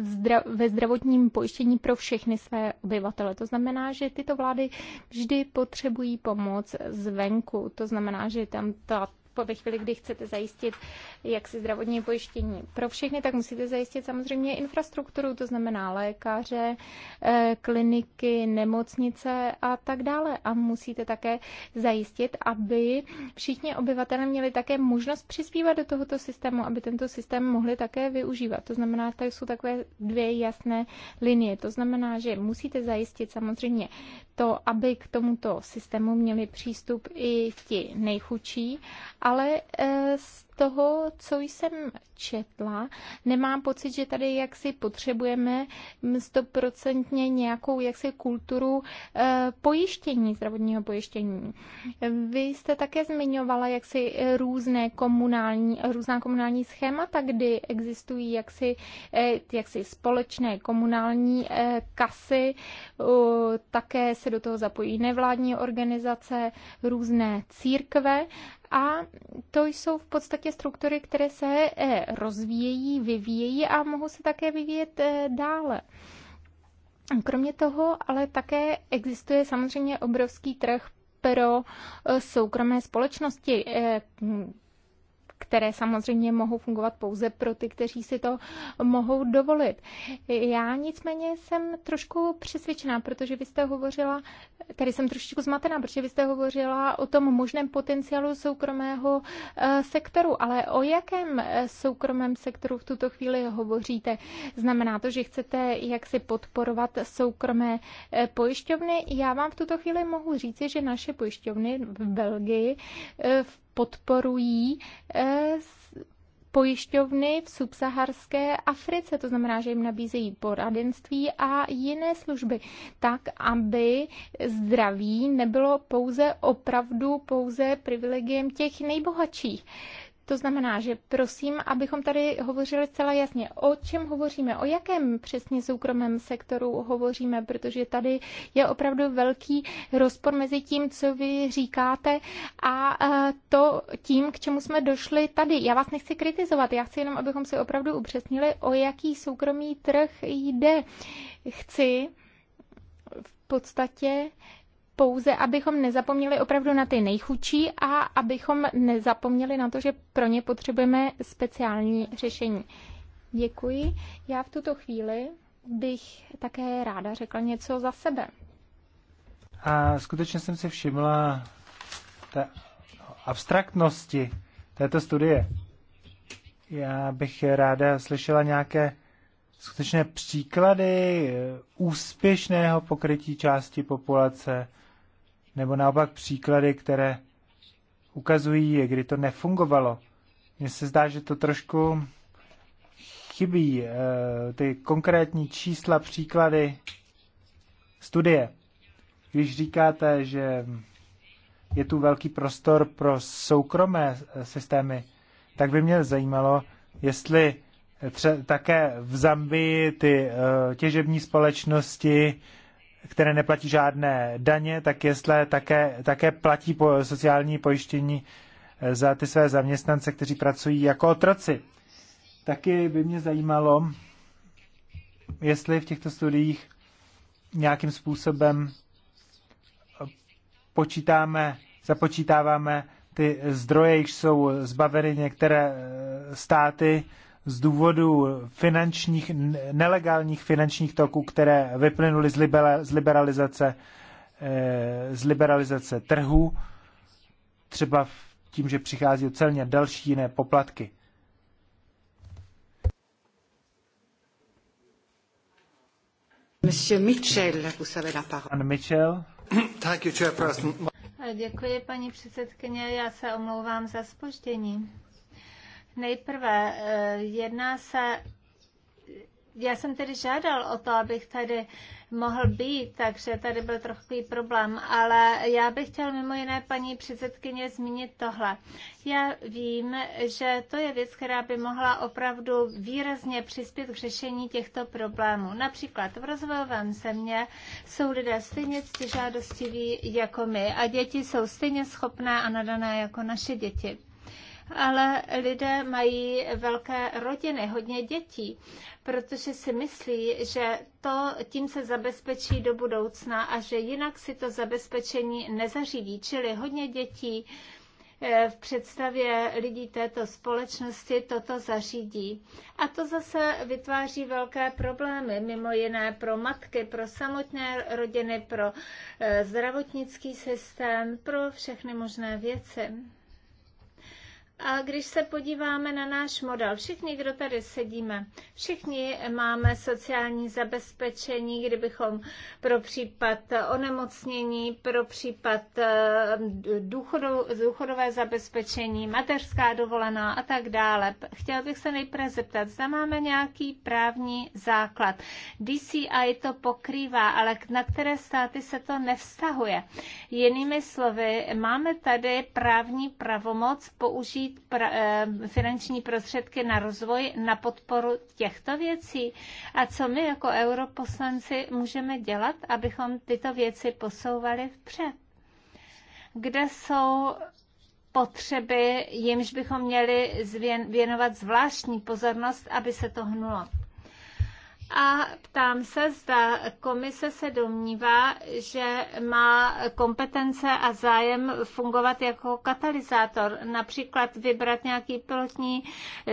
ve zdravotním pojištění pro všechny své obyvatele. To znamená, že tyto vlády vždy potřebují pomoc zvenku. To znamená, že tam ta po ve chvíli, kdy chcete zajistit jaksi zdravotní pojištění pro všechny, tak musíte zajistit samozřejmě infrastrukturu, to znamená lékaře, eh, kliniky, nemocnice a tak dále. A musíte také zajistit, aby všichni obyvatelé měli také možnost přispívat do tohoto systému, aby tento systém mohli také využívat. To znamená, tady jsou takové dvě jasné linie. To znamená, že musíte zajistit samozřejmě to, aby k tomuto systému měli přístup i ti nejchudší ale eh, toho, co jsem četla, nemám pocit, že tady jaksi potřebujeme stoprocentně nějakou jaksi kulturu eh, pojištění, zdravotního pojištění. Vy jste také zmiňovala jaksi různé komunální, různá komunální schémata, kdy existují jaksi, eh, jaksi společné komunální eh, kasy, také se do toho zapojí nevládní organizace, různé církve a to jsou v podstatě prostě struktury, které se eh, rozvíjejí, vyvíjejí a mohou se také vyvíjet eh, dále. Kromě toho ale také existuje samozřejmě obrovský trh pro eh, soukromé společnosti, které samozřejmě mohou fungovat pouze pro ty, kteří si to mohou dovolit. Já nicméně jsem trošku přesvědčená, protože vy jste hovořila, tady jsem trošičku zmatená, protože vy jste hovořila o tom možném potenciálu soukromého eh, sektoru, ale o jakém eh, soukromém sektoru v tuto chvíli hovoříte? Znamená to, že chcete jaksi podporovat soukromé eh, pojišťovny? Já vám v tuto chvíli mohu říci, že naše pojišťovny v Belgii v podporují eh, pojišťovny v subsaharské Africe, to znamená, že jim nabízejí poradenství a jiné služby, tak, aby zdraví nebylo pouze opravdu pouze privilegiem těch nejbohatších. To znamená, že prosím, abychom tady hovořili celá jasně, o čem hovoříme, o jakém přesně soukromém sektoru hovoříme, protože tady je opravdu velký rozpor mezi tím, co vy říkáte a e, to tím, k čemu jsme došli tady. Já vás nechci kritizovat, já chci jenom, abychom si opravdu upřesnili, o jaký soukromý trh jde. Chci v podstatě pouze, abychom nezapomněli opravdu na ty nejchudší a abychom nezapomněli na to, že pro ně potřebujeme speciální řešení. Děkuji. Já v tuto chvíli bych také ráda řekla něco za sebe. A skutečně jsem si všimla ta abstraktnosti této studie. Já bych ráda slyšela nějaké skutečné příklady úspěšného pokrytí části populace nebo naopak příklady, které ukazují, kdy to nefungovalo. Mně se zdá, že to trošku chybí, eh, ty konkrétní čísla, příklady, studie. Když říkáte, že je tu velký prostor pro soukromé eh, systémy, tak by mě zajímalo, jestli tře- také v Zambii ty uh, těžební společnosti které neplatí žádné daně, tak jestli také, také platí po sociální pojištění eh, za ty své zaměstnance, kteří pracují jako otroci. Taky by mě zajímalo, jestli v těchto studiích nějakým způsobem eh, počítáme, započítáváme ty zdroje, jež jsou zbaveny některé eh, státy, z důvodu finančních, nelegálních finančních toků, které vyplynuly z liberalizace, eh, z liberalizace trhu, třeba tím, že přichází celně další jiné poplatky. Monsieur Mitchell, vous avez la parole. Pan Mitchell. Thank you, Chairperson. Děkuji, paní předsedkyně. Já se omlouvám za spoždění. Nejprve eh, jedná se já jsem tedy žádal o to, abych tady mohl být, takže tady byl trochu problém, ale já bych chtěl mimo jiné paní předsedkyně zmínit tohle. Já vím, že to je věc, která by mohla opravdu výrazně přispět k řešení těchto problémů. Například v rozvojovém země jsou lidé stejně ctižádostiví jako my a děti jsou stejně schopné a nadané jako naše děti ale lidé mají velké rodiny, hodně dětí, protože si myslí, že to tím se zabezpečí do budoucna a že jinak si to zabezpečení nezařídí. Čili hodně dětí eh, v představě lidí této společnosti toto zařídí. A to zase vytváří velké problémy, mimo jiné pro matky, pro samotné rodiny, pro eh, zdravotnický systém, pro všechny možné věci. A když se podíváme na náš model, všichni, kdo tady sedíme, všichni máme sociální zabezpečení, kdybychom pro případ onemocnění, pro případ eh, důchodové zabezpečení, mateřská dovolená a tak dále. Chtěla bych se nejprve zeptat, zda máme nějaký právní základ. DCI to pokrývá, ale na které státy se to nevztahuje. Jinými slovy, máme tady právní pravomoc použít použít pra, eh, finanční prostředky na rozvoj, na podporu těchto věcí. A co my jako europoslanci můžeme dělat, abychom tyto věci posouvali vpřed? Kde jsou potřeby, jimž bychom měli věnovat zvláštní pozornost, aby se to hnulo? a ptám se, zda komise se domnívá, že má kompetence a zájem fungovat jako katalyzátor, například vybrat nějaký pilotní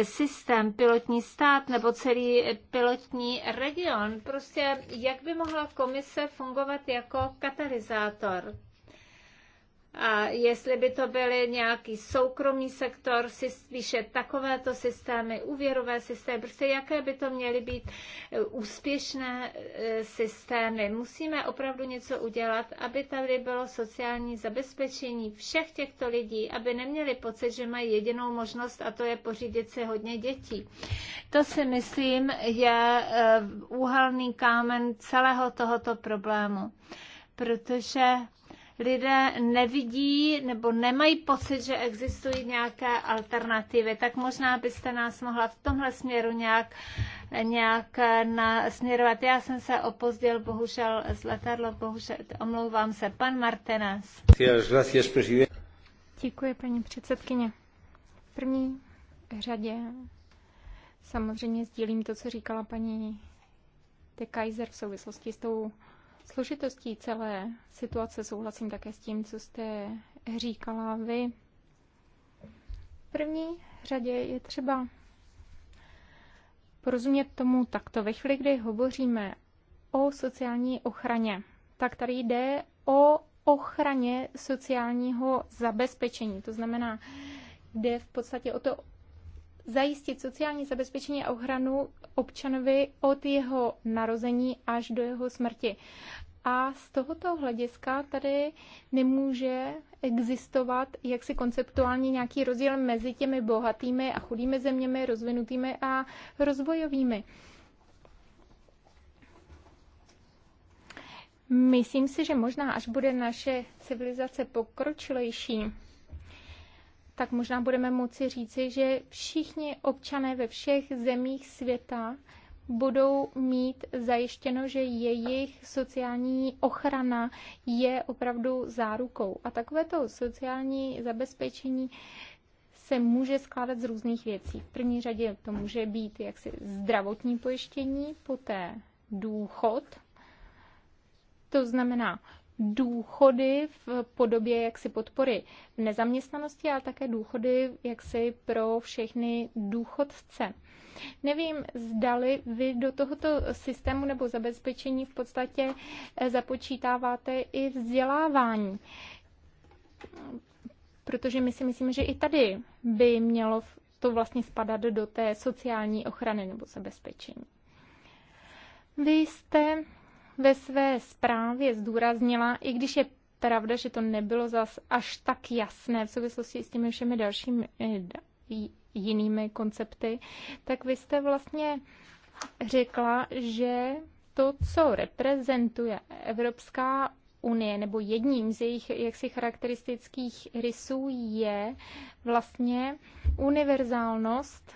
systém, pilotní stát nebo celý pilotní region. Prostě jak by mohla komise fungovat jako katalyzátor? A jestli by to byly nějaký soukromý sektor, spíše takovéto systémy, úvěrové systémy, prostě jaké by to měly být e, úspěšné e, systémy. Musíme opravdu něco udělat, aby tady bylo sociální zabezpečení všech těchto lidí, aby neměli pocit, že mají jedinou možnost a to je pořídit si hodně dětí. To si myslím je e, úhelný kámen celého tohoto problému, protože lidé nevidí nebo nemají pocit, že existují nějaké alternativy. Tak možná byste nás mohla v tomhle směru nějak, nějak nasměrovat. Já jsem se opozdil, bohužel z letadlo, bohužel omlouvám se. Pan Martinez. Děkuji, paní předsedkyně. V první řadě samozřejmě sdílím to, co říkala paní de Kaiser v souvislosti s tou Složitostí celé situace souhlasím také s tím, co jste říkala vy. V první řadě je třeba porozumět tomu takto. Ve chvíli, kdy hovoříme o sociální ochraně, tak tady jde o ochraně sociálního zabezpečení. To znamená, jde v podstatě o to zajistit sociální zabezpečení a ochranu občanovi od jeho narození až do jeho smrti. A z tohoto hlediska tady nemůže existovat jaksi konceptuálně nějaký rozdíl mezi těmi bohatými a chudými zeměmi, rozvinutými a rozvojovými. Myslím si, že možná až bude naše civilizace pokročilejší, tak možná budeme moci říci, že všichni občané ve všech zemích světa budou mít zajištěno, že jejich sociální ochrana je opravdu zárukou. A takovéto sociální zabezpečení se může skládat z různých věcí. V první řadě to může být jaksi zdravotní pojištění, poté důchod, to znamená důchody v podobě jaksi podpory v nezaměstnanosti, ale také důchody jaksi pro všechny důchodce. Nevím, zdali vy do tohoto systému nebo zabezpečení v podstatě eh, započítáváte i vzdělávání. Protože my si myslíme, že i tady by mělo to vlastně spadat do té sociální ochrany nebo zabezpečení. Vy jste ve své zprávě zdůraznila, i když je pravda, že to nebylo zas až tak jasné v souvislosti s těmi všemi dalšími eh, jinými koncepty, tak vy jste vlastně řekla, že to, co reprezentuje Evropská unie, nebo jedním z jejich jaksi charakteristických rysů je vlastně univerzálnost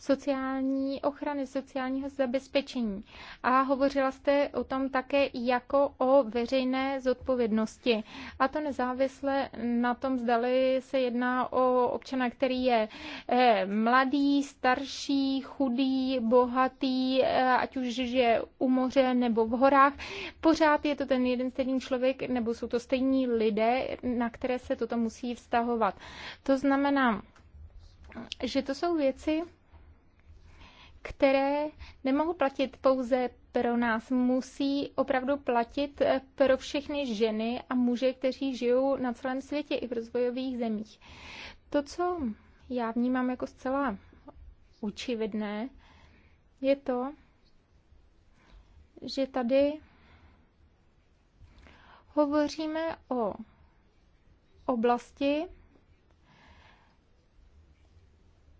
sociální ochrany, sociálního zabezpečení. A hovořila jste o tom také jako o veřejné zodpovědnosti. A to nezávisle na tom, zdali se jedná o občana, který je eh, mladý, starší, chudý, bohatý, eh, ať už je u moře nebo v horách. Pořád je to ten jeden stejný člověk, nebo jsou to stejní lidé, na které se toto musí vztahovat. To znamená, že to jsou věci, které nemohou platit pouze pro nás, musí opravdu platit eh, pro všechny ženy a muže, kteří žijou na celém světě i v rozvojových zemích. To, co já vnímám jako zcela učividné, je to, že tady hovoříme o oblasti,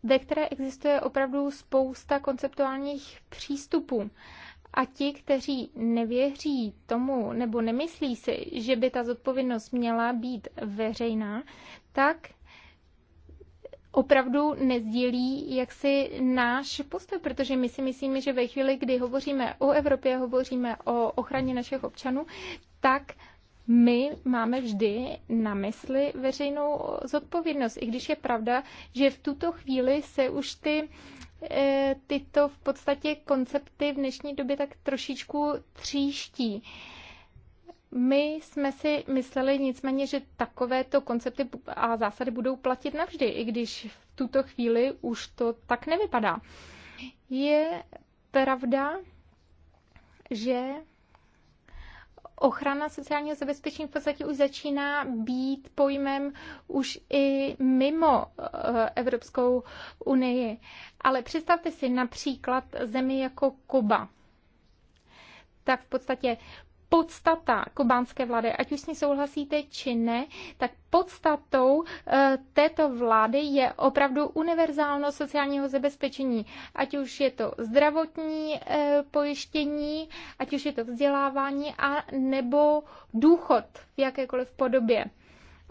ve které existuje opravdu spousta konceptuálních přístupů. A ti, kteří nevěří tomu nebo nemyslí si, že by ta zodpovědnost měla být veřejná, tak opravdu nezdílí jaksi náš postoj, protože my si myslíme, že ve chvíli, kdy hovoříme o Evropě, hovoříme o ochraně našich občanů, tak my máme vždy na mysli veřejnou zodpovědnost. I když je pravda, že v tuto chvíli se už ty eh, tyto v podstatě koncepty v dnešní době tak trošičku tříští. My jsme si mysleli nicméně, že takovéto koncepty a zásady budou platit navždy, i když v tuto chvíli už to tak nevypadá. Je pravda, že ochrana sociálního zabezpečení v podstatě už začíná být pojmem už i mimo eh, Evropskou unii. Ale představte si například zemi jako Kuba. Tak v podstatě podstata kubánské vlády, ať už s ní souhlasíte či ne, tak podstatou eh, této vlády je opravdu univerzálnost sociálního zabezpečení. Ať už je to zdravotní eh, pojištění, ať už je to vzdělávání a nebo důchod v jakékoliv podobě.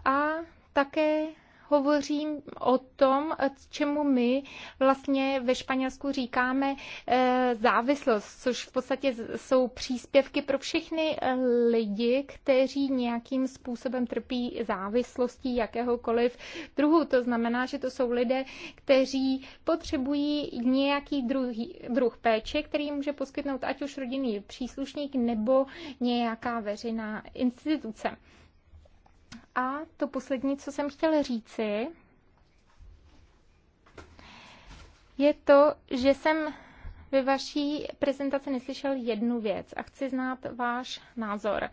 A také hovořím o tom, čemu my vlastně ve Španělsku říkáme eh, závislost, což v podstatě jsou příspěvky pro všechny eh, lidi, kteří nějakým způsobem trpí závislostí jakéhokoliv druhu. To znamená, že to jsou lidé, kteří potřebují nějaký druhý, druh péče, který může poskytnout ať už rodinný příslušník nebo nějaká veřejná instituce. A to poslední, co jsem chtěla říci, je to, že jsem ve vaší prezentaci neslyšel jednu věc a chci znát váš názor.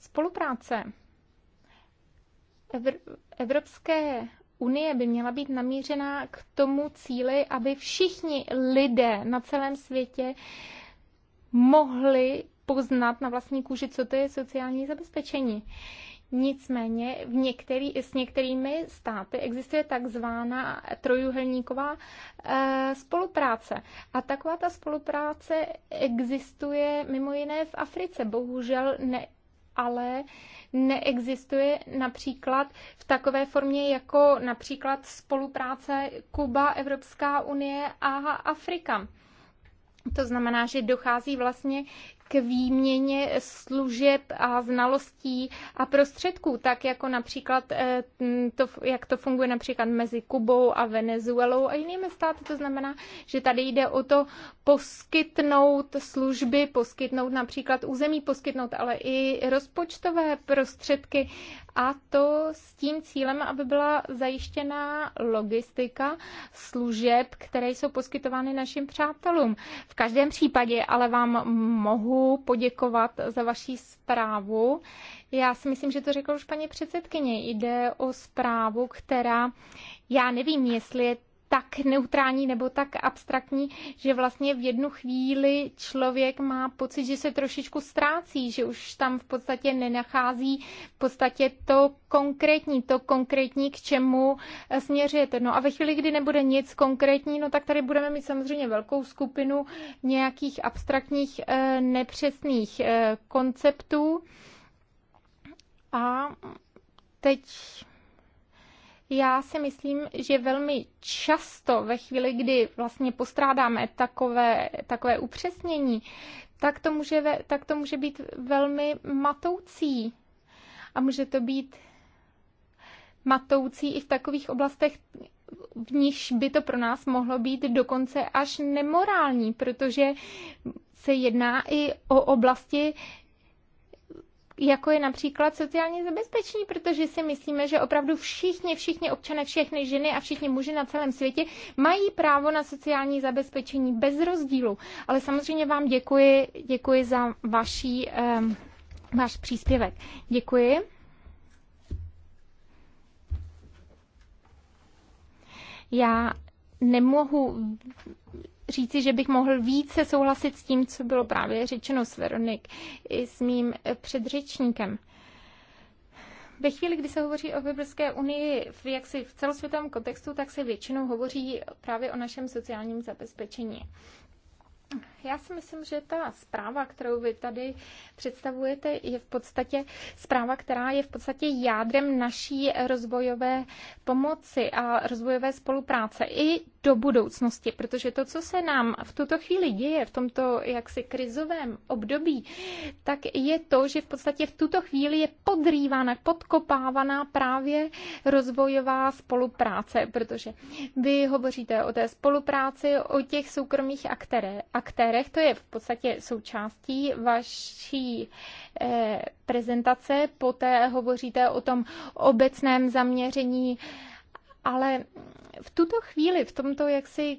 Spolupráce Evropské unie by měla být namířená k tomu cíli, aby všichni lidé na celém světě mohli poznat na vlastní kůži, co to je sociální zabezpečení. Nicméně v některý, s některými státy existuje takzvaná trojuhelníková e, spolupráce. A taková ta spolupráce existuje mimo jiné v Africe. Bohužel ne, ale neexistuje například v takové formě jako například spolupráce Kuba, Evropská unie a Afrika. To znamená, že dochází vlastně k výměně služeb a znalostí a prostředků, tak jako například, eh, to, jak to funguje například mezi Kubou a Venezuelou a jinými státy. To znamená, že tady jde o to poskytnout služby, poskytnout například území, poskytnout ale i rozpočtové prostředky a to s tím cílem, aby byla zajištěná logistika služeb, které jsou poskytovány našim přátelům. V každém případě ale vám mohu poděkovat za vaši zprávu. Já si myslím, že to řekla už paní předsedkyně. Jde o zprávu, která, já nevím, jestli je tak neutrální nebo tak abstraktní, že vlastně v jednu chvíli člověk má pocit, že se trošičku ztrácí, že už tam v podstatě nenachází v podstatě to konkrétní, to konkrétní, k čemu eh, směřujete. No a ve chvíli, kdy nebude nic konkrétní, no tak tady budeme mít samozřejmě velkou skupinu nějakých abstraktních eh, nepřesných eh, konceptů. A teď já si myslím, že velmi často ve chvíli, kdy vlastně postrádáme takové, takové upřesnění, tak to, může, tak to může být velmi matoucí. A může to být matoucí i v takových oblastech, v níž by to pro nás mohlo být dokonce až nemorální, protože se jedná i o oblasti, jako je například sociální zabezpečení, protože si myslíme, že opravdu všichni, všichni občané, všechny ženy a všichni muži na celém světě mají právo na sociální zabezpečení bez rozdílu. Ale samozřejmě vám děkuji, děkuji za vaší, um, váš příspěvek. Děkuji. Já nemohu říci, že bych mohl více souhlasit s tím, co bylo právě řečeno s Veronik i s mým předřečníkem. Ve chvíli, kdy se hovoří o Evropské unii v jaksi v celosvětovém kontextu, tak se většinou hovoří právě o našem sociálním zabezpečení. Já si myslím, že ta zpráva, kterou vy tady představujete, je v podstatě zpráva, která je v podstatě jádrem naší rozvojové pomoci a rozvojové spolupráce i do budoucnosti, protože to, co se nám v tuto chvíli děje v tomto jaksi krizovém období, tak je to, že v podstatě v tuto chvíli je podrývána, podkopávaná právě rozvojová spolupráce, protože vy hovoříte o té spolupráci, o těch soukromých aktérech, sférech. To je v podstatě součástí vaší eh, prezentace. Poté hovoříte o tom obecném zaměření, ale v tuto chvíli, v tomto jaksi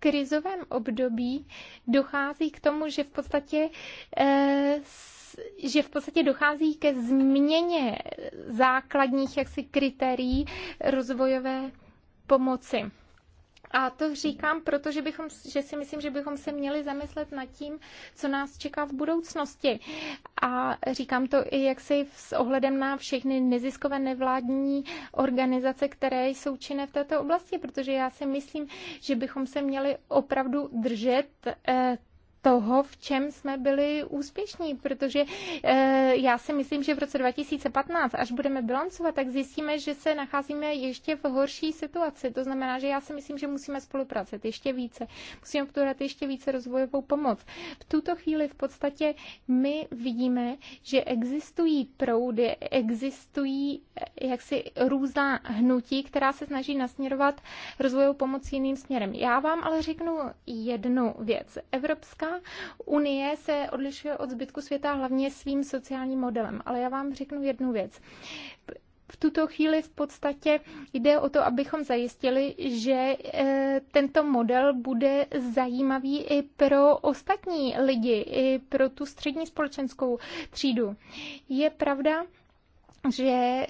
krizovém období dochází k tomu, že v podstatě eh, že v podstatě dochází ke změně základních jaksi kritérií rozvojové pomoci. A to říkám, protože bychom, že si myslím, že bychom se měli zamyslet nad tím, co nás čeká v budoucnosti. A říkám to i jaksi s ohledem na všechny neziskové nevládní organizace, které jsou činné v této oblasti, protože já si myslím, že bychom se měli opravdu držet eh, toho, v čem jsme byli úspěšní, protože eh, já si myslím, že v roce 2015, až budeme bilancovat, tak zjistíme, že se nacházíme ještě v horší situaci. To znamená, že já si myslím, že musíme spolupracovat ještě více, musíme podat ještě více rozvojovou pomoc. V tuto chvíli v podstatě my vidíme, že existují proudy, existují eh, jaksi různá hnutí, která se snaží nasměrovat rozvojovou pomoc jiným směrem. Já vám ale řeknu jednu věc. Evropská unie se odlišuje od zbytku světa hlavně svým sociálním modelem. Ale já vám řeknu jednu věc v tuto chvíli v podstatě jde o to, abychom zajistili, že e, tento model bude zajímavý i pro ostatní lidi, i pro tu střední společenskou třídu. Je pravda, že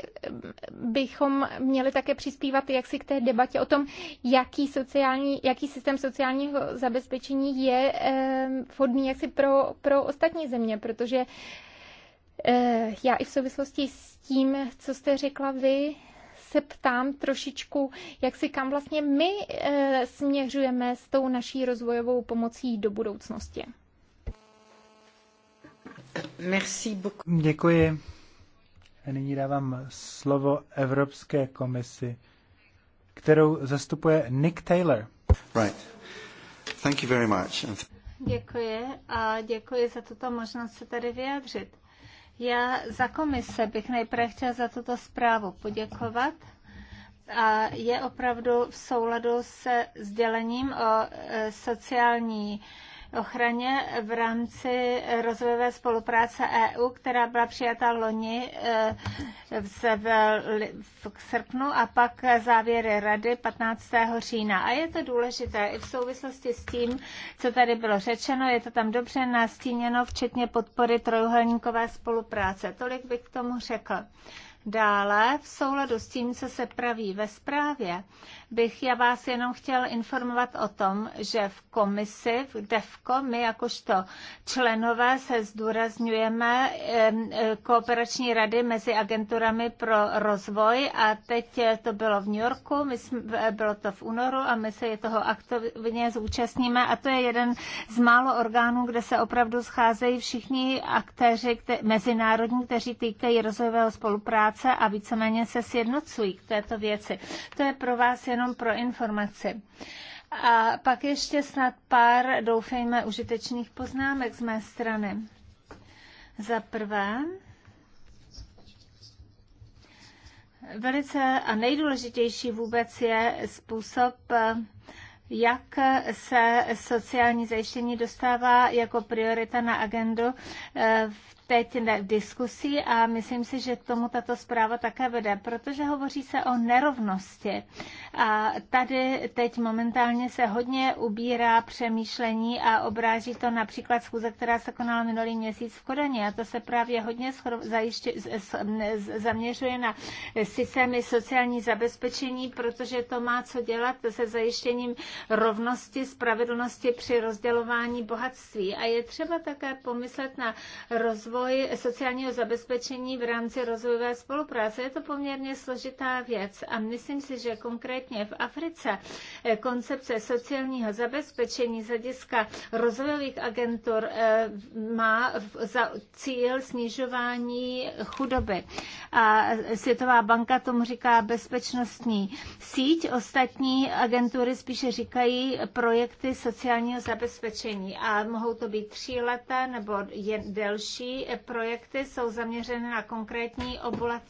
bychom měli také přispívat jaksi k té debatě o tom, jaký, sociální, jaký systém sociálního zabezpečení je eh, vhodný jaksi pro, pro ostatní země, protože eh, já i v souvislosti s tím, co jste řekla vy, se ptám trošičku, jak si kam vlastně my eh, směřujeme s tou naší rozvojovou pomocí do budoucnosti. Merci beaucoup. Děkuji. A nyní dávám slovo Evropské komisi, kterou zastupuje Nick Taylor. Right. Thank you very much. Děkuji a děkuji za tuto možnost se tady vyjádřit. Já za komise bych nejprve chtěla za tuto zprávu poděkovat a je opravdu v souladu se sdělením o e, sociální ochraně v rámci rozvojové spolupráce EU, která byla přijata loni eh, v srpnu a pak závěry rady 15. října. A je to důležité i v souvislosti s tím, co tady bylo řečeno, je to tam dobře nastíněno, včetně podpory trojuhelníkové spolupráce. Tolik bych k tomu řekl. Dále, v souladu s tím, co se praví ve zprávě, bych já vás jenom chtěl informovat o tom, že v komisi, v DEFCO, my jakožto členové se zdůrazňujeme e, kooperační rady mezi agenturami pro rozvoj a teď to bylo v New Yorku, my jsme, bylo to v únoru a my se je toho aktivně zúčastníme a to je jeden z málo orgánů, kde se opravdu scházejí všichni aktéři kte, mezinárodní, kteří týkají rozvojového spolupráce a víceméně se sjednocují k této věci. To je pro vás jen jenom pro informaci. A pak ještě snad pár, doufejme, užitečných poznámek z mé strany. Za prvé, velice a nejdůležitější vůbec je způsob, jak se sociální zajištění dostává jako priorita na agendu eh, v teď diskusí a myslím si, že tomu tato zpráva také vede, protože hovoří se o nerovnosti. A tady teď momentálně se hodně ubírá přemýšlení a obráží to například schůze, která se konala minulý měsíc v Kodaně. A to se právě hodně zaměřuje na systémy sociální zabezpečení, protože to má co dělat se zajištěním rovnosti, spravedlnosti při rozdělování bohatství. A je třeba také pomyslet na rozvoj rozvoj sociálního zabezpečení v rámci rozvojové spolupráce. Je to poměrně složitá věc a myslím si, že konkrétně v Africe eh, koncepce sociálního zabezpečení z hlediska rozvojových agentur eh, má za cíl snižování chudoby. A Světová banka tomu říká bezpečnostní síť, ostatní agentury spíše říkají projekty sociálního zabezpečení a mohou to být tříleté nebo jen delší projekty jsou zaměřeny na konkrétní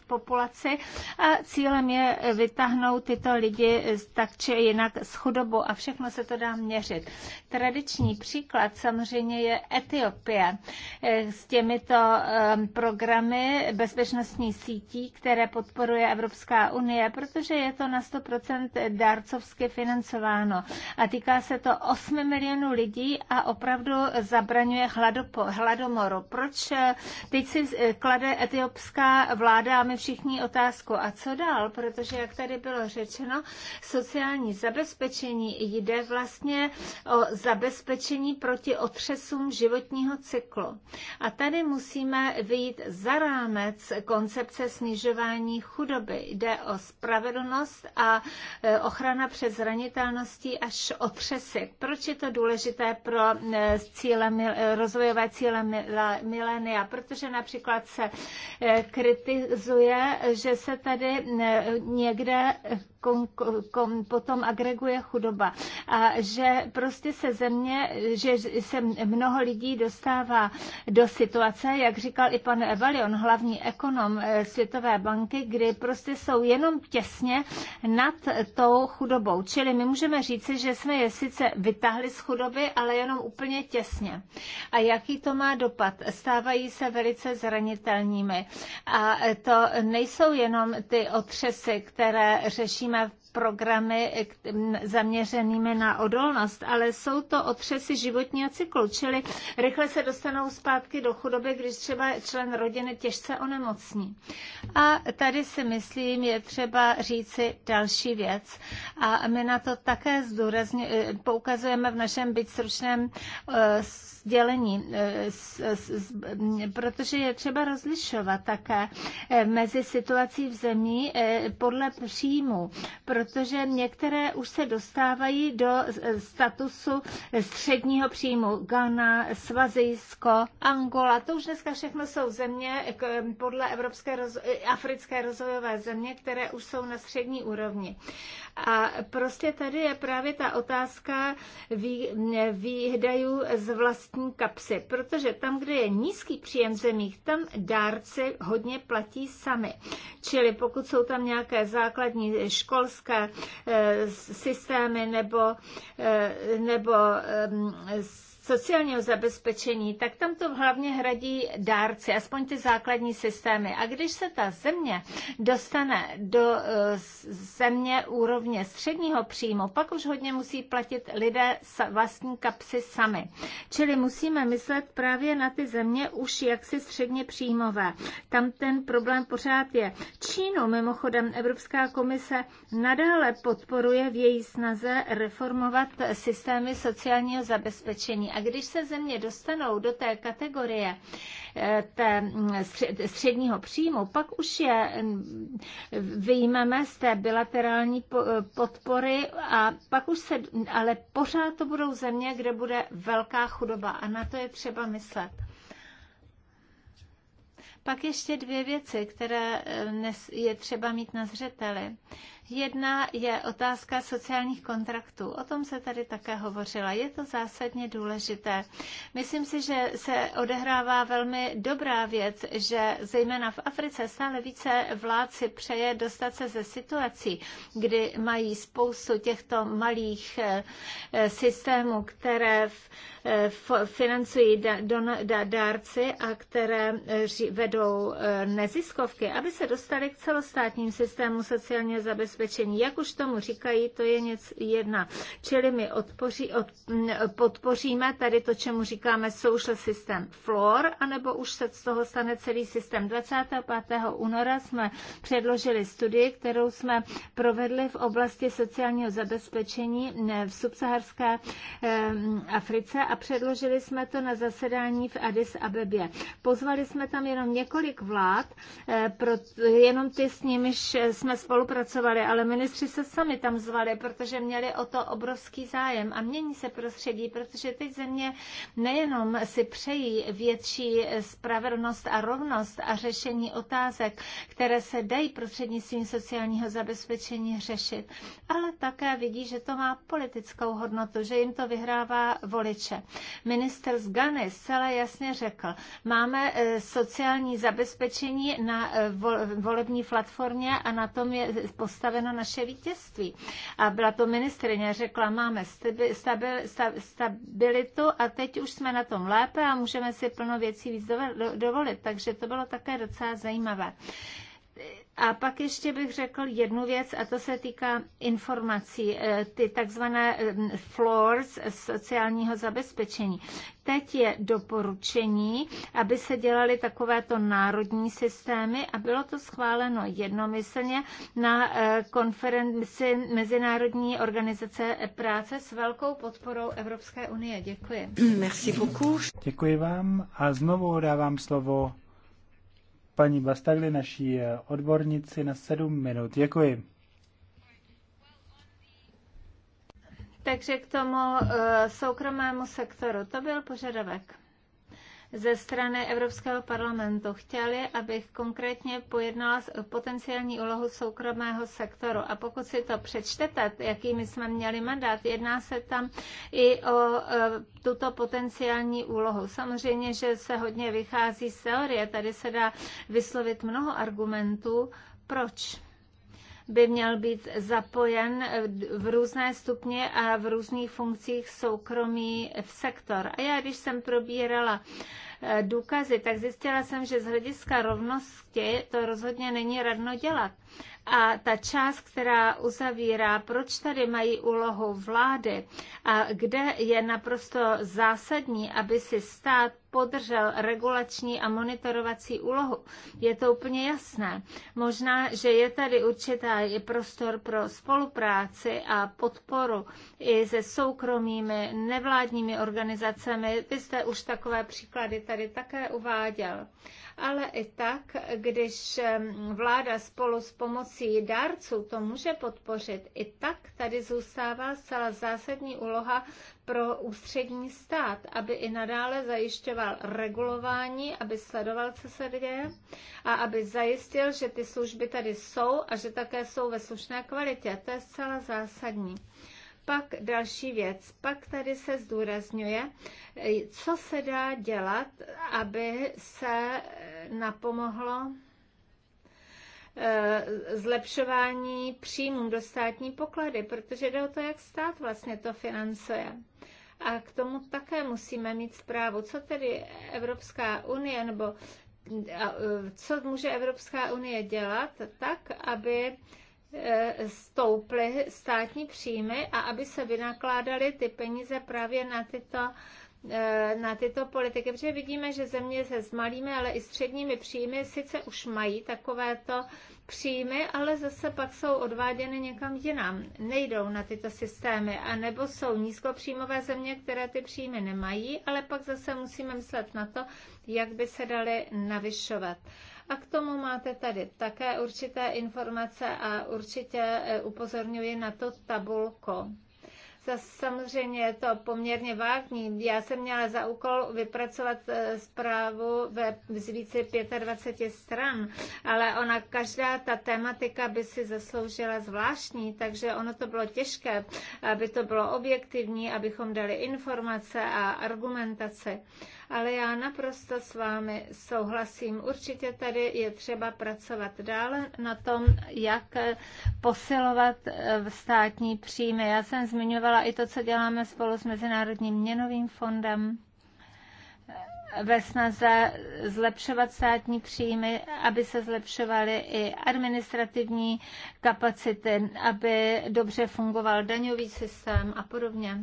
populaci a cílem je vytáhnout tyto lidi tak či jinak z chudobu a všechno se to dá měřit. Tradiční příklad samozřejmě je Etiopie eh, s těmito ehm, programy bezpečnostní sítí, které podporuje Evropská unie, protože je to na 100% dárcovsky financováno a týká se to 8 milionů lidí a opravdu zabraňuje hladopo, hladomoru. Proč eh, teď si eh, klade etiopská vláda a my všichni otázku, a co dál? Protože, jak tady bylo řečeno, sociální zabezpečení jde vlastně o zabezpečení proti otřesům životního cyklu. A tady musíme vyjít za rámec koncepce snižování chudoby. Jde o spravedlnost a eh, ochrana před zranitelností až otřesy. Proč je to důležité pro eh, cíle, rozvojové cíle milénia? já, protože například se eh, kritizuje, že se tady eh, někde kom, kom, potom agreguje chudoba. A že prostě se země, že se mnoho lidí dostává do situace, jak říkal i pan Evalion, hlavní ekonom eh, Světové banky, kdy prostě jsou jenom těsně nad tou chudobou. Čili my můžeme říci, že jsme je sice vytáhli z chudoby, ale jenom úplně těsně. A jaký to má dopad? Stávají se velice zranitelnými. A to nejsou jenom ty otřesy, které řešíme můžeme programy eh, zaměřenými na odolnost, ale jsou to otřesy životního cyklu, čili rychle se dostanou zpátky do chudoby, když třeba člen rodiny těžce onemocní. A tady si myslím, je třeba říci další věc. A my na to také zdůrazně, eh, poukazujeme v našem byť stručném eh, sdělení, protože je třeba rozlišovat také mezi situací v zemí podle příjmu, proto protože některé už se dostávají do statusu středního příjmu. Ghana, Svazijsko, Angola, to už dneska všechno jsou země podle Evropské africké rozvojové země, které už jsou na střední úrovni. A prostě tady je právě ta otázka vý, výdajů z vlastní kapsy, protože tam, kde je nízký příjem zemích, tam dárci hodně platí sami. Čili pokud jsou tam nějaké základní školské Eh, systémy nebo, eh, nebo sociálního zabezpečení, tak tam to hlavně hradí dárci, aspoň ty základní systémy. A když se ta země dostane do eh, země úrovně středního příjmu, pak už hodně musí platit lidé vlastní kapsy sami. Čili musíme myslet právě na ty země už jaksi středně příjmové. Tam ten problém pořád je. Čínu mimochodem Evropská komise nadále podporuje v její snaze reformovat systémy sociálního zabezpečení. A když se země dostanou do té kategorie eh, té mm, středního příjmu, pak už je mm, vyjmeme z té bilaterální eh, podpory a pak už se, ale pořád to budou země, kde bude velká chudoba a na to je třeba myslet. Pak ještě dvě věci, které eh, je třeba mít na zřeteli. Jedna je otázka sociálních kontraktů. O tom se tady také hovořila. Je to zásadně důležité. Myslím si, že se odehrává velmi dobrá věc, že zejména v Africe stále více vlád si přeje dostat se ze situací, kdy mají spoustu těchto malých eh, eh, systémů, které eh, financují dárci a které vedou neziskovky, aby se dostali k celostátním systému sociálního zabezpečení zabezpečení. Jak už tomu říkají, to je něco jedna. Čili my odpoří, od, podpoříme tady to, čemu říkáme social system floor, anebo už se z toho stane celý systém. 25. února jsme předložili studii, kterou jsme provedli v oblasti sociálního zabezpečení v subsaharské Africe a předložili jsme to na zasedání v Addis Abebě. Pozvali jsme tam jenom několik vlád, eh, jenom ty s nimiž eh, jsme spolupracovali ale ministři se sami tam zvali, protože měli o to obrovský zájem. A mění se prostředí, protože teď země nejenom si přejí větší spravedlnost a rovnost a řešení otázek, které se dají prostřednictvím sociálního zabezpečení řešit, ale také vidí, že to má politickou hodnotu, že jim to vyhrává voliče. Minister z Gany zcela jasně řekl, máme e, sociální zabezpečení na e, volební platformě a na tom je postaven postaveno naše vítězství. A byla to ministrině, řekla, máme stabilitu a teď už jsme na tom lépe a můžeme si plno věcí víc dovolit. Takže to bylo také docela zajímavé. A pak ještě bych řekl jednu věc, a to se týká informací, eh, ty takzvané eh, floors sociálního zabezpečení. Teď je doporučení, aby se dělaly takovéto národní systémy a bylo to schváleno jednomyslně na eh, konferenci Mezinárodní organizace práce s velkou podporou Evropské unie. Děkuji. Merci beaucoup. Děkuji vám a znovu dávám slovo paní Bastagli, naší eh, odbornici, na sedm minut. Děkuji. Takže k tomu eh, soukromému sektoru to byl požadavek ze strany Evropského parlamentu. Chtěli, abych konkrétně pojednala s potenciální úlohu soukromého sektoru. A pokud si to přečtete, jakými jsme měli mandát, jedná se tam i o e, tuto potenciální úlohu. Samozřejmě, že se hodně vychází z teorie. Tady se dá vyslovit mnoho argumentů, proč by měl být zapojen v různé stupně a v různých funkcích soukromý v sektor. A já, když jsem probírala eh, důkazy, tak zjistila jsem, že z hlediska rovnosti to rozhodně není radno dělat a ta část, která uzavírá, proč tady mají úlohu vlády a kde je naprosto zásadní, aby si stát podržel regulační a monitorovací úlohu. Je to úplně jasné. Možná, že je tady určitá i prostor pro spolupráci a podporu i se soukromými nevládními organizacemi. Vy jste už takové příklady tady také uváděl ale i tak, když vláda spolu s pomocí dárců to může podpořit, i tak tady zůstává zcela zásadní úloha pro ústřední stát, aby i nadále zajišťoval regulování, aby sledoval, co se děje a aby zajistil, že ty služby tady jsou a že také jsou ve slušné kvalitě. To je zcela zásadní. Pak další věc. Pak tady se zdůrazňuje, co se dá dělat, aby se napomohlo eh, zlepšování příjmů do státní poklady, protože jde o to, jak stát vlastně to financuje. A k tomu také musíme mít zprávu, co tedy Evropská unie nebo eh, co může Evropská unie dělat tak, aby Eh, stouply státní příjmy a aby se vynakládaly ty peníze právě na tyto eh, na tyto politiky, protože vidíme, že země se s malými, ale i středními příjmy sice už mají takovéto příjmy, ale zase pak jsou odváděny někam jinam. Nejdou na tyto systémy, a nebo jsou nízkopříjmové země, které ty příjmy nemají, ale pak zase musíme myslet na to, jak by se daly navyšovat. A k tomu máte tady také určité informace a určitě eh, upozorňuji na to tabulko. Zase samozřejmě je to poměrně vágní. Já jsem měla za úkol vypracovat eh, zprávu ve více 25 stran, ale ona každá ta tematika by si zasloužila zvláštní, takže ono to bylo těžké, aby to bylo objektivní, abychom dali informace a argumentace ale já naprosto s vámi souhlasím. Určitě tady je třeba pracovat dále na tom, jak posilovat eh, státní příjmy. Já jsem zmiňovala i to, co děláme spolu s Mezinárodním měnovým fondem eh, ve snaze zlepšovat státní příjmy, aby se zlepšovaly i administrativní kapacity, aby dobře fungoval daňový systém a podobně.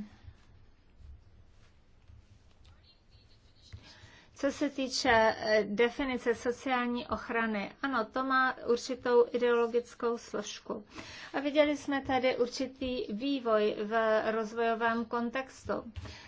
Co se týče eh, definice sociální ochrany, ano, to má určitou ideologickou složku. A viděli jsme tady určitý vývoj v rozvojovém kontextu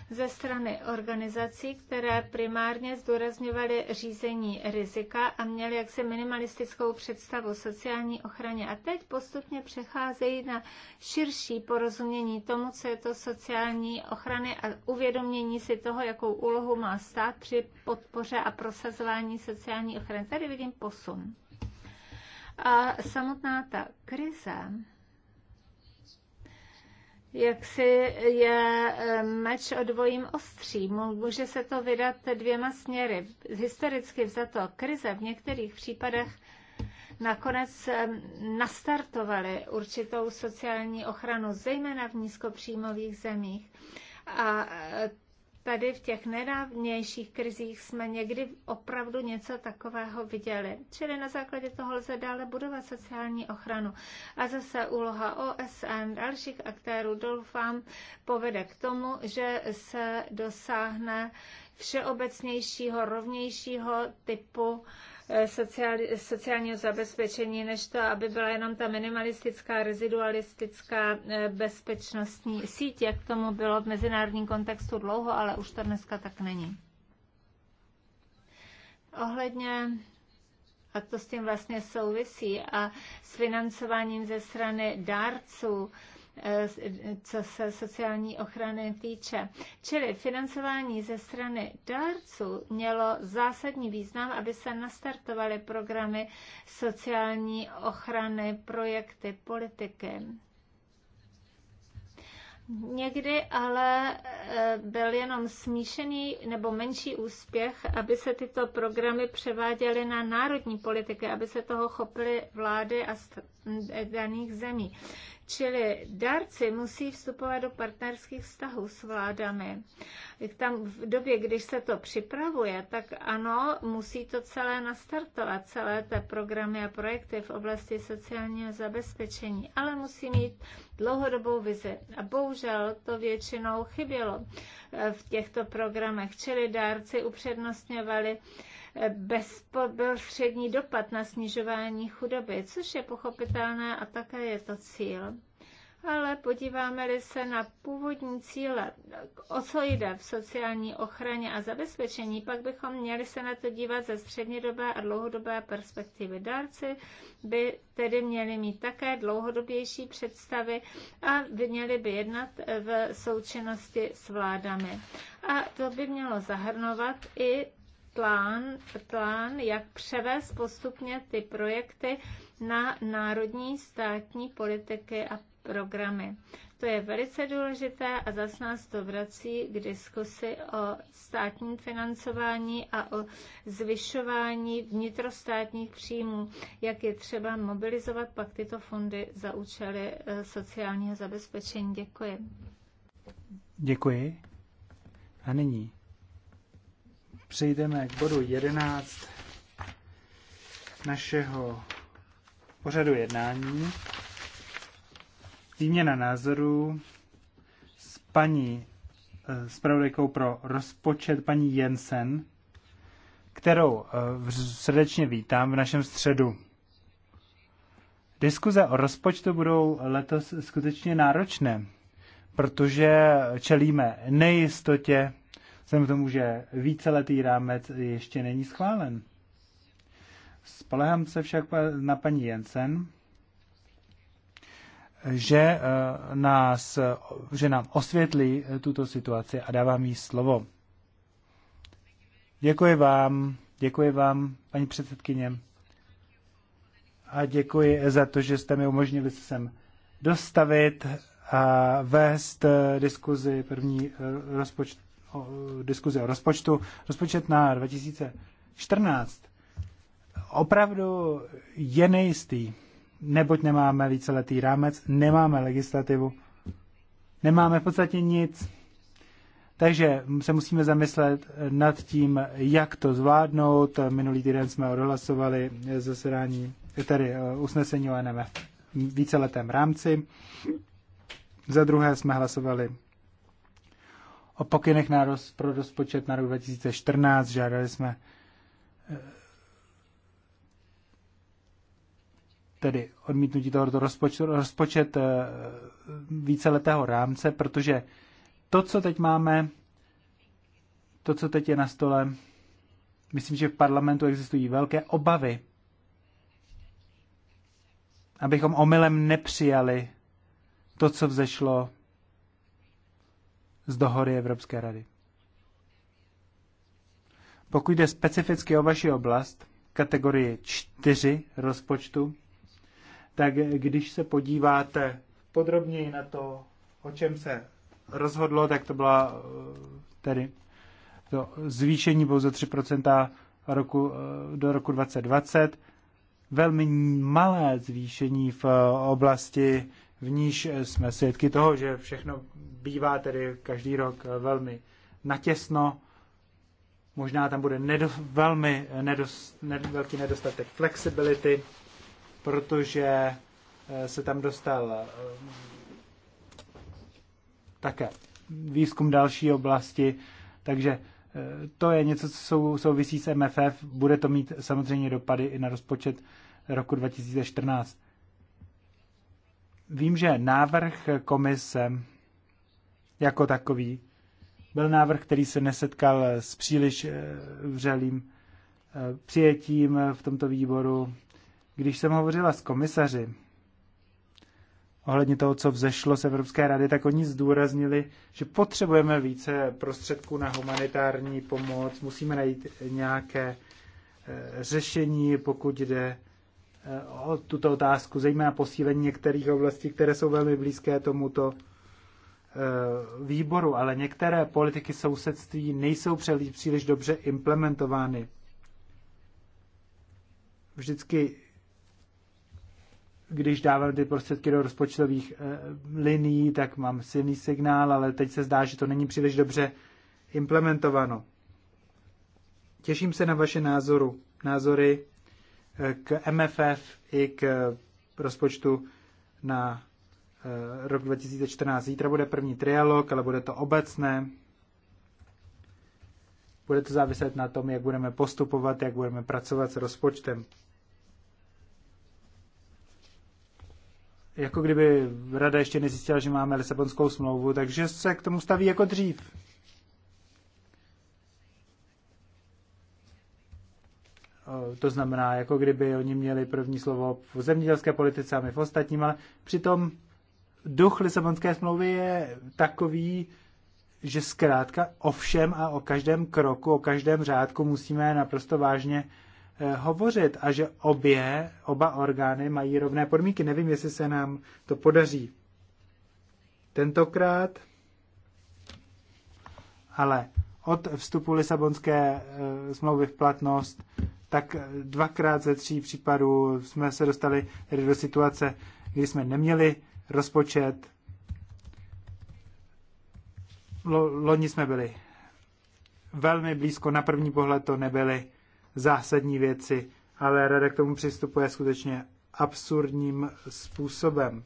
ze strany organizací, které primárně zdůrazňovaly řízení rizika a měly jaksi minimalistickou představu sociální ochraně. A teď postupně přecházejí na širší porozumění tomu, co je to sociální ochrany a uvědomění si toho, jakou úlohu má stát při podpoře a prosazování sociální ochrany. Tady vidím posun. A samotná ta krize jak si je eh, meč o dvojím ostří. Může se to vydat dvěma směry. Historicky vzato krize v některých případech nakonec eh, nastartovaly určitou sociální ochranu, zejména v nízkopříjmových zemích. A eh, Tady v těch nedávnějších krizích jsme někdy opravdu něco takového viděli. Čili na základě toho lze dále budovat sociální ochranu. A zase úloha OSN, dalších aktérů, doufám, povede k tomu, že se dosáhne všeobecnějšího, rovnějšího typu uh, sociálního zabezpečení, než to, aby byla jenom ta minimalistická, rezidualistická eh, bezpečnostní síť, jak tomu bylo v mezinárodním kontextu dlouho, ale už to dneska tak není. Ohledně a to s tím vlastně souvisí a s financováním ze strany dárců co se sociální ochrany týče. Čili financování ze strany dárců mělo zásadní význam, aby se nastartovaly programy sociální ochrany, projekty, politiky. Někdy ale e, byl jenom smíšený nebo menší úspěch, aby se tyto programy převáděly na národní politiky, aby se toho chopily vlády a daných zemí. Čili dárci musí vstupovat do partnerských vztahů s vládami. Tam v době, když se to připravuje, tak ano, musí to celé nastartovat, celé ty programy a projekty v oblasti sociálního zabezpečení, ale musí mít dlouhodobou vizi. A bohužel to většinou chybělo eh, v těchto programech, čili dárci upřednostňovali bezprostřední dopad na snižování chudoby, což je pochopitelné a také je to cíl. Ale podíváme-li se na původní cíle, o co jde v sociální ochraně a zabezpečení, pak bychom měli se na to dívat ze střednědobé a dlouhodobé perspektivy. Dárci by tedy měli mít také dlouhodobější představy a měli by jednat v součinnosti s vládami. A to by mělo zahrnovat i plán, plán, jak převést postupně ty projekty na národní státní politiky a programy. To je velice důležité a zas nás to vrací k diskusi o státním financování a o zvyšování vnitrostátních příjmů, jak je třeba mobilizovat pak tyto fondy za účely eh, sociálního zabezpečení. Děkuji. Děkuji. A nyní přejdeme k bodu 11 našeho pořadu jednání. Výměna názorů s paní eh, zpravodajkou pro rozpočet paní Jensen, kterou eh, srdečně vítám v našem středu. Diskuze o rozpočtu budou letos skutečně náročné, protože čelíme nejistotě vzhledem k tomu, že víceletý rámec ještě není schválen. Spolehám se však na paní Jensen, že, eh, nás, že nám osvětlí eh, tuto situaci a dávám jí slovo. Děkuji vám, děkuji vám, paní předsedkyně. A děkuji za to, že jste mi umožnili se sem dostavit a vést eh, diskuzi první rozpočet, o diskuzi o rozpočtu. Rozpočet na 2014 opravdu je nejistý, neboť nemáme víceletý rámec, nemáme legislativu, nemáme v podstatě nic. Takže se musíme zamyslet nad tím, jak to zvládnout. Minulý týden jsme odhlasovali zasedání, tedy eh, usnesení o NMF víceletém rámci. Za druhé jsme hlasovali o pokynech na roz, pro rozpočet na rok 2014. Žádali jsme eh, tedy odmítnutí tohoto rozpočet, rozpočet eh, víceletého rámce, protože to, co teď máme, to, co teď je na stole, myslím, že v parlamentu existují velké obavy, abychom omylem nepřijali to, co vzešlo z dohody Evropské rady. Pokud jde specificky o vaši oblast, kategorie 4 rozpočtu, tak když se podíváte podrobněji na to, o čem se rozhodlo, tak to byla eh, tedy to zvýšení pouze 3% roku, eh, do roku 2020, velmi malé zvýšení v eh, oblasti v níž jsme svědky toho, že všechno bývá tedy každý rok velmi natěsno. Možná tam bude nedo, velmi nedos, ned, velký nedostatek flexibility, protože eh, se tam dostal eh, také výzkum další oblasti, takže eh, to je něco, co sou, souvisí s MFF. Bude to mít samozřejmě dopady i na rozpočet roku 2014. Vím, že návrh komise jako takový byl návrh, který se nesetkal s příliš eh, vřelým eh, přijetím v tomto výboru. Když jsem hovořila s komisaři ohledně toho, co vzešlo z Evropské rady, tak oni zdůraznili, že potřebujeme více prostředků na humanitární pomoc, musíme najít nějaké eh, řešení, pokud jde Eh, o tuto otázku, zejména posílení některých oblastí, které jsou velmi blízké tomuto eh, výboru, ale některé politiky sousedství nejsou příliš dobře implementovány. Vždycky, když dáváme ty prostředky do rozpočtových eh, linií, tak mám silný signál, ale teď se zdá, že to není příliš dobře implementováno. Těším se na vaše názoru, názory k MFF i k rozpočtu na eh, rok 2014. Zítra bude první trialog, ale bude to obecné. Bude to záviset na tom, jak budeme postupovat, jak budeme pracovat s rozpočtem. Jako kdyby rada ještě nezjistila, že máme Lisabonskou smlouvu, takže se k tomu staví jako dřív. Eh, to znamená, jako kdyby oni měli první slovo v zemědělské politice a my v ostatním, ale přitom duch Lisabonské smlouvy je takový, že zkrátka o všem a o každém kroku, o každém řádku musíme naprosto vážně eh, hovořit a že obě, oba orgány mají rovné podmínky. Nevím, jestli se nám to podaří tentokrát, ale od vstupu Lisabonské eh, smlouvy v platnost tak dvakrát ze tří případů jsme se dostali tedy do situace, kdy jsme neměli rozpočet. Loni jsme byli velmi blízko, na první pohled to nebyly zásadní věci, ale rada k tomu přistupuje skutečně absurdním způsobem.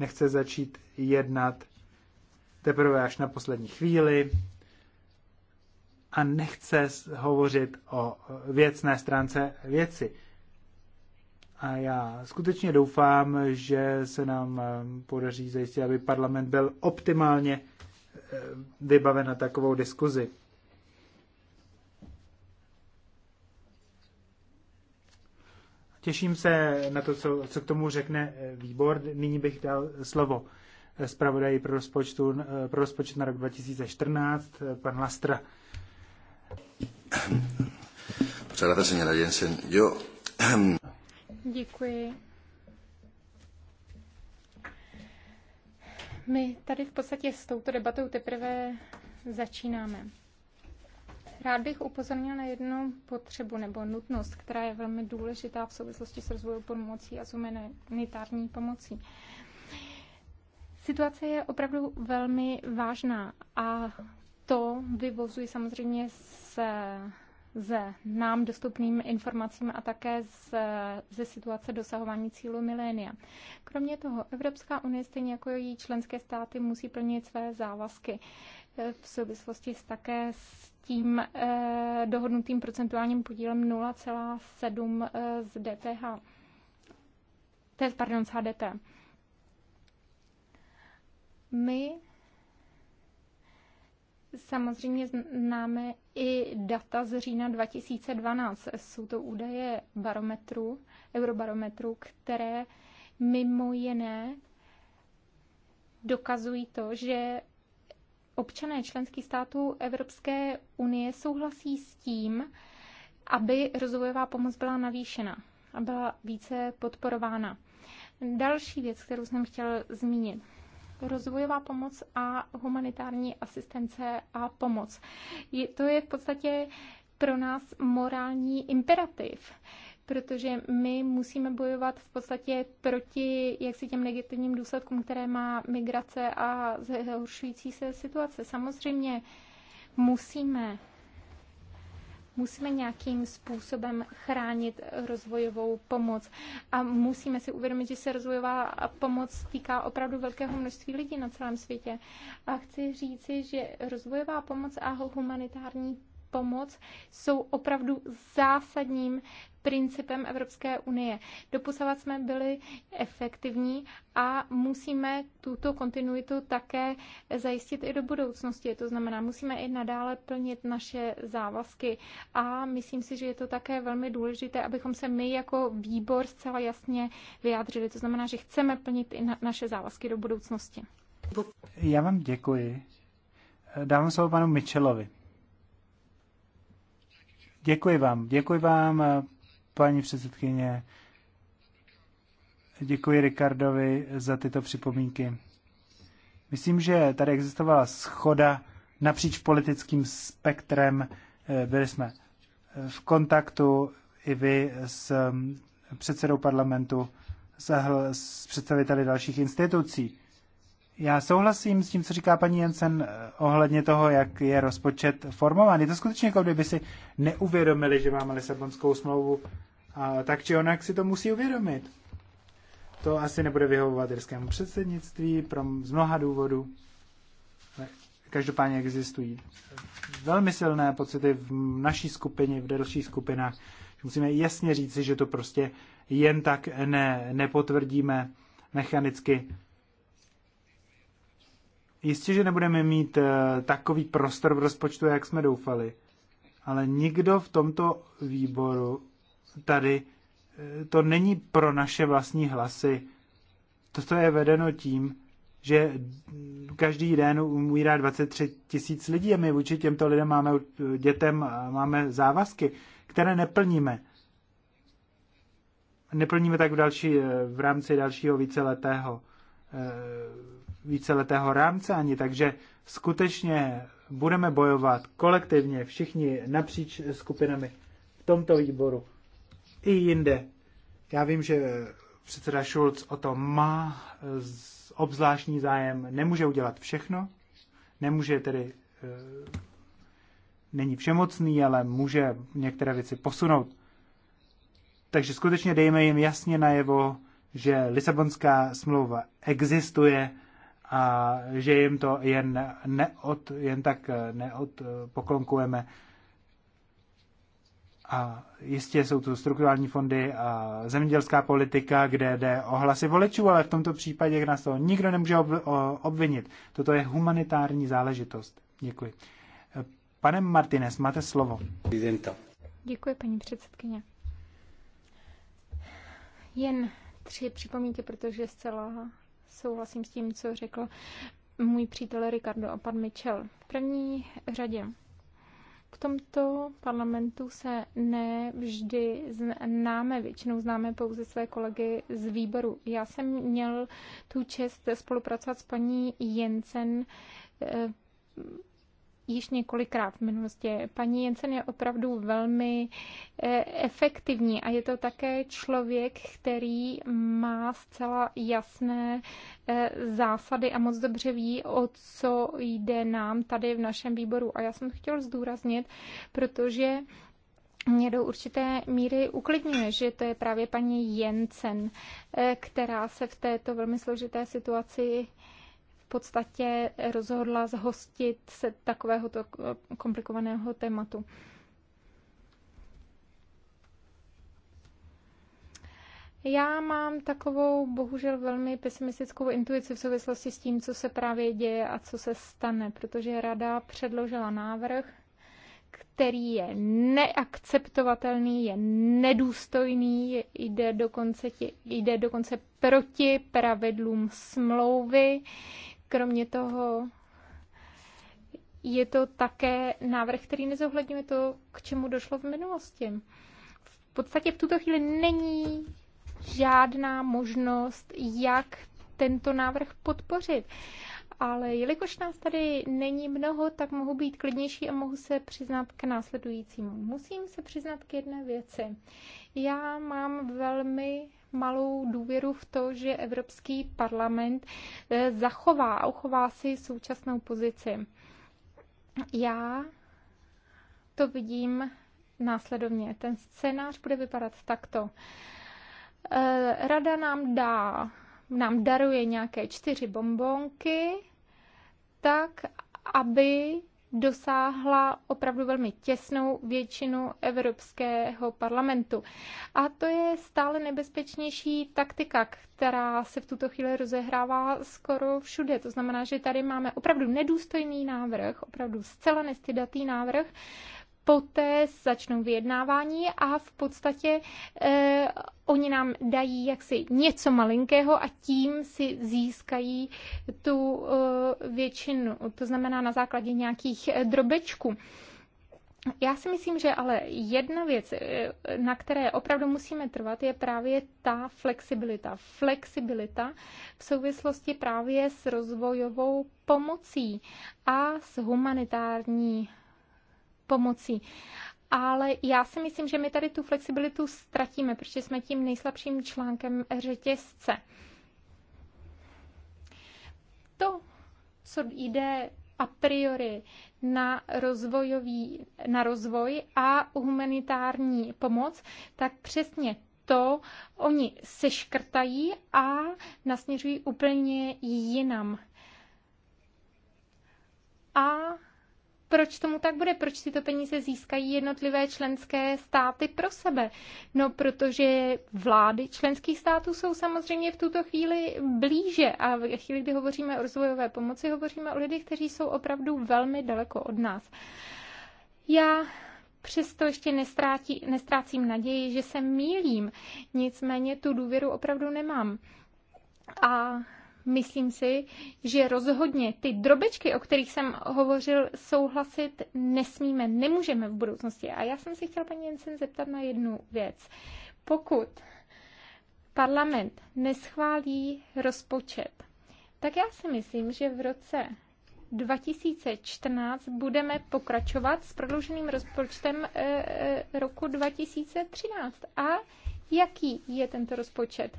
Nechce začít jednat teprve až na poslední chvíli, a nechce hovořit o věcné stránce věci. A já skutečně doufám, že se nám eh, podaří zajistit, aby parlament byl optimálně eh, vybaven na takovou diskuzi. Těším se na to, co, co k tomu řekne eh, výbor. Nyní bych dal slovo zpravodaji pro, pro rozpočet na rok 2014, pan Lastra. Muchas gracias, señora Jensen. Yo... Děkuji. My tady v podstatě s touto debatou teprve začínáme. Rád bych upozornil na jednu potřebu nebo nutnost, která je velmi důležitá v souvislosti s rozvojem pomocí a s humanitární pomocí. Situace je opravdu velmi vážná a to vyvozuji samozřejmě z, z nám dostupným informacím a také z, ze situace dosahování cílu milénia. Kromě toho, Evropská unie, stejně jako její členské státy, musí plnit své závazky eh, v souvislosti s také s tím eh, dohodnutým procentuálním podílem 0,7 eh, z DPH. je, pardon, z HDT. My Samozřejmě známe i data z října 2012. Jsou to údaje barometru, eurobarometru, které mimo jiné dokazují to, že občané členských států Evropské unie souhlasí s tím, aby rozvojová pomoc byla navýšena a byla více podporována. Další věc, kterou jsem chtěl zmínit rozvojová pomoc a humanitární asistence a pomoc. Je, to je v podstatě pro nás morální imperativ, protože my musíme bojovat v podstatě proti jaksi těm negativním důsledkům, které má migrace a zhoršující se situace. Samozřejmě musíme musíme nějakým způsobem chránit rozvojovou pomoc. A musíme si uvědomit, že se rozvojová pomoc týká opravdu velkého množství lidí na celém světě. A chci říci, že rozvojová pomoc a humanitární pomoc jsou opravdu zásadním principem Evropské unie. Doposavat jsme byli efektivní a musíme tuto kontinuitu také zajistit i do budoucnosti. To znamená, musíme i nadále plnit naše závazky a myslím si, že je to také velmi důležité, abychom se my jako výbor zcela jasně vyjádřili. To znamená, že chceme plnit i na naše závazky do budoucnosti. Já vám děkuji. Dávám slovo panu Michelovi. Děkuji vám. Děkuji vám, eh, paní předsedkyně. Děkuji Ricardovi za tyto připomínky. Myslím, že tady existovala schoda napříč politickým spektrem. Eh, byli jsme eh, v kontaktu i vy s mm, předsedou parlamentu, s představiteli dalších institucí. Já souhlasím s tím, co říká paní Jensen eh, ohledně toho, jak je rozpočet formován. Je to skutečně jako kdyby si neuvědomili, že máme Lisabonskou smlouvu, a tak či onak si to musí uvědomit. To asi nebude vyhovovat irskému předsednictví pro, z mnoha důvodů. Každopádně existují velmi silné pocity v naší skupině, v dalších skupinách. Že musíme jasně říci, že to prostě jen tak ne, nepotvrdíme mechanicky Jistě, že nebudeme mít eh, takový prostor v rozpočtu, jak jsme doufali, ale nikdo v tomto výboru tady, eh, to není pro naše vlastní hlasy. Toto je vedeno tím, že každý den umírá 23 tisíc lidí a my vůči těmto lidem máme eh, dětem máme závazky, které neplníme. Neplníme tak v, další, v rámci dalšího víceletého víceletého rámce ani, takže skutečně budeme bojovat kolektivně, všichni napříč skupinami v tomto výboru i jinde. Já vím, že předseda Schulz o to má obzvláštní zájem, nemůže udělat všechno, nemůže tedy, eh, není všemocný, ale může některé věci posunout. Takže skutečně dejme jim jasně najevo, že Lisabonská smlouva existuje a že jim to jen, neod, jen tak eh, neodpoklonkujeme. Eh, a jistě jsou tu strukturální fondy a zemědělská politika, kde jde o hlasy voličů, ale v tomto případě nás to nikdo nemůže obvinit. Toto je humanitární záležitost. Děkuji. Eh, pane Martinez, máte slovo. Děkuji, paní předsedkyně. Jen tři připomínky, protože zcela souhlasím s tím, co řekl můj přítel Ricardo a pan Mitchell. V první řadě v tomto parlamentu se ne vždy známe, většinou známe pouze své kolegy z výboru. Já jsem měl tu čest spolupracovat s paní Jensen eh, již několikrát v minulosti. Paní Jensen je opravdu velmi eh, efektivní a je to také člověk, který má zcela jasné eh, zásady a moc dobře ví, o co jde nám tady v našem výboru. A já jsem to chtěl zdůraznit, protože mě do určité míry uklidňuje, že to je právě paní Jensen, eh, která se v této velmi složité situaci podstatě rozhodla zhostit se takového komplikovaného tématu. Já mám takovou bohužel velmi pesimistickou intuici v souvislosti s tím, co se právě děje a co se stane, protože rada předložila návrh, který je neakceptovatelný, je nedůstojný, jde dokonce, jde dokonce proti pravidlům smlouvy, Kromě toho je to také návrh, který nezohledňuje to, k čemu došlo v minulosti. V podstatě v tuto chvíli není žádná možnost, jak tento návrh podpořit. Ale jelikož nás tady není mnoho, tak mohu být klidnější a mohu se přiznat k následujícímu. Musím se přiznat k jedné věci. Já mám velmi malou důvěru v to, že Evropský parlament eh, zachová a uchová si současnou pozici. Já to vidím následovně. Ten scénář bude vypadat takto. Eh, Rada nám dá, nám daruje nějaké čtyři bombonky, tak aby dosáhla opravdu velmi těsnou většinu Evropského parlamentu. A to je stále nebezpečnější taktika, která se v tuto chvíli rozehrává skoro všude. To znamená, že tady máme opravdu nedůstojný návrh, opravdu zcela nestydatý návrh, poté začnou vyjednávání a v podstatě eh, oni nám dají jaksi něco malinkého a tím si získají tu eh, většinu, to znamená na základě nějakých eh, drobečků. Já si myslím, že ale jedna věc, eh, na které opravdu musíme trvat, je právě ta flexibilita. Flexibilita v souvislosti právě s rozvojovou pomocí a s humanitární pomocí. Ale já si myslím, že my tady tu flexibilitu ztratíme, protože jsme tím nejslabším článkem řetězce. To, co jde a priori na, rozvojový, na rozvoj a humanitární pomoc, tak přesně to oni seškrtají a nasměřují úplně jinam. A proč tomu tak bude? Proč si to peníze získají jednotlivé členské státy pro sebe? No, protože vlády členských států jsou samozřejmě v tuto chvíli blíže a v chvíli, kdy hovoříme o rozvojové pomoci, hovoříme o lidech, kteří jsou opravdu velmi daleko od nás. Já přesto ještě nestrátí, nestrácím naději, že se mílím, nicméně tu důvěru opravdu nemám. A Myslím si, že rozhodně ty drobečky, o kterých jsem hovořil, souhlasit nesmíme, nemůžeme v budoucnosti. A já jsem si chtěla paní Jensen zeptat na jednu věc. Pokud parlament neschválí rozpočet, tak já si myslím, že v roce 2014 budeme pokračovat s prodlouženým rozpočtem eh, eh, roku 2013. A jaký je tento rozpočet?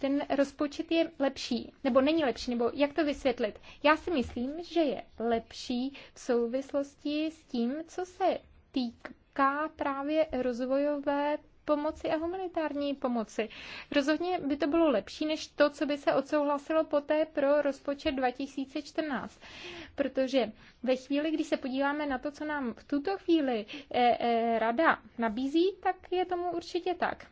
ten rozpočet je lepší, nebo není lepší, nebo jak to vysvětlit? Já si myslím, že je lepší v souvislosti s tím, co se týká právě rozvojové pomoci a humanitární pomoci. Rozhodně by to bylo lepší než to, co by se odsouhlasilo poté pro rozpočet 2014. Protože ve chvíli, kdy se podíváme na to, co nám v tuto chvíli eh, eh, rada nabízí, tak je tomu určitě tak.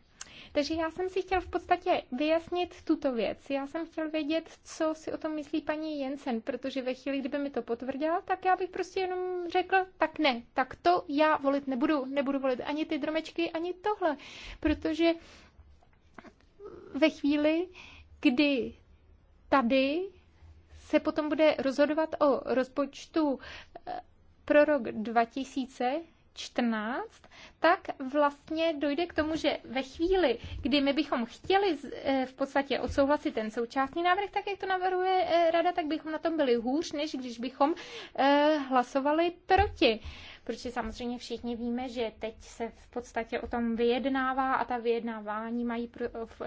Takže já jsem si chtěl v podstatě vyjasnit tuto věc. Já jsem chtěl vědět, co si o tom myslí paní Jensen, protože ve chvíli, kdyby mi to potvrdila, tak já bych prostě jenom řekl, tak ne, tak to já volit nebudu, nebudu volit ani ty dromečky, ani tohle, protože ve chvíli, kdy tady se potom bude rozhodovat o rozpočtu eh, pro rok 2000, 14, tak vlastně dojde k tomu, že ve chvíli, kdy my bychom chtěli eh, v podstatě odsouhlasit ten současný návrh, tak jak to navrhuje eh, rada, tak bychom na tom byli hůř, než když bychom eh, hlasovali proti protože samozřejmě všichni víme, že teď se v podstatě o tom vyjednává a ta vyjednávání mají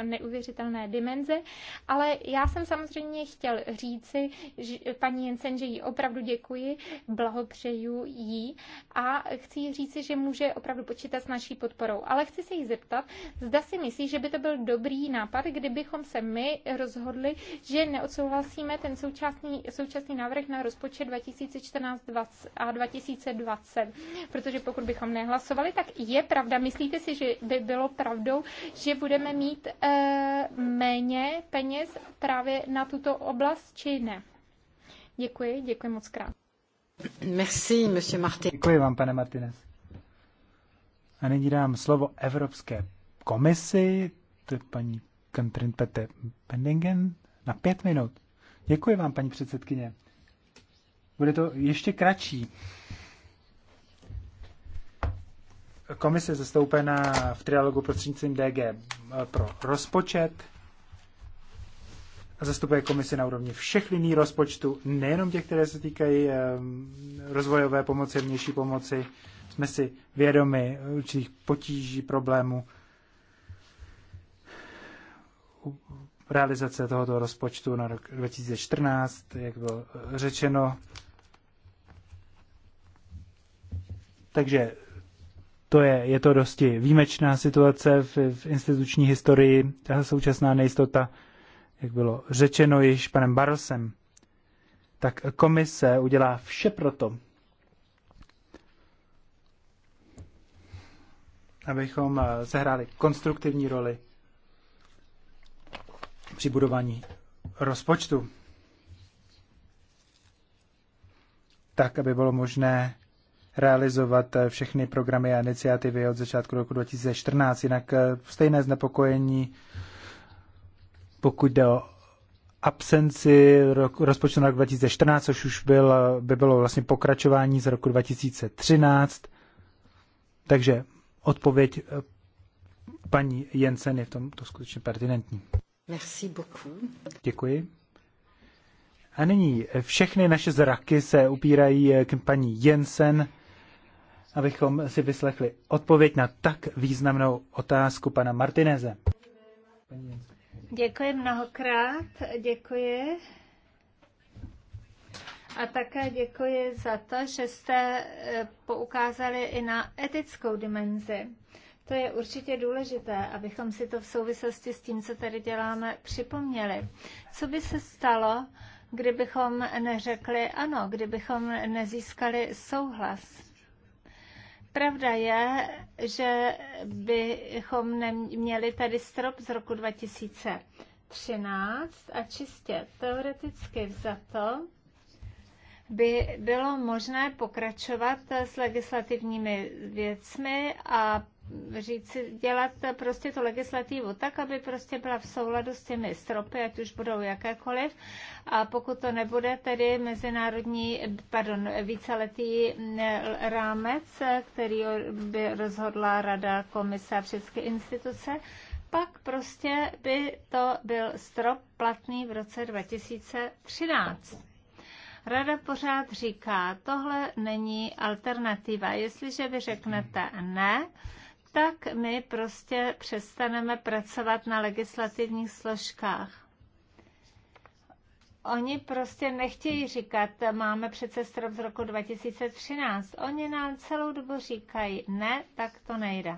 neuvěřitelné dimenze, ale já jsem samozřejmě chtěl říci že paní Jensen, že jí opravdu děkuji, blahopřeju jí a chci jí říci, že může opravdu počítat s naší podporou. Ale chci se jí zeptat, zda si myslí, že by to byl dobrý nápad, kdybychom se my rozhodli, že neodsouhlasíme ten současný, současný návrh na rozpočet 2014 a 2020 problém, protože pokud bychom nehlasovali, tak je pravda. Myslíte si, že by bylo pravdou, že budeme mít e, méně peněz právě na tuto oblast, či ne? Děkuji, děkuji moc krát. Merci, monsieur Martin. Děkuji vám, pane Martinez. A nyní dám slovo Evropské komisi, to je paní Kantrin Pete Pendingen, na pět minut. Děkuji vám, paní předsedkyně. Bude to ještě kratší komise zastoupená v trialogu prostřednictvím DG eh, pro rozpočet. Zastupuje komisi na úrovni všech liní rozpočtu, nejenom těch, které se týkají eh, rozvojové pomoci, vnější pomoci. Jsme si vědomi určitých potíží, problémů realizace tohoto rozpočtu na rok 2014, jak bylo řečeno. Takže to je, je to dosti výjimečná situace v, v instituční historii, ta současná nejistota, jak bylo řečeno již panem Barosem, tak komise udělá vše pro to, abychom eh, sehráli konstruktivní roli při budování rozpočtu. Tak, aby bylo možné realizovat eh, všechny programy a iniciativy od začátku roku 2014. Jinak eh, stejné znepokojení, pokud jde o absenci roku, rozpočtu na rok 2014, což už byl, eh, by bylo vlastně pokračování z roku 2013. Takže odpověď paní Jensen je v tom to skutečně pertinentní. Merci beaucoup. Děkuji. A nyní všechny naše zraky se upírají k paní Jensen, abychom si vyslechli odpověď na tak významnou otázku pana Martineze. Děkuji mnohokrát, děkuji. A také děkuji za to, že jste eh, poukázali i na etickou dimenzi. To je určitě důležité, abychom si to v souvislosti s tím, co tady děláme, připomněli. Co by se stalo, kdybychom neřekli ano, kdybychom nezískali souhlas? Pravda je, že bychom měli tady strop z roku 2013 a čistě teoreticky vzato by bylo možné pokračovat s legislativními věcmi a říct, dělat prostě tu legislativu tak, aby prostě byla v souladu s těmi stropy, ať už budou jakékoliv. A pokud to nebude tedy mezinárodní, pardon, víceletý mm, rámec, který by rozhodla Rada, Komise a všechny instituce, pak prostě by to byl strop platný v roce 2013. Rada pořád říká, tohle není alternativa. Jestliže vy řeknete ne, tak my prostě přestaneme pracovat na legislativních složkách. Oni prostě nechtějí říkat, máme přece strop z roku 2013. Oni nám celou dobu říkají, ne, tak to nejde.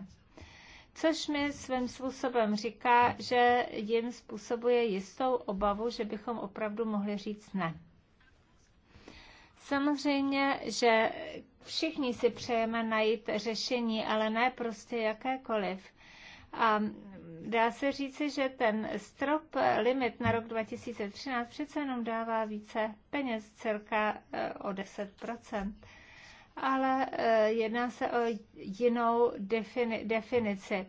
Což mi svým způsobem říká, že jim způsobuje jistou obavu, že bychom opravdu mohli říct ne. Samozřejmě, že všichni si přejeme najít řešení, ale ne prostě jakékoliv. A dá se říci, že ten strop limit na rok 2013 přece jenom dává více peněz, celka eh, o 10 ale eh, jedná se o jinou defini- definici.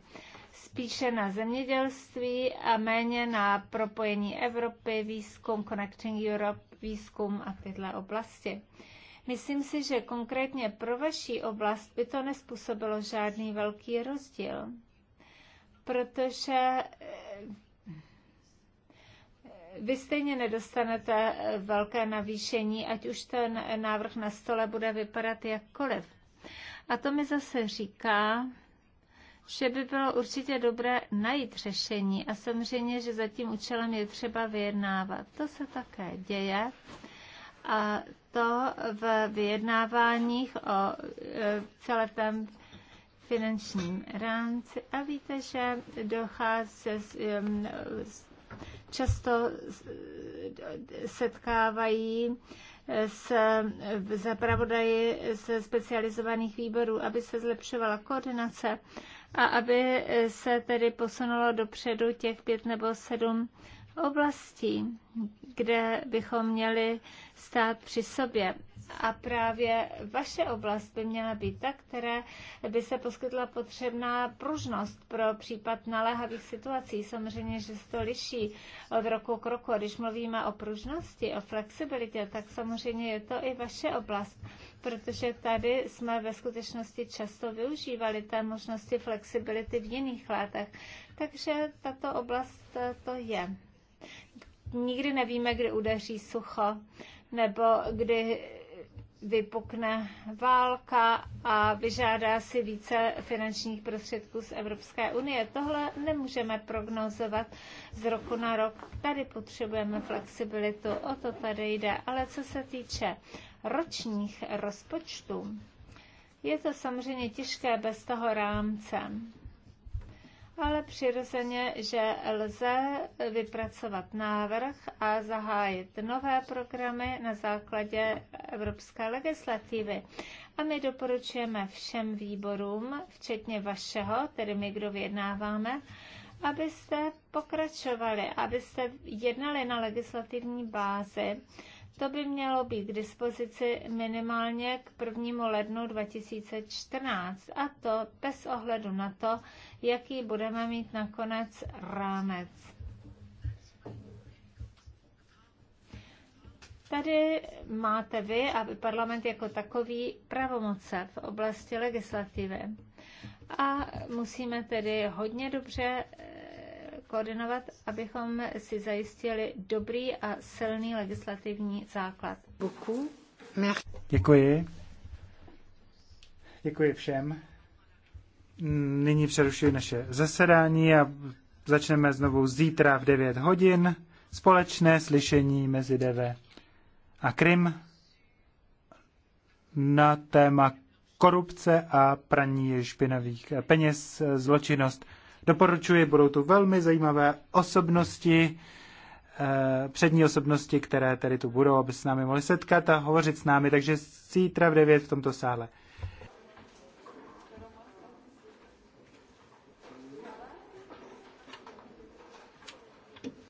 Spíše na zemědělství a méně na propojení Evropy, výzkum Connecting Europe výzkum a tyhle oblasti. Myslím si, že konkrétně pro vaší oblast by to nespůsobilo žádný velký rozdíl, protože eh, vy stejně nedostanete eh, velké navýšení, ať už ten návrh na stole bude vypadat jakkoliv. A to mi zase říká, že by bylo určitě dobré najít řešení a samozřejmě, že za tím účelem je třeba vyjednávat. To se také děje a to v vyjednáváních o e, celém finančním rámci a víte, že dochází často setkávají s zapravodají ze specializovaných výborů, aby se zlepšovala koordinace a aby se tedy posunulo dopředu těch pět nebo sedm oblastí, kde bychom měli stát při sobě. A právě vaše oblast by měla být ta, které by se poskytla potřebná pružnost pro případ naléhavých situací. Samozřejmě, že se to liší od roku k roku. Když mluvíme o pružnosti, o flexibilitě, tak samozřejmě je to i vaše oblast protože tady jsme ve skutečnosti často využívali té možnosti flexibility v jiných letech. Takže tato oblast eh, to je. Nikdy nevíme, kdy udeří sucho, nebo kdy vypukne válka a vyžádá si více finančních prostředků z Evropské unie. Tohle nemůžeme prognozovat z roku na rok. Tady potřebujeme flexibilitu, o to tady jde. Ale co se týče ročních rozpočtů, je to samozřejmě těžké bez toho rámce. Ale přirozeně, že lze vypracovat návrh a zahájit nové programy na základě evropské legislativy. A my doporučujeme všem výborům, včetně vašeho, tedy my, kdo vyjednáváme, abyste pokračovali, abyste jednali na legislativní bázi to by mělo být k dispozici minimálně k 1. lednu 2014 a to bez ohledu na to, jaký budeme mít nakonec rámec. Tady máte vy a parlament jako takový pravomoce v oblasti legislativy. A musíme tedy hodně dobře koordinovat, abychom si zajistili dobrý a silný legislativní základ. Děkuji. Děkuji všem. Nyní přerušuji naše zasedání a začneme znovu zítra v 9 hodin. Společné slyšení mezi DV a Krym na téma korupce a praní špinavých peněz, zločinnost. Doporučuji, budou tu velmi zajímavé osobnosti, eh, přední osobnosti, které tady tu budou, aby s námi mohli setkat a hovořit s námi. Takže zítra v 9 v tomto sále.